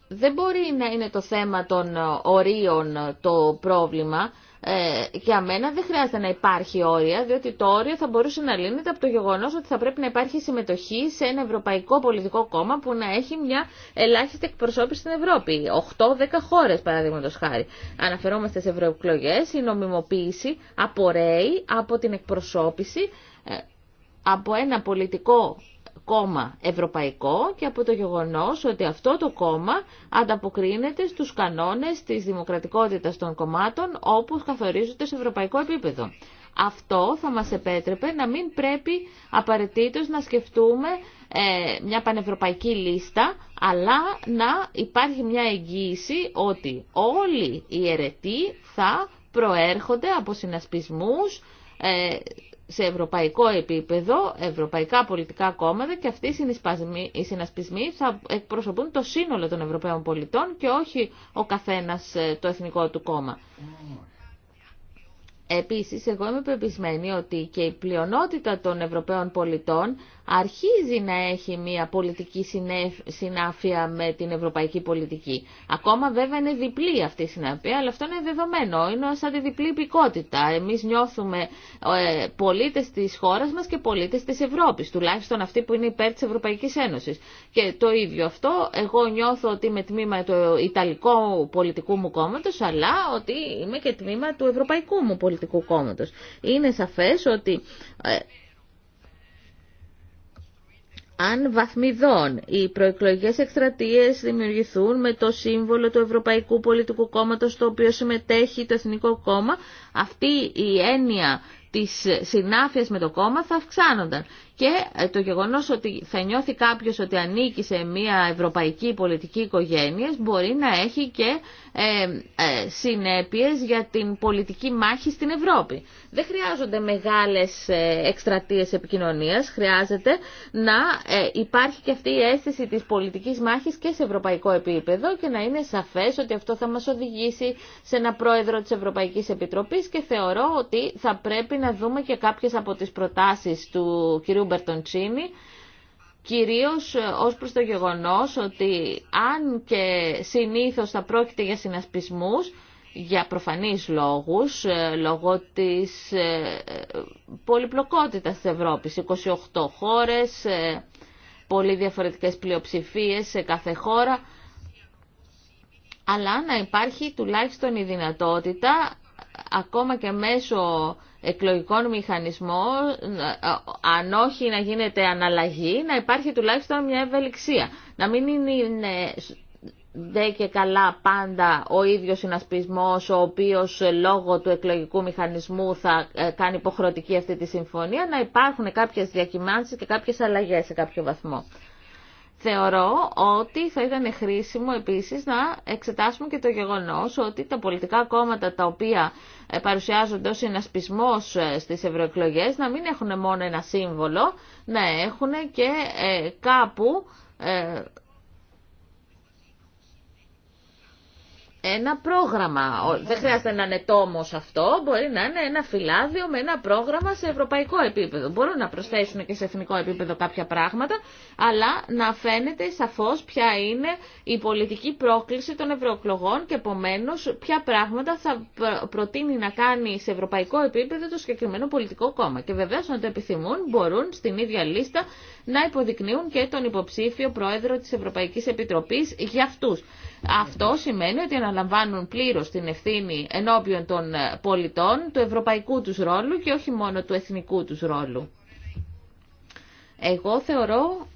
Δεν μπορεί να είναι το θέμα των ορίων το πρόβλημα ε, για μένα δεν χρειάζεται να υπάρχει όρια, διότι το όριο θα μπορούσε να λύνεται από το γεγονός ότι θα πρέπει να υπάρχει συμμετοχή σε ένα ευρωπαϊκό πολιτικό κόμμα που να έχει μια ελάχιστη εκπροσώπηση στην Ευρώπη. 8-10 χώρες παραδείγματος χάρη. Αναφερόμαστε σε ευρωεκλογέ, η νομιμοποίηση απορρέει από την εκπροσώπηση ε, από ένα πολιτικό κόμμα ευρωπαϊκό και από το γεγονός ότι αυτό το κόμμα ανταποκρίνεται στους κανόνες της δημοκρατικότητας των κομμάτων όπως καθορίζονται σε ευρωπαϊκό επίπεδο. Αυτό θα μας επέτρεπε να μην πρέπει απαραίτητος να σκεφτούμε ε, μια πανευρωπαϊκή λίστα, αλλά να υπάρχει μια εγγύηση ότι όλοι οι αιρετοί θα προέρχονται από συνασπισμούς ε, σε ευρωπαϊκό επίπεδο, ευρωπαϊκά πολιτικά κόμματα και αυτοί οι συνασπισμοί θα εκπροσωπούν το σύνολο των Ευρωπαίων πολιτών και όχι ο καθένας ε, το εθνικό του κόμμα. Επίσης, εγώ είμαι πεπισμένη ότι και η πλειονότητα των Ευρωπαίων πολιτών αρχίζει να έχει μια πολιτική συνάφεια με την ευρωπαϊκή πολιτική. Ακόμα βέβαια είναι διπλή αυτή η συνάφεια, αλλά αυτό είναι δεδομένο. Είναι σαν τη διπλή υπηκότητα. Εμείς νιώθουμε ε, πολίτες της χώρας μας και πολίτες της Ευρώπης, τουλάχιστον αυτοί που είναι υπέρ της Ευρωπαϊκής Ένωσης. Και το ίδιο αυτό, εγώ νιώθω ότι είμαι τμήμα του Ιταλικού πολιτικού μου κόμματος, αλλά ότι είμαι και τμήμα του Ευρωπαϊκού μου πολιτικού κόμματος. Είναι σαφές ότι ε, αν βαθμιδών οι προεκλογικές εκστρατείες δημιουργηθούν με το σύμβολο του Ευρωπαϊκού Πολιτικού Κόμματος το οποίο συμμετέχει το Εθνικό Κόμμα, αυτή η έννοια της συνάφειας με το κόμμα θα αυξάνονταν. Και ε, το γεγονός ότι θα νιώθει κάποιος ότι ανήκει σε μια ευρωπαϊκή πολιτική οικογένεια μπορεί να έχει και ε, ε, συνέπειες για την πολιτική μάχη στην Ευρώπη. Δεν χρειάζονται μεγάλες ε, εκστρατείες επικοινωνίας, χρειάζεται να υπάρχει και αυτή η αίσθηση της πολιτικής μάχης και σε ευρωπαϊκό επίπεδο και να είναι σαφές ότι αυτό θα μας οδηγήσει σε ένα πρόεδρο της Ευρωπαϊκής Επιτροπής και θεωρώ ότι θα πρέπει να δούμε και κάποιε από τις προτάσεις του κυρίου Μπερτοντσίνη, κυρίως ε, ως προς το γεγονός ότι αν και συνήθως θα πρόκειται για συνασπισμούς, για προφανείς λόγους, ε, λόγω της ε, πολυπλοκότητας της Ευρώπης, 28 χώρες, πολύ διαφορετικές πλειοψηφίες σε κάθε χώρα, αλλά να υπάρχει τουλάχιστον η δυνατότητα, ακόμα και μέσω εκλογικών μηχανισμών, ε, αν όχι να γίνεται αναλλαγή, να υπάρχει τουλάχιστον μια ευελιξία. Να μην είναι δε και καλά πάντα ο ίδιος συνασπισμός ο οποίος λόγω του εκλογικού μηχανισμού θα ε, κάνει υποχρεωτική αυτή τη συμφωνία να υπάρχουν κάποιες διακυμάνσεις και κάποιες αλλαγές σε κάποιο βαθμό. Θεωρώ ότι θα ήταν χρήσιμο επίσης να εξετάσουμε και το γεγονός ότι τα πολιτικά κόμματα τα οποία ε, παρουσιάζονται ως συνασπισμός ε, στις ευρωεκλογέ να μην έχουν μόνο ένα σύμβολο, να έχουν και ε, κάπου ένα πρόγραμμα. Δεν χρειάζεται να είναι τόμο αυτό, μπορεί να είναι ένα φυλάδιο με ένα πρόγραμμα σε ευρωπαϊκό επίπεδο. Μπορούν να προσθέσουν και σε εθνικό επίπεδο κάποια πράγματα, αλλά να φαίνεται σαφώ ποια είναι η πολιτική πρόκληση των ευρωεκλογών και επομένω ποια πράγματα θα προτείνει να κάνει σε ευρωπαϊκό επίπεδο το συγκεκριμένο πολιτικό κόμμα. Και βεβαίω αν το επιθυμούν μπορούν στην ίδια λίστα να υποδεικνύουν και τον υποψήφιο πρόεδρο της Ευρωπαϊκής Επιτροπής για αυτούς. Αυτό σημαίνει ότι αναλαμβάνουν πλήρως την ευθύνη ενώπιον των πολιτών του ευρωπαϊκού τους ρόλου και όχι μόνο του εθνικού τους ρόλου. Εγώ θεωρώ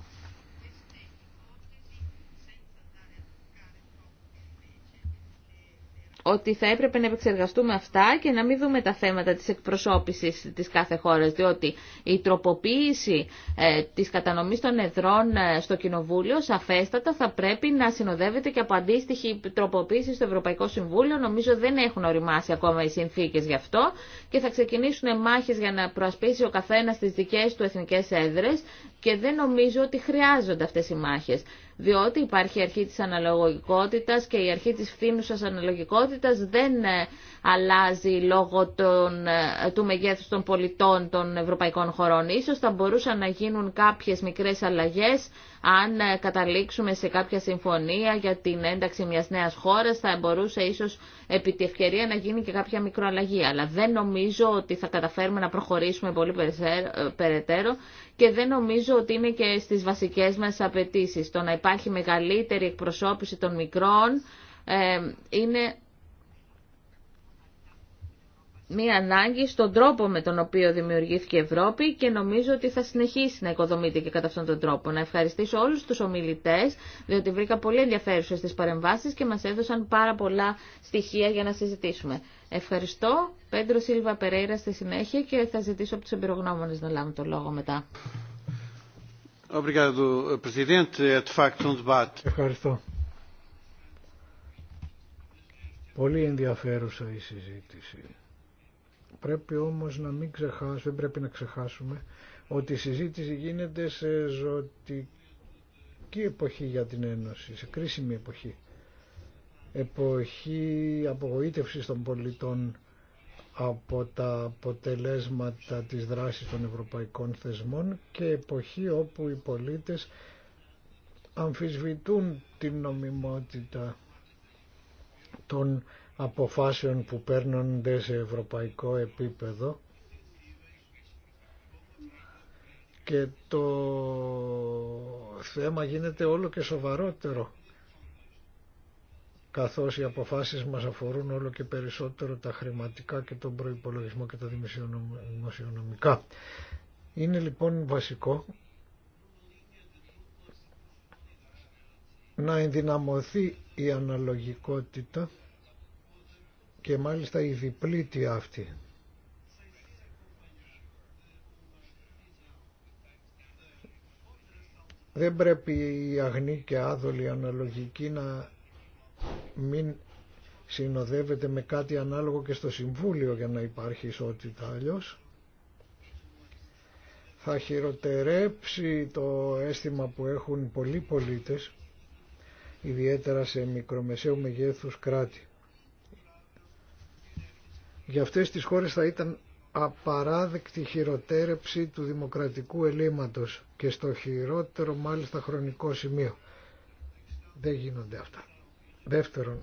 ότι θα έπρεπε να επεξεργαστούμε αυτά και να μην δούμε τα θέματα της εκπροσώπησης της κάθε χώρας, διότι η τροποποίηση ε, της κατανομής των εδρών ε, στο Κοινοβούλιο σαφέστατα θα πρέπει να συνοδεύεται και από αντίστοιχη τροποποίηση στο Ευρωπαϊκό Συμβούλιο. Νομίζω δεν έχουν οριμάσει ακόμα οι συνθήκες γι' αυτό και θα ξεκινήσουν μάχες για να προασπίσει ο καθένας τις δικές του εθνικές έδρες και δεν νομίζω ότι χρειάζονται αυτές οι μάχες διότι υπάρχει η αρχή της αναλογικότητας και η αρχή της φθήνουσας αναλογικότητας δεν ε, αλλάζει λόγω των, ε, του μεγέθους των πολιτών των ευρωπαϊκών χωρών. Ίσως θα μπορούσαν να γίνουν κάποιες μικρές αλλαγές αν ε, καταλήξουμε σε κάποια συμφωνία για την ένταξη μιας νέας χώρας θα μπορούσε ίσως επί τη ευκαιρία να γίνει και κάποια μικροαλλαγή. Αλλά δεν νομίζω ότι θα καταφέρουμε να προχωρήσουμε πολύ ε, περαιτέρω και δεν νομίζω ότι είναι και στις βασικές μας απαιτήσεις. Το να υπάρχει μεγαλύτερη εκπροσώπηση των μικρών ε, είναι μία ανάγκη στον τρόπο με τον οποίο δημιουργήθηκε η Ευρώπη και νομίζω ότι θα συνεχίσει να οικοδομείται και κατά αυτόν τον τρόπο. Να ευχαριστήσω όλους τους ομιλητές, διότι βρήκα πολύ ενδιαφέρουσες τις παρεμβάσεις και μας έδωσαν πάρα πολλά στοιχεία για να συζητήσουμε. Ευχαριστώ. Πέντρο Σίλβα Περέιρα στη συνέχεια και θα ζητήσω από τους εμπειρογνώμονες να λάβουν το λόγο μετά. Um Ευχαριστώ. Πολύ ενδιαφέρουσα η συζήτηση. Πρέπει όμως να μην ξεχάσουμε, δεν πρέπει να ξεχάσουμε ότι η συζήτηση γίνεται σε ζωτική εποχή για την Ένωση, σε κρίσιμη εποχή. Εποχή απογοήτευσης των πολιτών από τα αποτελέσματα της δράσης των ευρωπαϊκών θεσμών και εποχή όπου οι πολίτες αμφισβητούν την νομιμότητα των αποφάσεων που παίρνονται σε ευρωπαϊκό επίπεδο και το θέμα γίνεται όλο και σοβαρότερο καθώς οι αποφάσεις μας αφορούν όλο και περισσότερο τα χρηματικά και τον προϋπολογισμό και τα δημοσιονομικά. Είναι λοιπόν βασικό να ενδυναμωθεί η αναλογικότητα και μάλιστα η διπλήτη αυτή. Δεν πρέπει η αγνή και άδολη αναλογική να μην συνοδεύεται με κάτι ανάλογο και στο Συμβούλιο για να υπάρχει ισότητα αλλιώς. Θα χειροτερέψει το αίσθημα που έχουν πολλοί πολίτες, ιδιαίτερα σε μικρομεσαίου μεγέθους κράτη. Για αυτές τις χώρες θα ήταν απαράδεκτη χειροτέρεψη του δημοκρατικού ελλείμματος και στο χειρότερο μάλιστα χρονικό σημείο. Δεν γίνονται αυτά. Δεύτερον,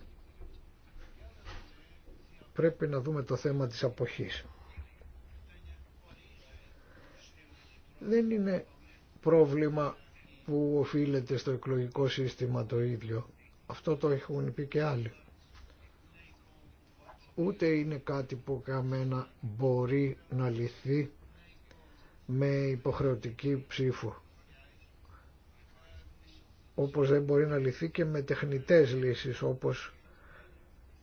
πρέπει να δούμε το θέμα της αποχής. Δεν είναι πρόβλημα που οφείλεται στο εκλογικό σύστημα το ίδιο. Αυτό το έχουν πει και άλλοι ούτε είναι κάτι που καμένα μπορεί να λυθεί με υποχρεωτική ψήφο όπως δεν μπορεί να λυθεί και με τεχνητές λύσεις όπως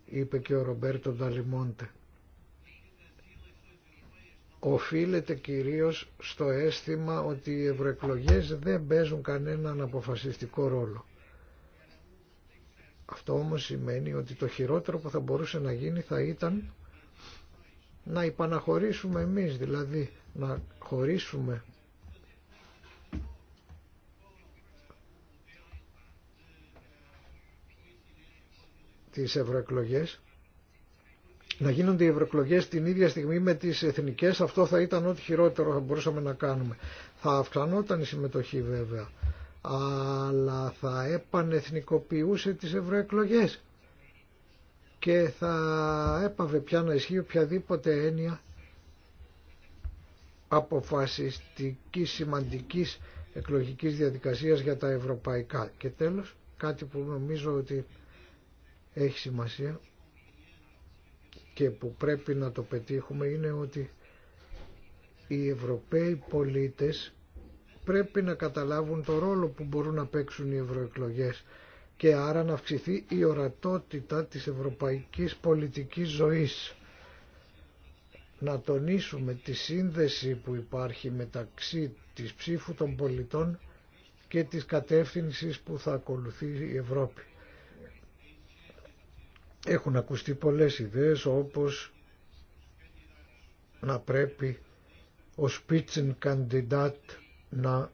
είπε και ο Ρομπέρτο Νταλιμόντε. Οφείλεται κυρίως στο αίσθημα ότι οι ευρωεκλογέ δεν παίζουν κανέναν αποφασιστικό ρόλο. Αυτό όμως σημαίνει ότι το χειρότερο που θα μπορούσε να γίνει θα ήταν να υπαναχωρήσουμε εμείς, δηλαδή να χωρίσουμε τις ευρωεκλογές να γίνονται οι ευρωεκλογέ την ίδια στιγμή με τις εθνικές αυτό θα ήταν ό,τι χειρότερο θα μπορούσαμε να κάνουμε θα αυξανόταν η συμμετοχή βέβαια αλλά θα επανεθνικοποιούσε τις ευρωεκλογέ και θα έπαβε πια να ισχύει οποιαδήποτε έννοια αποφασιστική σημαντικής εκλογικής διαδικασίας για τα ευρωπαϊκά. Και τέλος, κάτι που νομίζω ότι έχει σημασία και που πρέπει να το πετύχουμε είναι ότι οι Ευρωπαίοι πολίτες πρέπει να καταλάβουν το ρόλο που μπορούν να παίξουν οι ευρωεκλογέ και άρα να αυξηθεί η ορατότητα της ευρωπαϊκής πολιτικής ζωής. Να τονίσουμε τη σύνδεση που υπάρχει μεταξύ της ψήφου των πολιτών και της κατεύθυνσης που θα ακολουθεί η Ευρώπη. Έχουν ακουστεί πολλές ιδέες όπως να πρέπει ο Spitzenkandidat να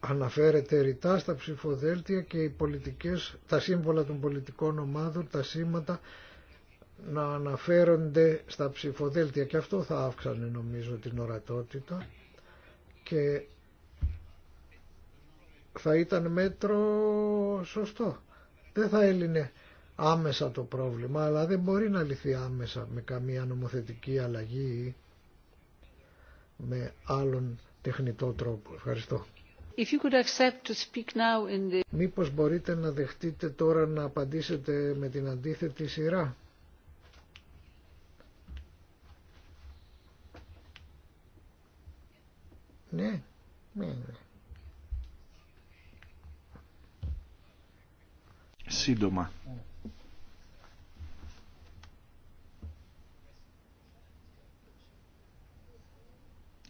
αναφέρεται ρητά στα ψηφοδέλτια και οι πολιτικές, τα σύμβολα των πολιτικών ομάδων, τα σήματα να αναφέρονται στα ψηφοδέλτια και αυτό θα αύξανε νομίζω την ορατότητα και θα ήταν μέτρο σωστό. Δεν θα έλυνε άμεσα το πρόβλημα, αλλά δεν μπορεί να λυθεί άμεσα με καμία νομοθετική αλλαγή ή με άλλον τεχνητό τρόπο. Ευχαριστώ. If you could accept to speak now in the... Μήπως μπορείτε να δεχτείτε τώρα να απαντήσετε με την αντίθετη σειρά. Ναι, ναι, ναι. Σύντομα.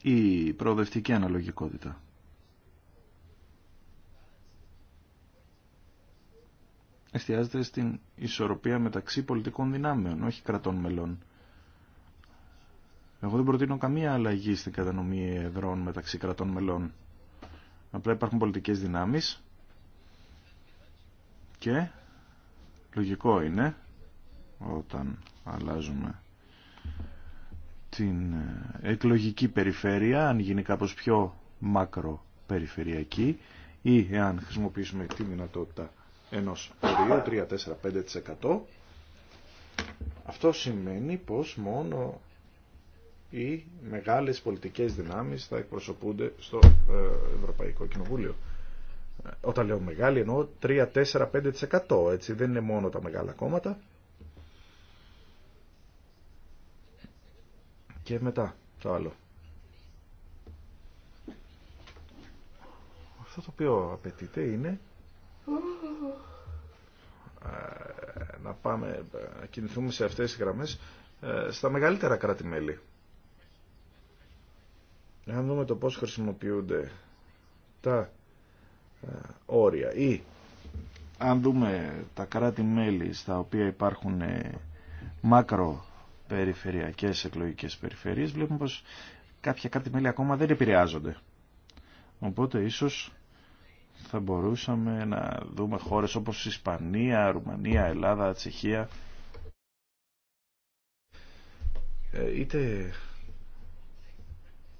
η προοδευτική αναλογικότητα. Εστιάζεται στην ισορροπία μεταξύ πολιτικών δυνάμεων, όχι κρατών μελών. Εγώ δεν προτείνω καμία αλλαγή στην κατανομή εδρών μεταξύ κρατών μελών. Απλά υπάρχουν πολιτικές δυνάμεις και λογικό είναι όταν αλλάζουμε την ε, εκλογική περιφέρεια, αν γίνει κάπως πιο μακροπεριφερειακή ή εάν χρησιμοποιήσουμε τη δυνατότητα 2 ορίου 3-4-5% αυτό σημαίνει πως μόνο οι μεγάλες πολιτικές δυνάμεις θα εκπροσωπούνται στο ε, Ευρωπαϊκό Κοινοβούλιο. Ε, όταν λέω μεγάλη εννοώ 3-4-5% έτσι δεν είναι μόνο τα μεγάλα κόμματα και μετά το άλλο. Αυτό το οποίο απαιτείται είναι ε, να πάμε, ε, να κινηθούμε σε αυτές τις γραμμές ε, στα μεγαλύτερα κράτη-μέλη. Αν δούμε το πώς χρησιμοποιούνται τα όρια ή αν δούμε τα κράτη-μέλη στα οποία υπάρχουν μάκρο περιφερειακές εκλογικές περιφέρειες βλέπουμε πως κάποια κάτι μέλη ακόμα δεν επηρεάζονται. Οπότε ίσως θα μπορούσαμε να δούμε χώρες όπως Ισπανία, Ρουμανία, Ελλάδα, Τσεχία ε, είτε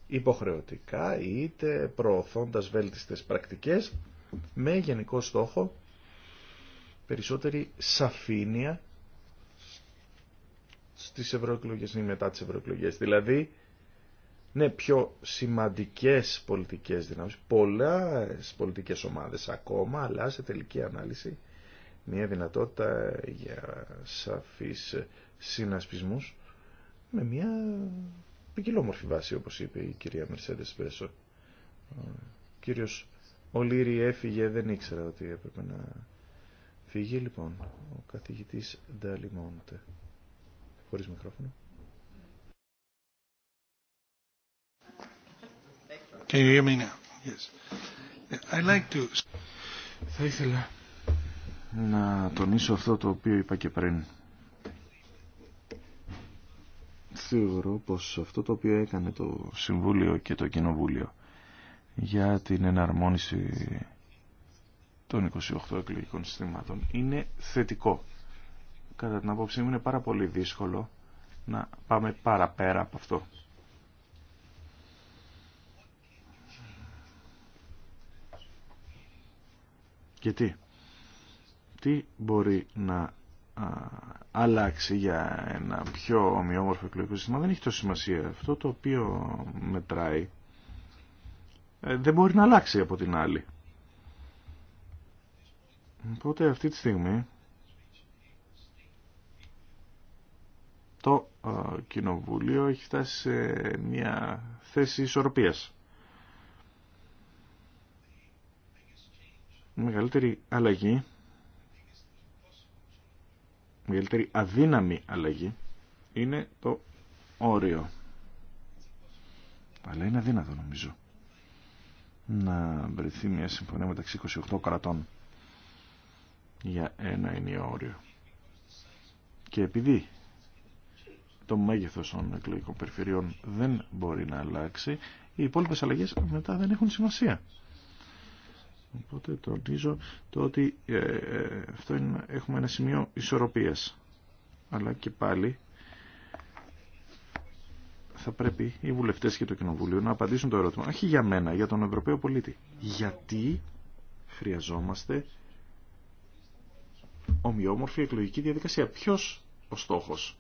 υποχρεωτικά είτε προωθώντας βέλτιστες πρακτικές με γενικό στόχο περισσότερη σαφήνεια στις ευρωεκλογές ή μετά τις ευρωεκλογές. Δηλαδή, ναι, πιο σημαντικές πολιτικές δυνάμεις, πολλές πολιτικές ομάδες ακόμα, αλλά σε τελική ανάλυση μια δυνατότητα για σαφείς συνασπισμούς με μια ποικιλόμορφη βάση, όπως είπε η κυρία Μερσέντες Πέσο. Ο κύριος Ολύρη έφυγε, δεν ήξερα ότι έπρεπε να φύγει, λοιπόν, ο καθηγητής Νταλιμόντε. Χωρίς μικρόφωνο. Can you hear me now? Yes. I like to... Θα ήθελα να τονίσω αυτό το οποίο είπα και πριν. Θεωρώ πως αυτό το οποίο έκανε το Συμβούλιο και το Κοινοβούλιο για την εναρμόνιση των 28 εκλογικών συστήματων είναι θετικό κατά την άποψή μου είναι πάρα πολύ δύσκολο να πάμε παραπέρα από αυτό. Γιατί, τι μπορεί να αλλάξει για ένα πιο ομοιόμορφο εκλογικό σύστημα, δεν έχει τόσο σημασία. Αυτό το οποίο μετράει ε, δεν μπορεί να αλλάξει από την άλλη. Οπότε αυτή τη στιγμή το ε, Κοινοβούλιο έχει φτάσει σε μια θέση ισορροπίας. μεγαλύτερη αλλαγή, μεγαλύτερη αδύναμη αλλαγή είναι το όριο. Αλλά είναι αδύνατο νομίζω να βρεθεί μια συμφωνία μεταξύ 28 κρατών για ένα ενιαίο όριο. Και επειδή το μέγεθος των εκλογικών περιφερειών δεν μπορεί να αλλάξει, οι υπόλοιπες αλλαγές μετά δεν έχουν σημασία. Οπότε τονίζω το ότι ε, ε, αυτό είναι, έχουμε ένα σημείο ισορροπίας. Αλλά και πάλι θα πρέπει οι βουλευτές και το Κοινοβούλιο να απαντήσουν το ερώτημα. Όχι για μένα, για τον Ευρωπαίο πολίτη. Γιατί χρειαζόμαστε ομοιόμορφη εκλογική διαδικασία. Ποιος ο στόχος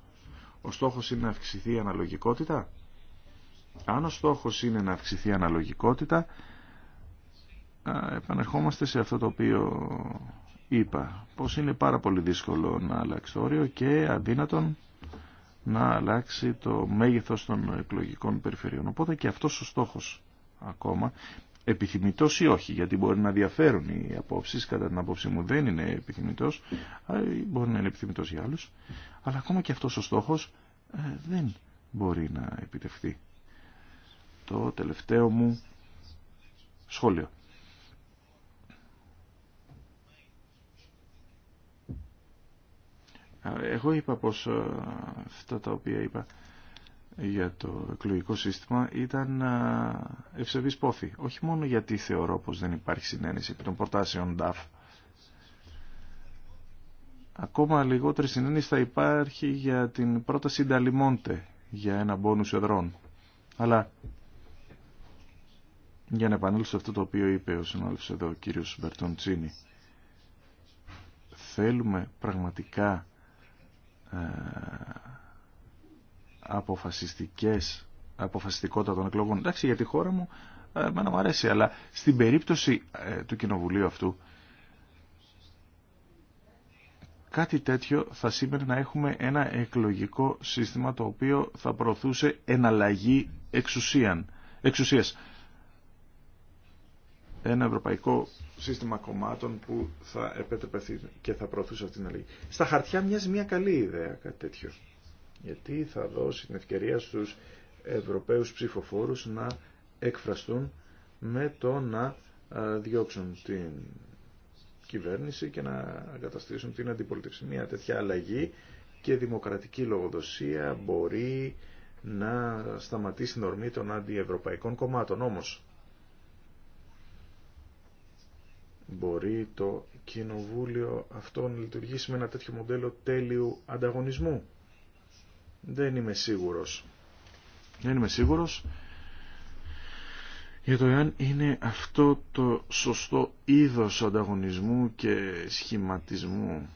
ο στόχος είναι να αυξηθεί η αναλογικότητα. Αν ο στόχος είναι να αυξηθεί η αναλογικότητα, επανερχόμαστε σε αυτό το οποίο είπα. Πως είναι πάρα πολύ δύσκολο να αλλάξει το όριο και αδύνατον να αλλάξει το μέγεθος των εκλογικών περιφερειών. Οπότε και αυτός ο στόχος ακόμα επιθυμητός ή όχι, γιατί μπορεί να διαφέρουν οι απόψει. κατά την απόψη μου δεν είναι επιθυμητό. μπορεί να είναι επιθυμητό για άλλου. αλλά ακόμα και αυτός ο στόχος ε, δεν μπορεί να επιτευχθεί. Το τελευταίο μου σχόλιο. Εγώ είπα πως ε, αυτά τα οποία είπα για το εκλογικό σύστημα ήταν ευσεβή πόθη. Όχι μόνο γιατί θεωρώ πως δεν υπάρχει συνένεση επί των προτάσεων DAF. Ακόμα λιγότερη συνένεση θα υπάρχει για την πρόταση Νταλιμόντε για ένα μπόνους εδρών. Αλλά για να επανέλθω σε αυτό το οποίο είπε ο συνάδελφος εδώ ο κύριος Μπερτοντσίνη. Θέλουμε πραγματικά αποφασιστικές, αποφασιστικότητα των εκλογών. Εντάξει, για τη χώρα μου ε, εμένα μου αρέσει, αλλά στην περίπτωση ε, του κοινοβουλίου αυτού κάτι τέτοιο θα σήμερα να έχουμε ένα εκλογικό σύστημα το οποίο θα προωθούσε εναλλαγή εξουσίαν, εξουσίας. Ένα ευρωπαϊκό σύστημα κομμάτων που θα επέτρεπε και θα προωθούσε αυτήν την αλλαγή. Στα χαρτιά μοιάζει μια καλή ιδέα κάτι τέτοιο γιατί θα δώσει την ευκαιρία στους Ευρωπαίους ψηφοφόρους να εκφραστούν με το να διώξουν την κυβέρνηση και να καταστήσουν την αντιπολίτευση. Μια τέτοια αλλαγή και δημοκρατική λογοδοσία μπορεί να σταματήσει την ορμή των αντιευρωπαϊκών κομμάτων. Όμως, μπορεί το κοινοβούλιο αυτό να λειτουργήσει με ένα τέτοιο μοντέλο τέλειου ανταγωνισμού. Δεν είμαι σίγουρος. Δεν είμαι σίγουρος για το εάν είναι αυτό το σωστό είδος ανταγωνισμού και σχηματισμού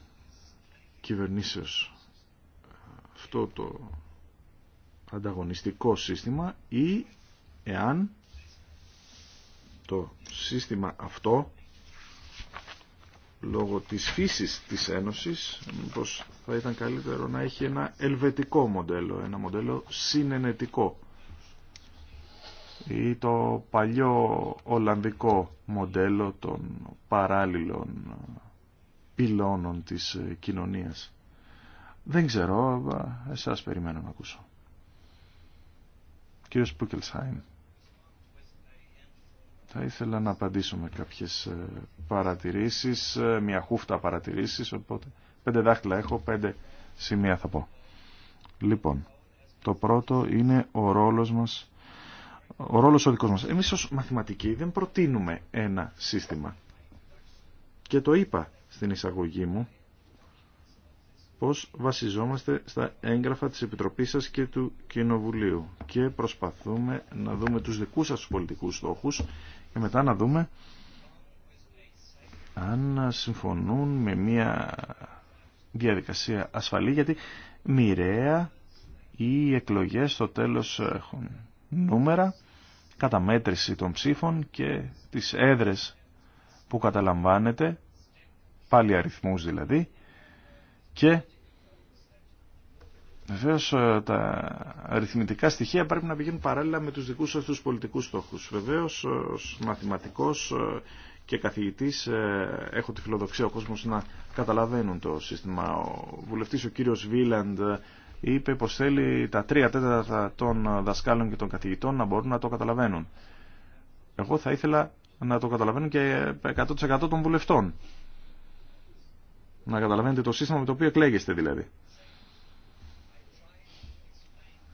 κυβερνήσεως. Αυτό το ανταγωνιστικό σύστημα ή εάν το σύστημα αυτό λόγω της φύσης της Ένωσης πως θα ήταν καλύτερο να έχει ένα ελβετικό μοντέλο, ένα μοντέλο συνενετικό ή το παλιό ολλανδικό μοντέλο των παράλληλων πυλώνων της κοινωνίας. Δεν ξέρω, εσάς περιμένω να ακούσω. Κύριος Πούκελσάιν. Θα ήθελα να απαντήσω με κάποιες ε, παρατηρήσεις, ε, μια χούφτα παρατηρήσεις, οπότε πέντε δάχτυλα έχω, πέντε σημεία θα πω. Λοιπόν, το πρώτο είναι ο ρόλος μας, ο ρόλος ο δικός μας. Εμείς ως μαθηματικοί δεν προτείνουμε ένα σύστημα. Και το είπα στην εισαγωγή μου, πως βασιζόμαστε στα έγγραφα της Επιτροπής σας και του Κοινοβουλίου και προσπαθούμε να δούμε τους δικούς σας πολιτικούς στόχους και ε, μετά να δούμε αν συμφωνούν με μια διαδικασία ασφαλή γιατί μοιραία οι εκλογές στο τέλος έχουν νούμερα καταμέτρηση των ψήφων και τις έδρες που καταλαμβάνεται πάλι αριθμούς δηλαδή και Βεβαίω ε, τα αριθμητικά στοιχεία πρέπει να πηγαίνουν παράλληλα με τους δικούς σας τους πολιτικούς στόχους. Βεβαίω, ε, ως μαθηματικός ε, και καθηγητής έχω τη φιλοδοξία ο κόσμος να καταλαβαίνουν το σύστημα. Ο βουλευτής ο κύριος Βίλαντ είπε πως θέλει τα τρία τέταρτα των δασκάλων και των καθηγητών να μπορούν να το καταλαβαίνουν. Εγώ θα ήθελα να το καταλαβαίνουν και 100% των βουλευτών. Να καταλαβαίνετε το σύστημα με το οποίο εκλέγεστε δηλαδή.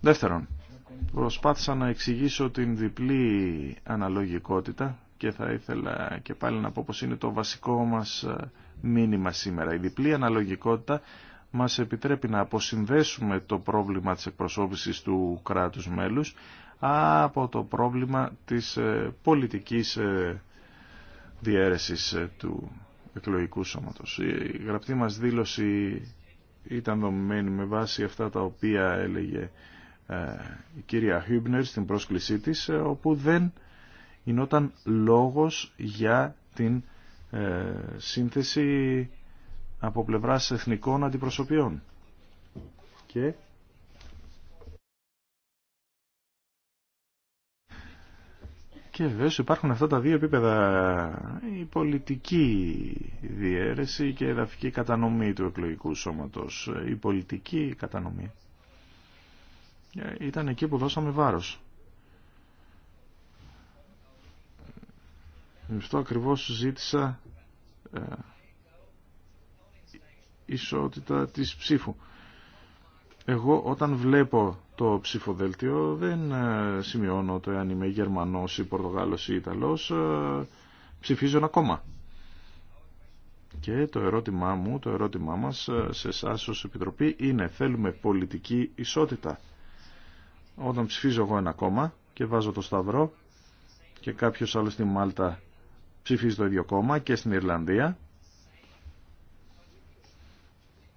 Δεύτερον, προσπάθησα να εξηγήσω την διπλή αναλογικότητα και θα ήθελα και πάλι να πω πως είναι το βασικό μας ε, μήνυμα σήμερα. Η διπλή αναλογικότητα μας επιτρέπει να αποσυνδέσουμε το πρόβλημα της εκπροσώπησης του κράτους μέλους από το πρόβλημα της ε, πολιτικής ε, διαίρεσης του εκλογικού σώματος. Η γραπτή μας δήλωση ήταν δομημένη με βάση αυτά τα οποία έλεγε ε, η κυρία Χίμπνερ στην πρόσκλησή της ε, όπου δεν γινόταν λόγος για την ε, σύνθεση από πλευράς εθνικών αντιπροσωπιών. Και... Και βέβαια υπάρχουν αυτά τα δύο επίπεδα, η πολιτική διαίρεση και η εδαφική κατανομή του εκλογικού σώματος. Η πολιτική κατανομή ε, ήταν εκεί που δώσαμε βάρος. Με αυτό ακριβώς ζήτησα ε, ισότητα της ψήφου. Εγώ όταν βλέπω το ψηφοδέλτιο δεν ε, σημειώνω το αν είμαι Γερμανός ή Πορτογάλος ή Ιταλός, ψηφίζω ένα κόμμα. Και το ερώτημά μου, το ερώτημά μας σε εσά ως Επιτροπή είναι θέλουμε πολιτική ισότητα όταν ψηφίζω εγώ ένα κόμμα και βάζω το σταυρό και κάποιος άλλος στη Μάλτα ψηφίζει το ίδιο κόμμα και στην Ιρλανδία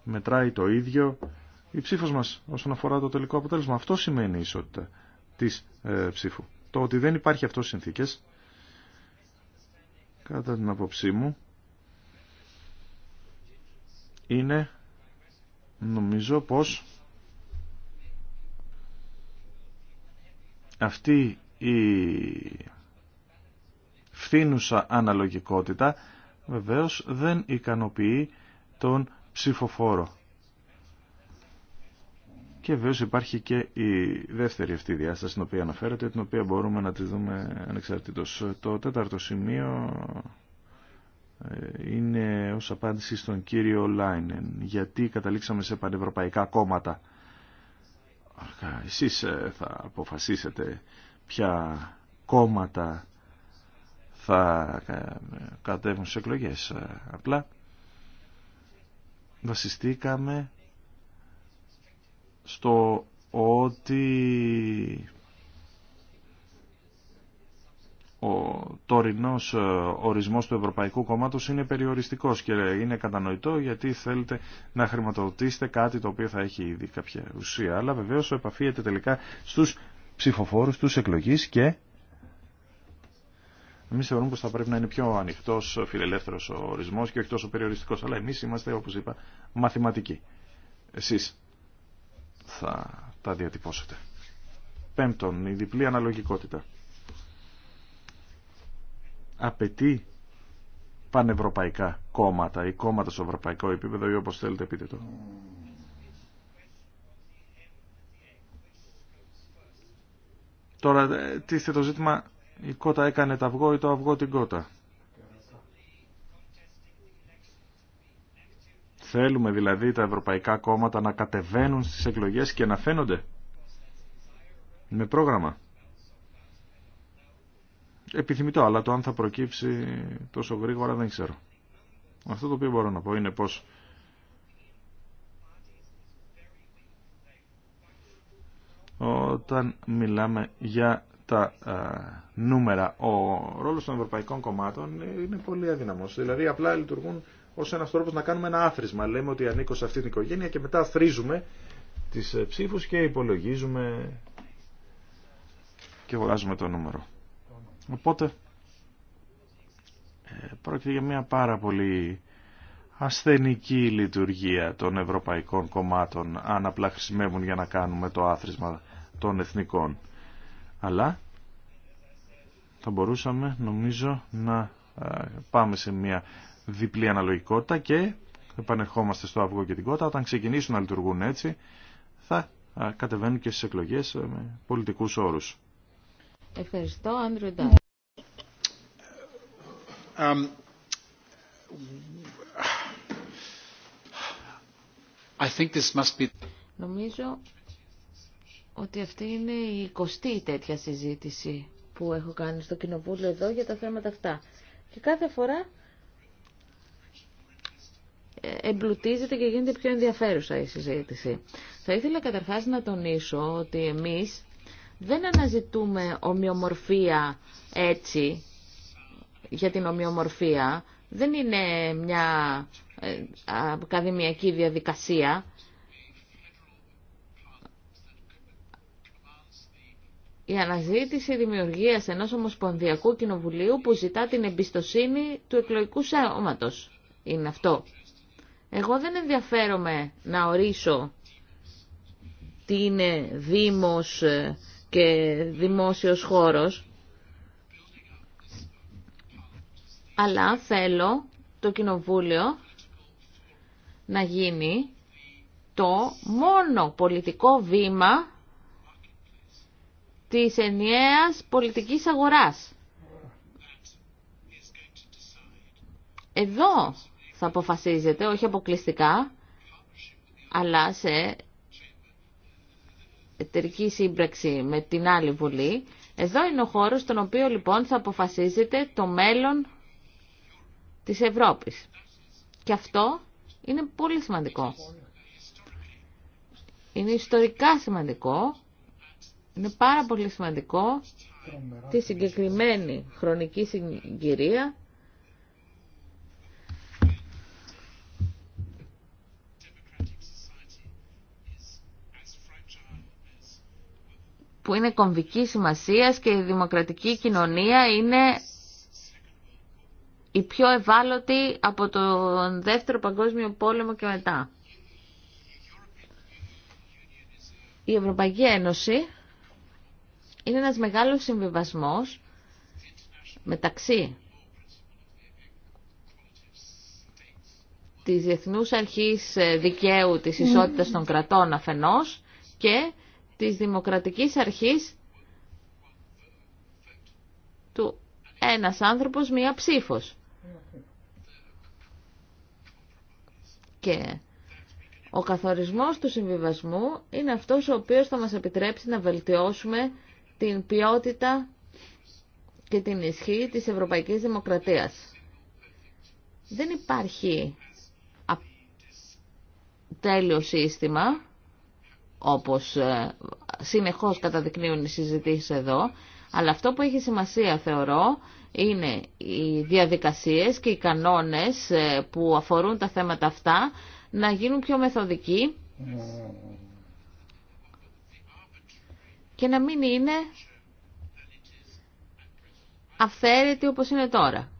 μετράει το ίδιο η ψήφος μας όσον αφορά το τελικό αποτέλεσμα. Αυτό σημαίνει η ισότητα της ε, ψήφου. Το ότι δεν υπάρχει αυτό συνθήκες κατά την απόψή μου είναι νομίζω πως αυτή η φθήνουσα αναλογικότητα βεβαίως δεν ικανοποιεί τον ψηφοφόρο. Και βέβαια υπάρχει και η δεύτερη αυτή διάσταση την οποία αναφέρεται, την οποία μπορούμε να τη δούμε ανεξαρτήτως. Το τέταρτο σημείο ε, είναι ως απάντηση στον κύριο Λάινεν, γιατί καταλήξαμε σε πανευρωπαϊκά κόμματα εσείς ε, θα αποφασίσετε ποια κόμματα θα ε, κατέβουν στις εκλογές. Ε, απλά βασιστήκαμε στο ότι ο τωρινός ε, ορισμός του Ευρωπαϊκού Κόμματος είναι περιοριστικός και είναι κατανοητό γιατί θέλετε να χρηματοδοτήσετε κάτι το οποίο θα έχει ήδη κάποια ουσία. Αλλά βεβαίως επαφίεται τελικά στους ψηφοφόρους, στους εκλογείς και Εμεί θεωρούμε πω θα πρέπει να είναι πιο ανοιχτό, φιλελεύθερο ο ορισμό και όχι τόσο περιοριστικό. Αλλά εμεί είμαστε, όπω είπα, μαθηματικοί. Εσεί θα τα διατυπώσετε. Πέμπτον, η διπλή αναλογικότητα απαιτεί πανευρωπαϊκά κόμματα ή κόμματα στο ευρωπαϊκό επίπεδο ή όπως θέλετε πείτε το. Τώρα ε, τίθεται το ζήτημα η κότα έκανε το αυγό ή το αυγό την κότα. Θέλουμε δηλαδή τα ευρωπαϊκά κόμματα να κατεβαίνουν στις εκλογές και να φαίνονται με πρόγραμμα επιθυμητό, αλλά το αν θα προκύψει τόσο γρήγορα δεν ξέρω. Αυτό το οποίο μπορώ να πω είναι πως όταν μιλάμε για τα νούμερα, ο ρόλος των ευρωπαϊκών κομμάτων είναι πολύ αδυναμός. Δηλαδή απλά λειτουργούν ως ένας τρόπος να κάνουμε ένα άθροισμα. Λέμε ότι ανήκω σε αυτή την οικογένεια και μετά θρίζουμε τις ε, ψήφους και υπολογίζουμε και βγάζουμε το νούμερο. Οπότε ε, πρόκειται για μια πάρα πολύ ασθενική λειτουργία των ευρωπαϊκών κομμάτων αν απλά χρησιμεύουν για να κάνουμε το άθροισμα των εθνικών. Αλλά θα μπορούσαμε νομίζω να ε, πάμε σε μια διπλή αναλογικότητα και επανερχόμαστε στο αυγό και την κότα όταν ξεκινήσουν να λειτουργούν έτσι θα ε, κατεβαίνουν και στις εκλογές με πολιτικούς όρους. Ευχαριστώ, Um, Νομίζω ότι αυτή είναι η κοστή τέτοια συζήτηση που έχω κάνει στο Κοινοβούλιο εδώ για τα θέματα αυτά. Και κάθε φορά ε, εμπλουτίζεται και γίνεται πιο ενδιαφέρουσα η συζήτηση. Θα ήθελα καταρχάς να τονίσω ότι εμείς δεν αναζητούμε ομοιομορφία έτσι για την ομοιομορφία δεν είναι μια ε, ακαδημιακή διαδικασία. Η αναζήτηση δημιουργίας ενός Ομοσπονδιακού Κοινοβουλίου που ζητά την εμπιστοσύνη του εκλογικού σώματος. Είναι αυτό. Εγώ δεν ενδιαφέρομαι να ορίσω τι είναι δήμος ε, και δημόσιος χώρος. αλλά θέλω το Κοινοβούλιο να γίνει το μόνο πολιτικό βήμα της ενιαίας πολιτικής αγοράς. Εδώ θα αποφασίζεται, όχι αποκλειστικά, αλλά σε εταιρική σύμπραξη με την άλλη Βουλή. Εδώ είναι ο χώρος στον οποίο λοιπόν θα αποφασίζεται το μέλλον της Ευρώπης. Και αυτό είναι πολύ σημαντικό. Είναι ιστορικά σημαντικό, είναι πάρα πολύ σημαντικό τη συγκεκριμένη χρονική συγκυρία που είναι κομβική σημασίας και η δημοκρατική κοινωνία είναι η πιο ευάλωτη από τον Δεύτερο Παγκόσμιο Πόλεμο και μετά. Η Ευρωπαϊκή Ένωση είναι ένας μεγάλος συμβιβασμός μεταξύ της Διεθνούς Αρχής Δικαίου της Ισότητας των Κρατών αφενός και της Δημοκρατικής Αρχής του ένας άνθρωπος μία ψήφος. Και ο καθορισμός του συμβιβασμού είναι αυτός ο οποίος θα μας επιτρέψει να βελτιώσουμε την ποιότητα και την ισχύ της Ευρωπαϊκής Δημοκρατίας. Δεν υπάρχει τέλειο σύστημα, όπως ε, συνεχώς καταδεικνύουν οι συζητήσεις εδώ, αλλά αυτό που έχει σημασία θεωρώ είναι οι διαδικασίες και οι κανόνες ε, που αφορούν τα θέματα αυτά να γίνουν πιο μεθοδικοί και να μην είναι αυθαίρετοι όπως είναι τώρα.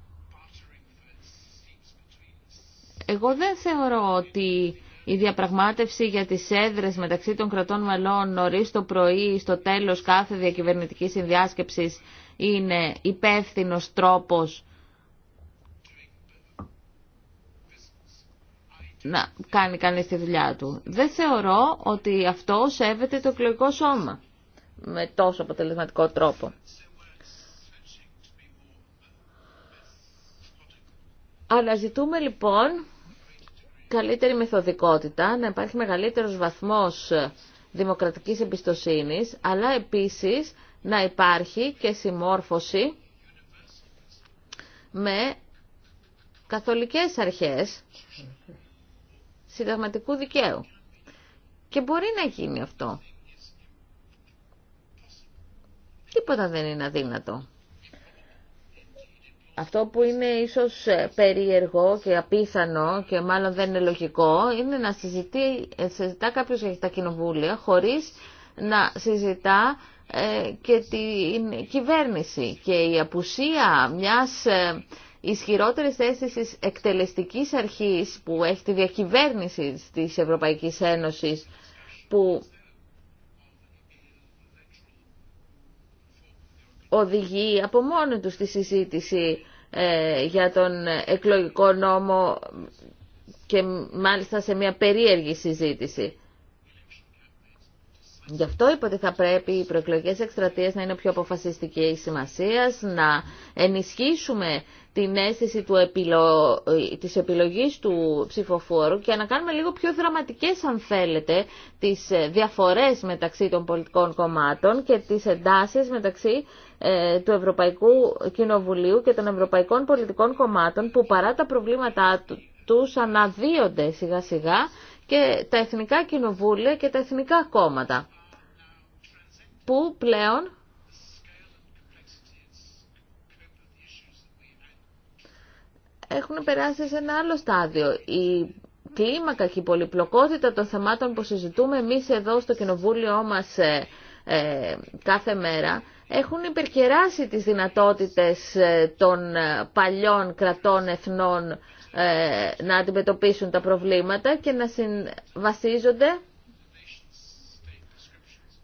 Εγώ δεν θεωρώ ότι η διαπραγμάτευση για τις έδρες μεταξύ των κρατών μελών νωρί το πρωί ή στο τέλος κάθε διακυβερνητικής συνδιάσκεψης είναι υπεύθυνο τρόπος να κάνει κανείς τη δουλειά του. Δεν θεωρώ ότι αυτό σέβεται το εκλογικό σώμα με τόσο αποτελεσματικό τρόπο. Αναζητούμε λοιπόν καλύτερη μεθοδικότητα, να υπάρχει μεγαλύτερος βαθμός δημοκρατικής εμπιστοσύνης, αλλά επίσης να υπάρχει και συμμόρφωση με καθολικές αρχές συνταγματικού δικαίου. Και μπορεί να γίνει αυτό. Τίποτα δεν είναι αδύνατο. Αυτό που είναι ίσως ε, περίεργο και απίθανο και μάλλον δεν είναι λογικό είναι να συζητεί, ε, συζητά κάποιος για τα κοινοβούλια χωρίς να συζητά ε, και την κυβέρνηση και η απουσία μιας ισχυρότερης θέσης εκτελεστικής αρχής που έχει τη διακυβέρνηση της Ευρωπαϊκής Ένωσης που οδηγεί από μόνο του στη συζήτηση ε, για τον εκλογικό νόμο και μάλιστα σε μια περίεργη συζήτηση. Γι' αυτό είπα ότι θα πρέπει οι προεκλογικέ εκστρατείε να είναι πιο η σημασία, να ενισχύσουμε την αίσθηση του επιλο... της επιλογής του ψηφοφόρου και να κάνουμε λίγο πιο δραματικές, αν θέλετε, τις διαφορές μεταξύ των πολιτικών κομμάτων και τις εντάσεις μεταξύ ε, του Ευρωπαϊκού Κοινοβουλίου και των Ευρωπαϊκών Πολιτικών Κομμάτων που παρά τα προβλήματά τους αναδύονται σιγά-σιγά και τα εθνικά κοινοβούλια και τα εθνικά κόμματα που πλέον έχουν περάσει σε ένα άλλο στάδιο. Η κλίμακα και η πολυπλοκότητα των θεμάτων που συζητούμε εμείς εδώ στο κοινοβούλιο μας ε, ε, κάθε μέρα έχουν υπερκεράσει τις δυνατότητες ε, των παλιών κρατών εθνών να αντιμετωπίσουν τα προβλήματα και να συμβασίζονται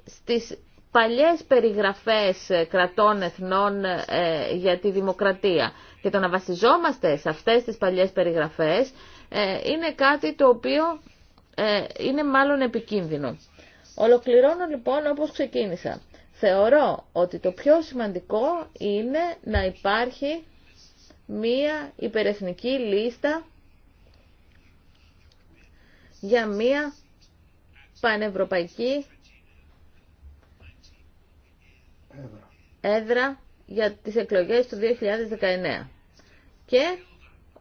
στις παλιές περιγραφές κρατών εθνών ε, για τη δημοκρατία. Και το να βασιζόμαστε σε αυτές τις παλιές περιγραφές ε, είναι κάτι το οποίο ε, είναι μάλλον επικίνδυνο. Ολοκληρώνω λοιπόν όπως ξεκίνησα. Θεωρώ ότι το πιο σημαντικό είναι να υπάρχει μία υπερεθνική λίστα για μία πανευρωπαϊκή έδρα για τις εκλογές του 2019. Και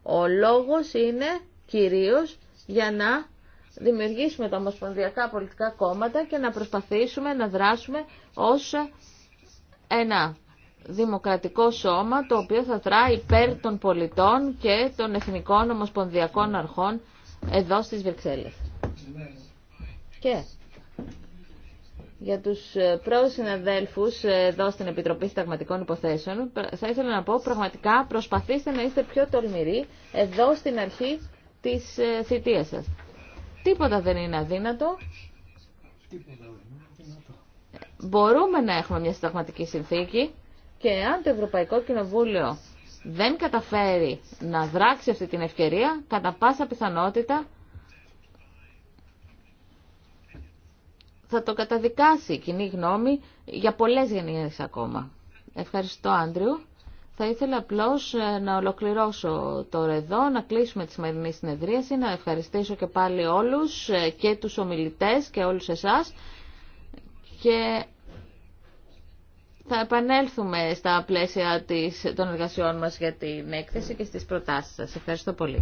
ο λόγος είναι κυρίως για να δημιουργήσουμε τα ομοσπονδιακά πολιτικά κόμματα και να προσπαθήσουμε να δράσουμε ως ένα δημοκρατικό σώμα το οποίο θα δράει υπέρ των πολιτών και των εθνικών ομοσπονδιακών αρχών εδώ στις Βρυξέλλες. Και για τους ε, πρώους συναδέλφους ε, εδώ στην Επιτροπή Συνταγματικών Υποθέσεων, θα ήθελα να πω πραγματικά προσπαθήστε να είστε πιο τολμηροί εδώ στην αρχή της ε, θητείας σας. Τίποτα δεν είναι αδύνατο. μπορούμε να έχουμε μια συνταγματική συνθήκη και αν το Ευρωπαϊκό Κοινοβούλιο δεν καταφέρει να δράξει αυτή την ευκαιρία, κατά πάσα πιθανότητα θα το καταδικάσει η κοινή γνώμη για πολλές γενιές ακόμα. Ευχαριστώ Άντριου. Θα ήθελα απλώς ε, να ολοκληρώσω τώρα εδώ, να κλείσουμε τη σημερινή συνεδρίαση, να ευχαριστήσω και πάλι όλους ε, και τους ομιλητές και όλους εσάς και θα επανέλθουμε στα πλαίσια της, των εργασιών μας για την έκθεση και στις προτάσεις σας. Ευχαριστώ πολύ.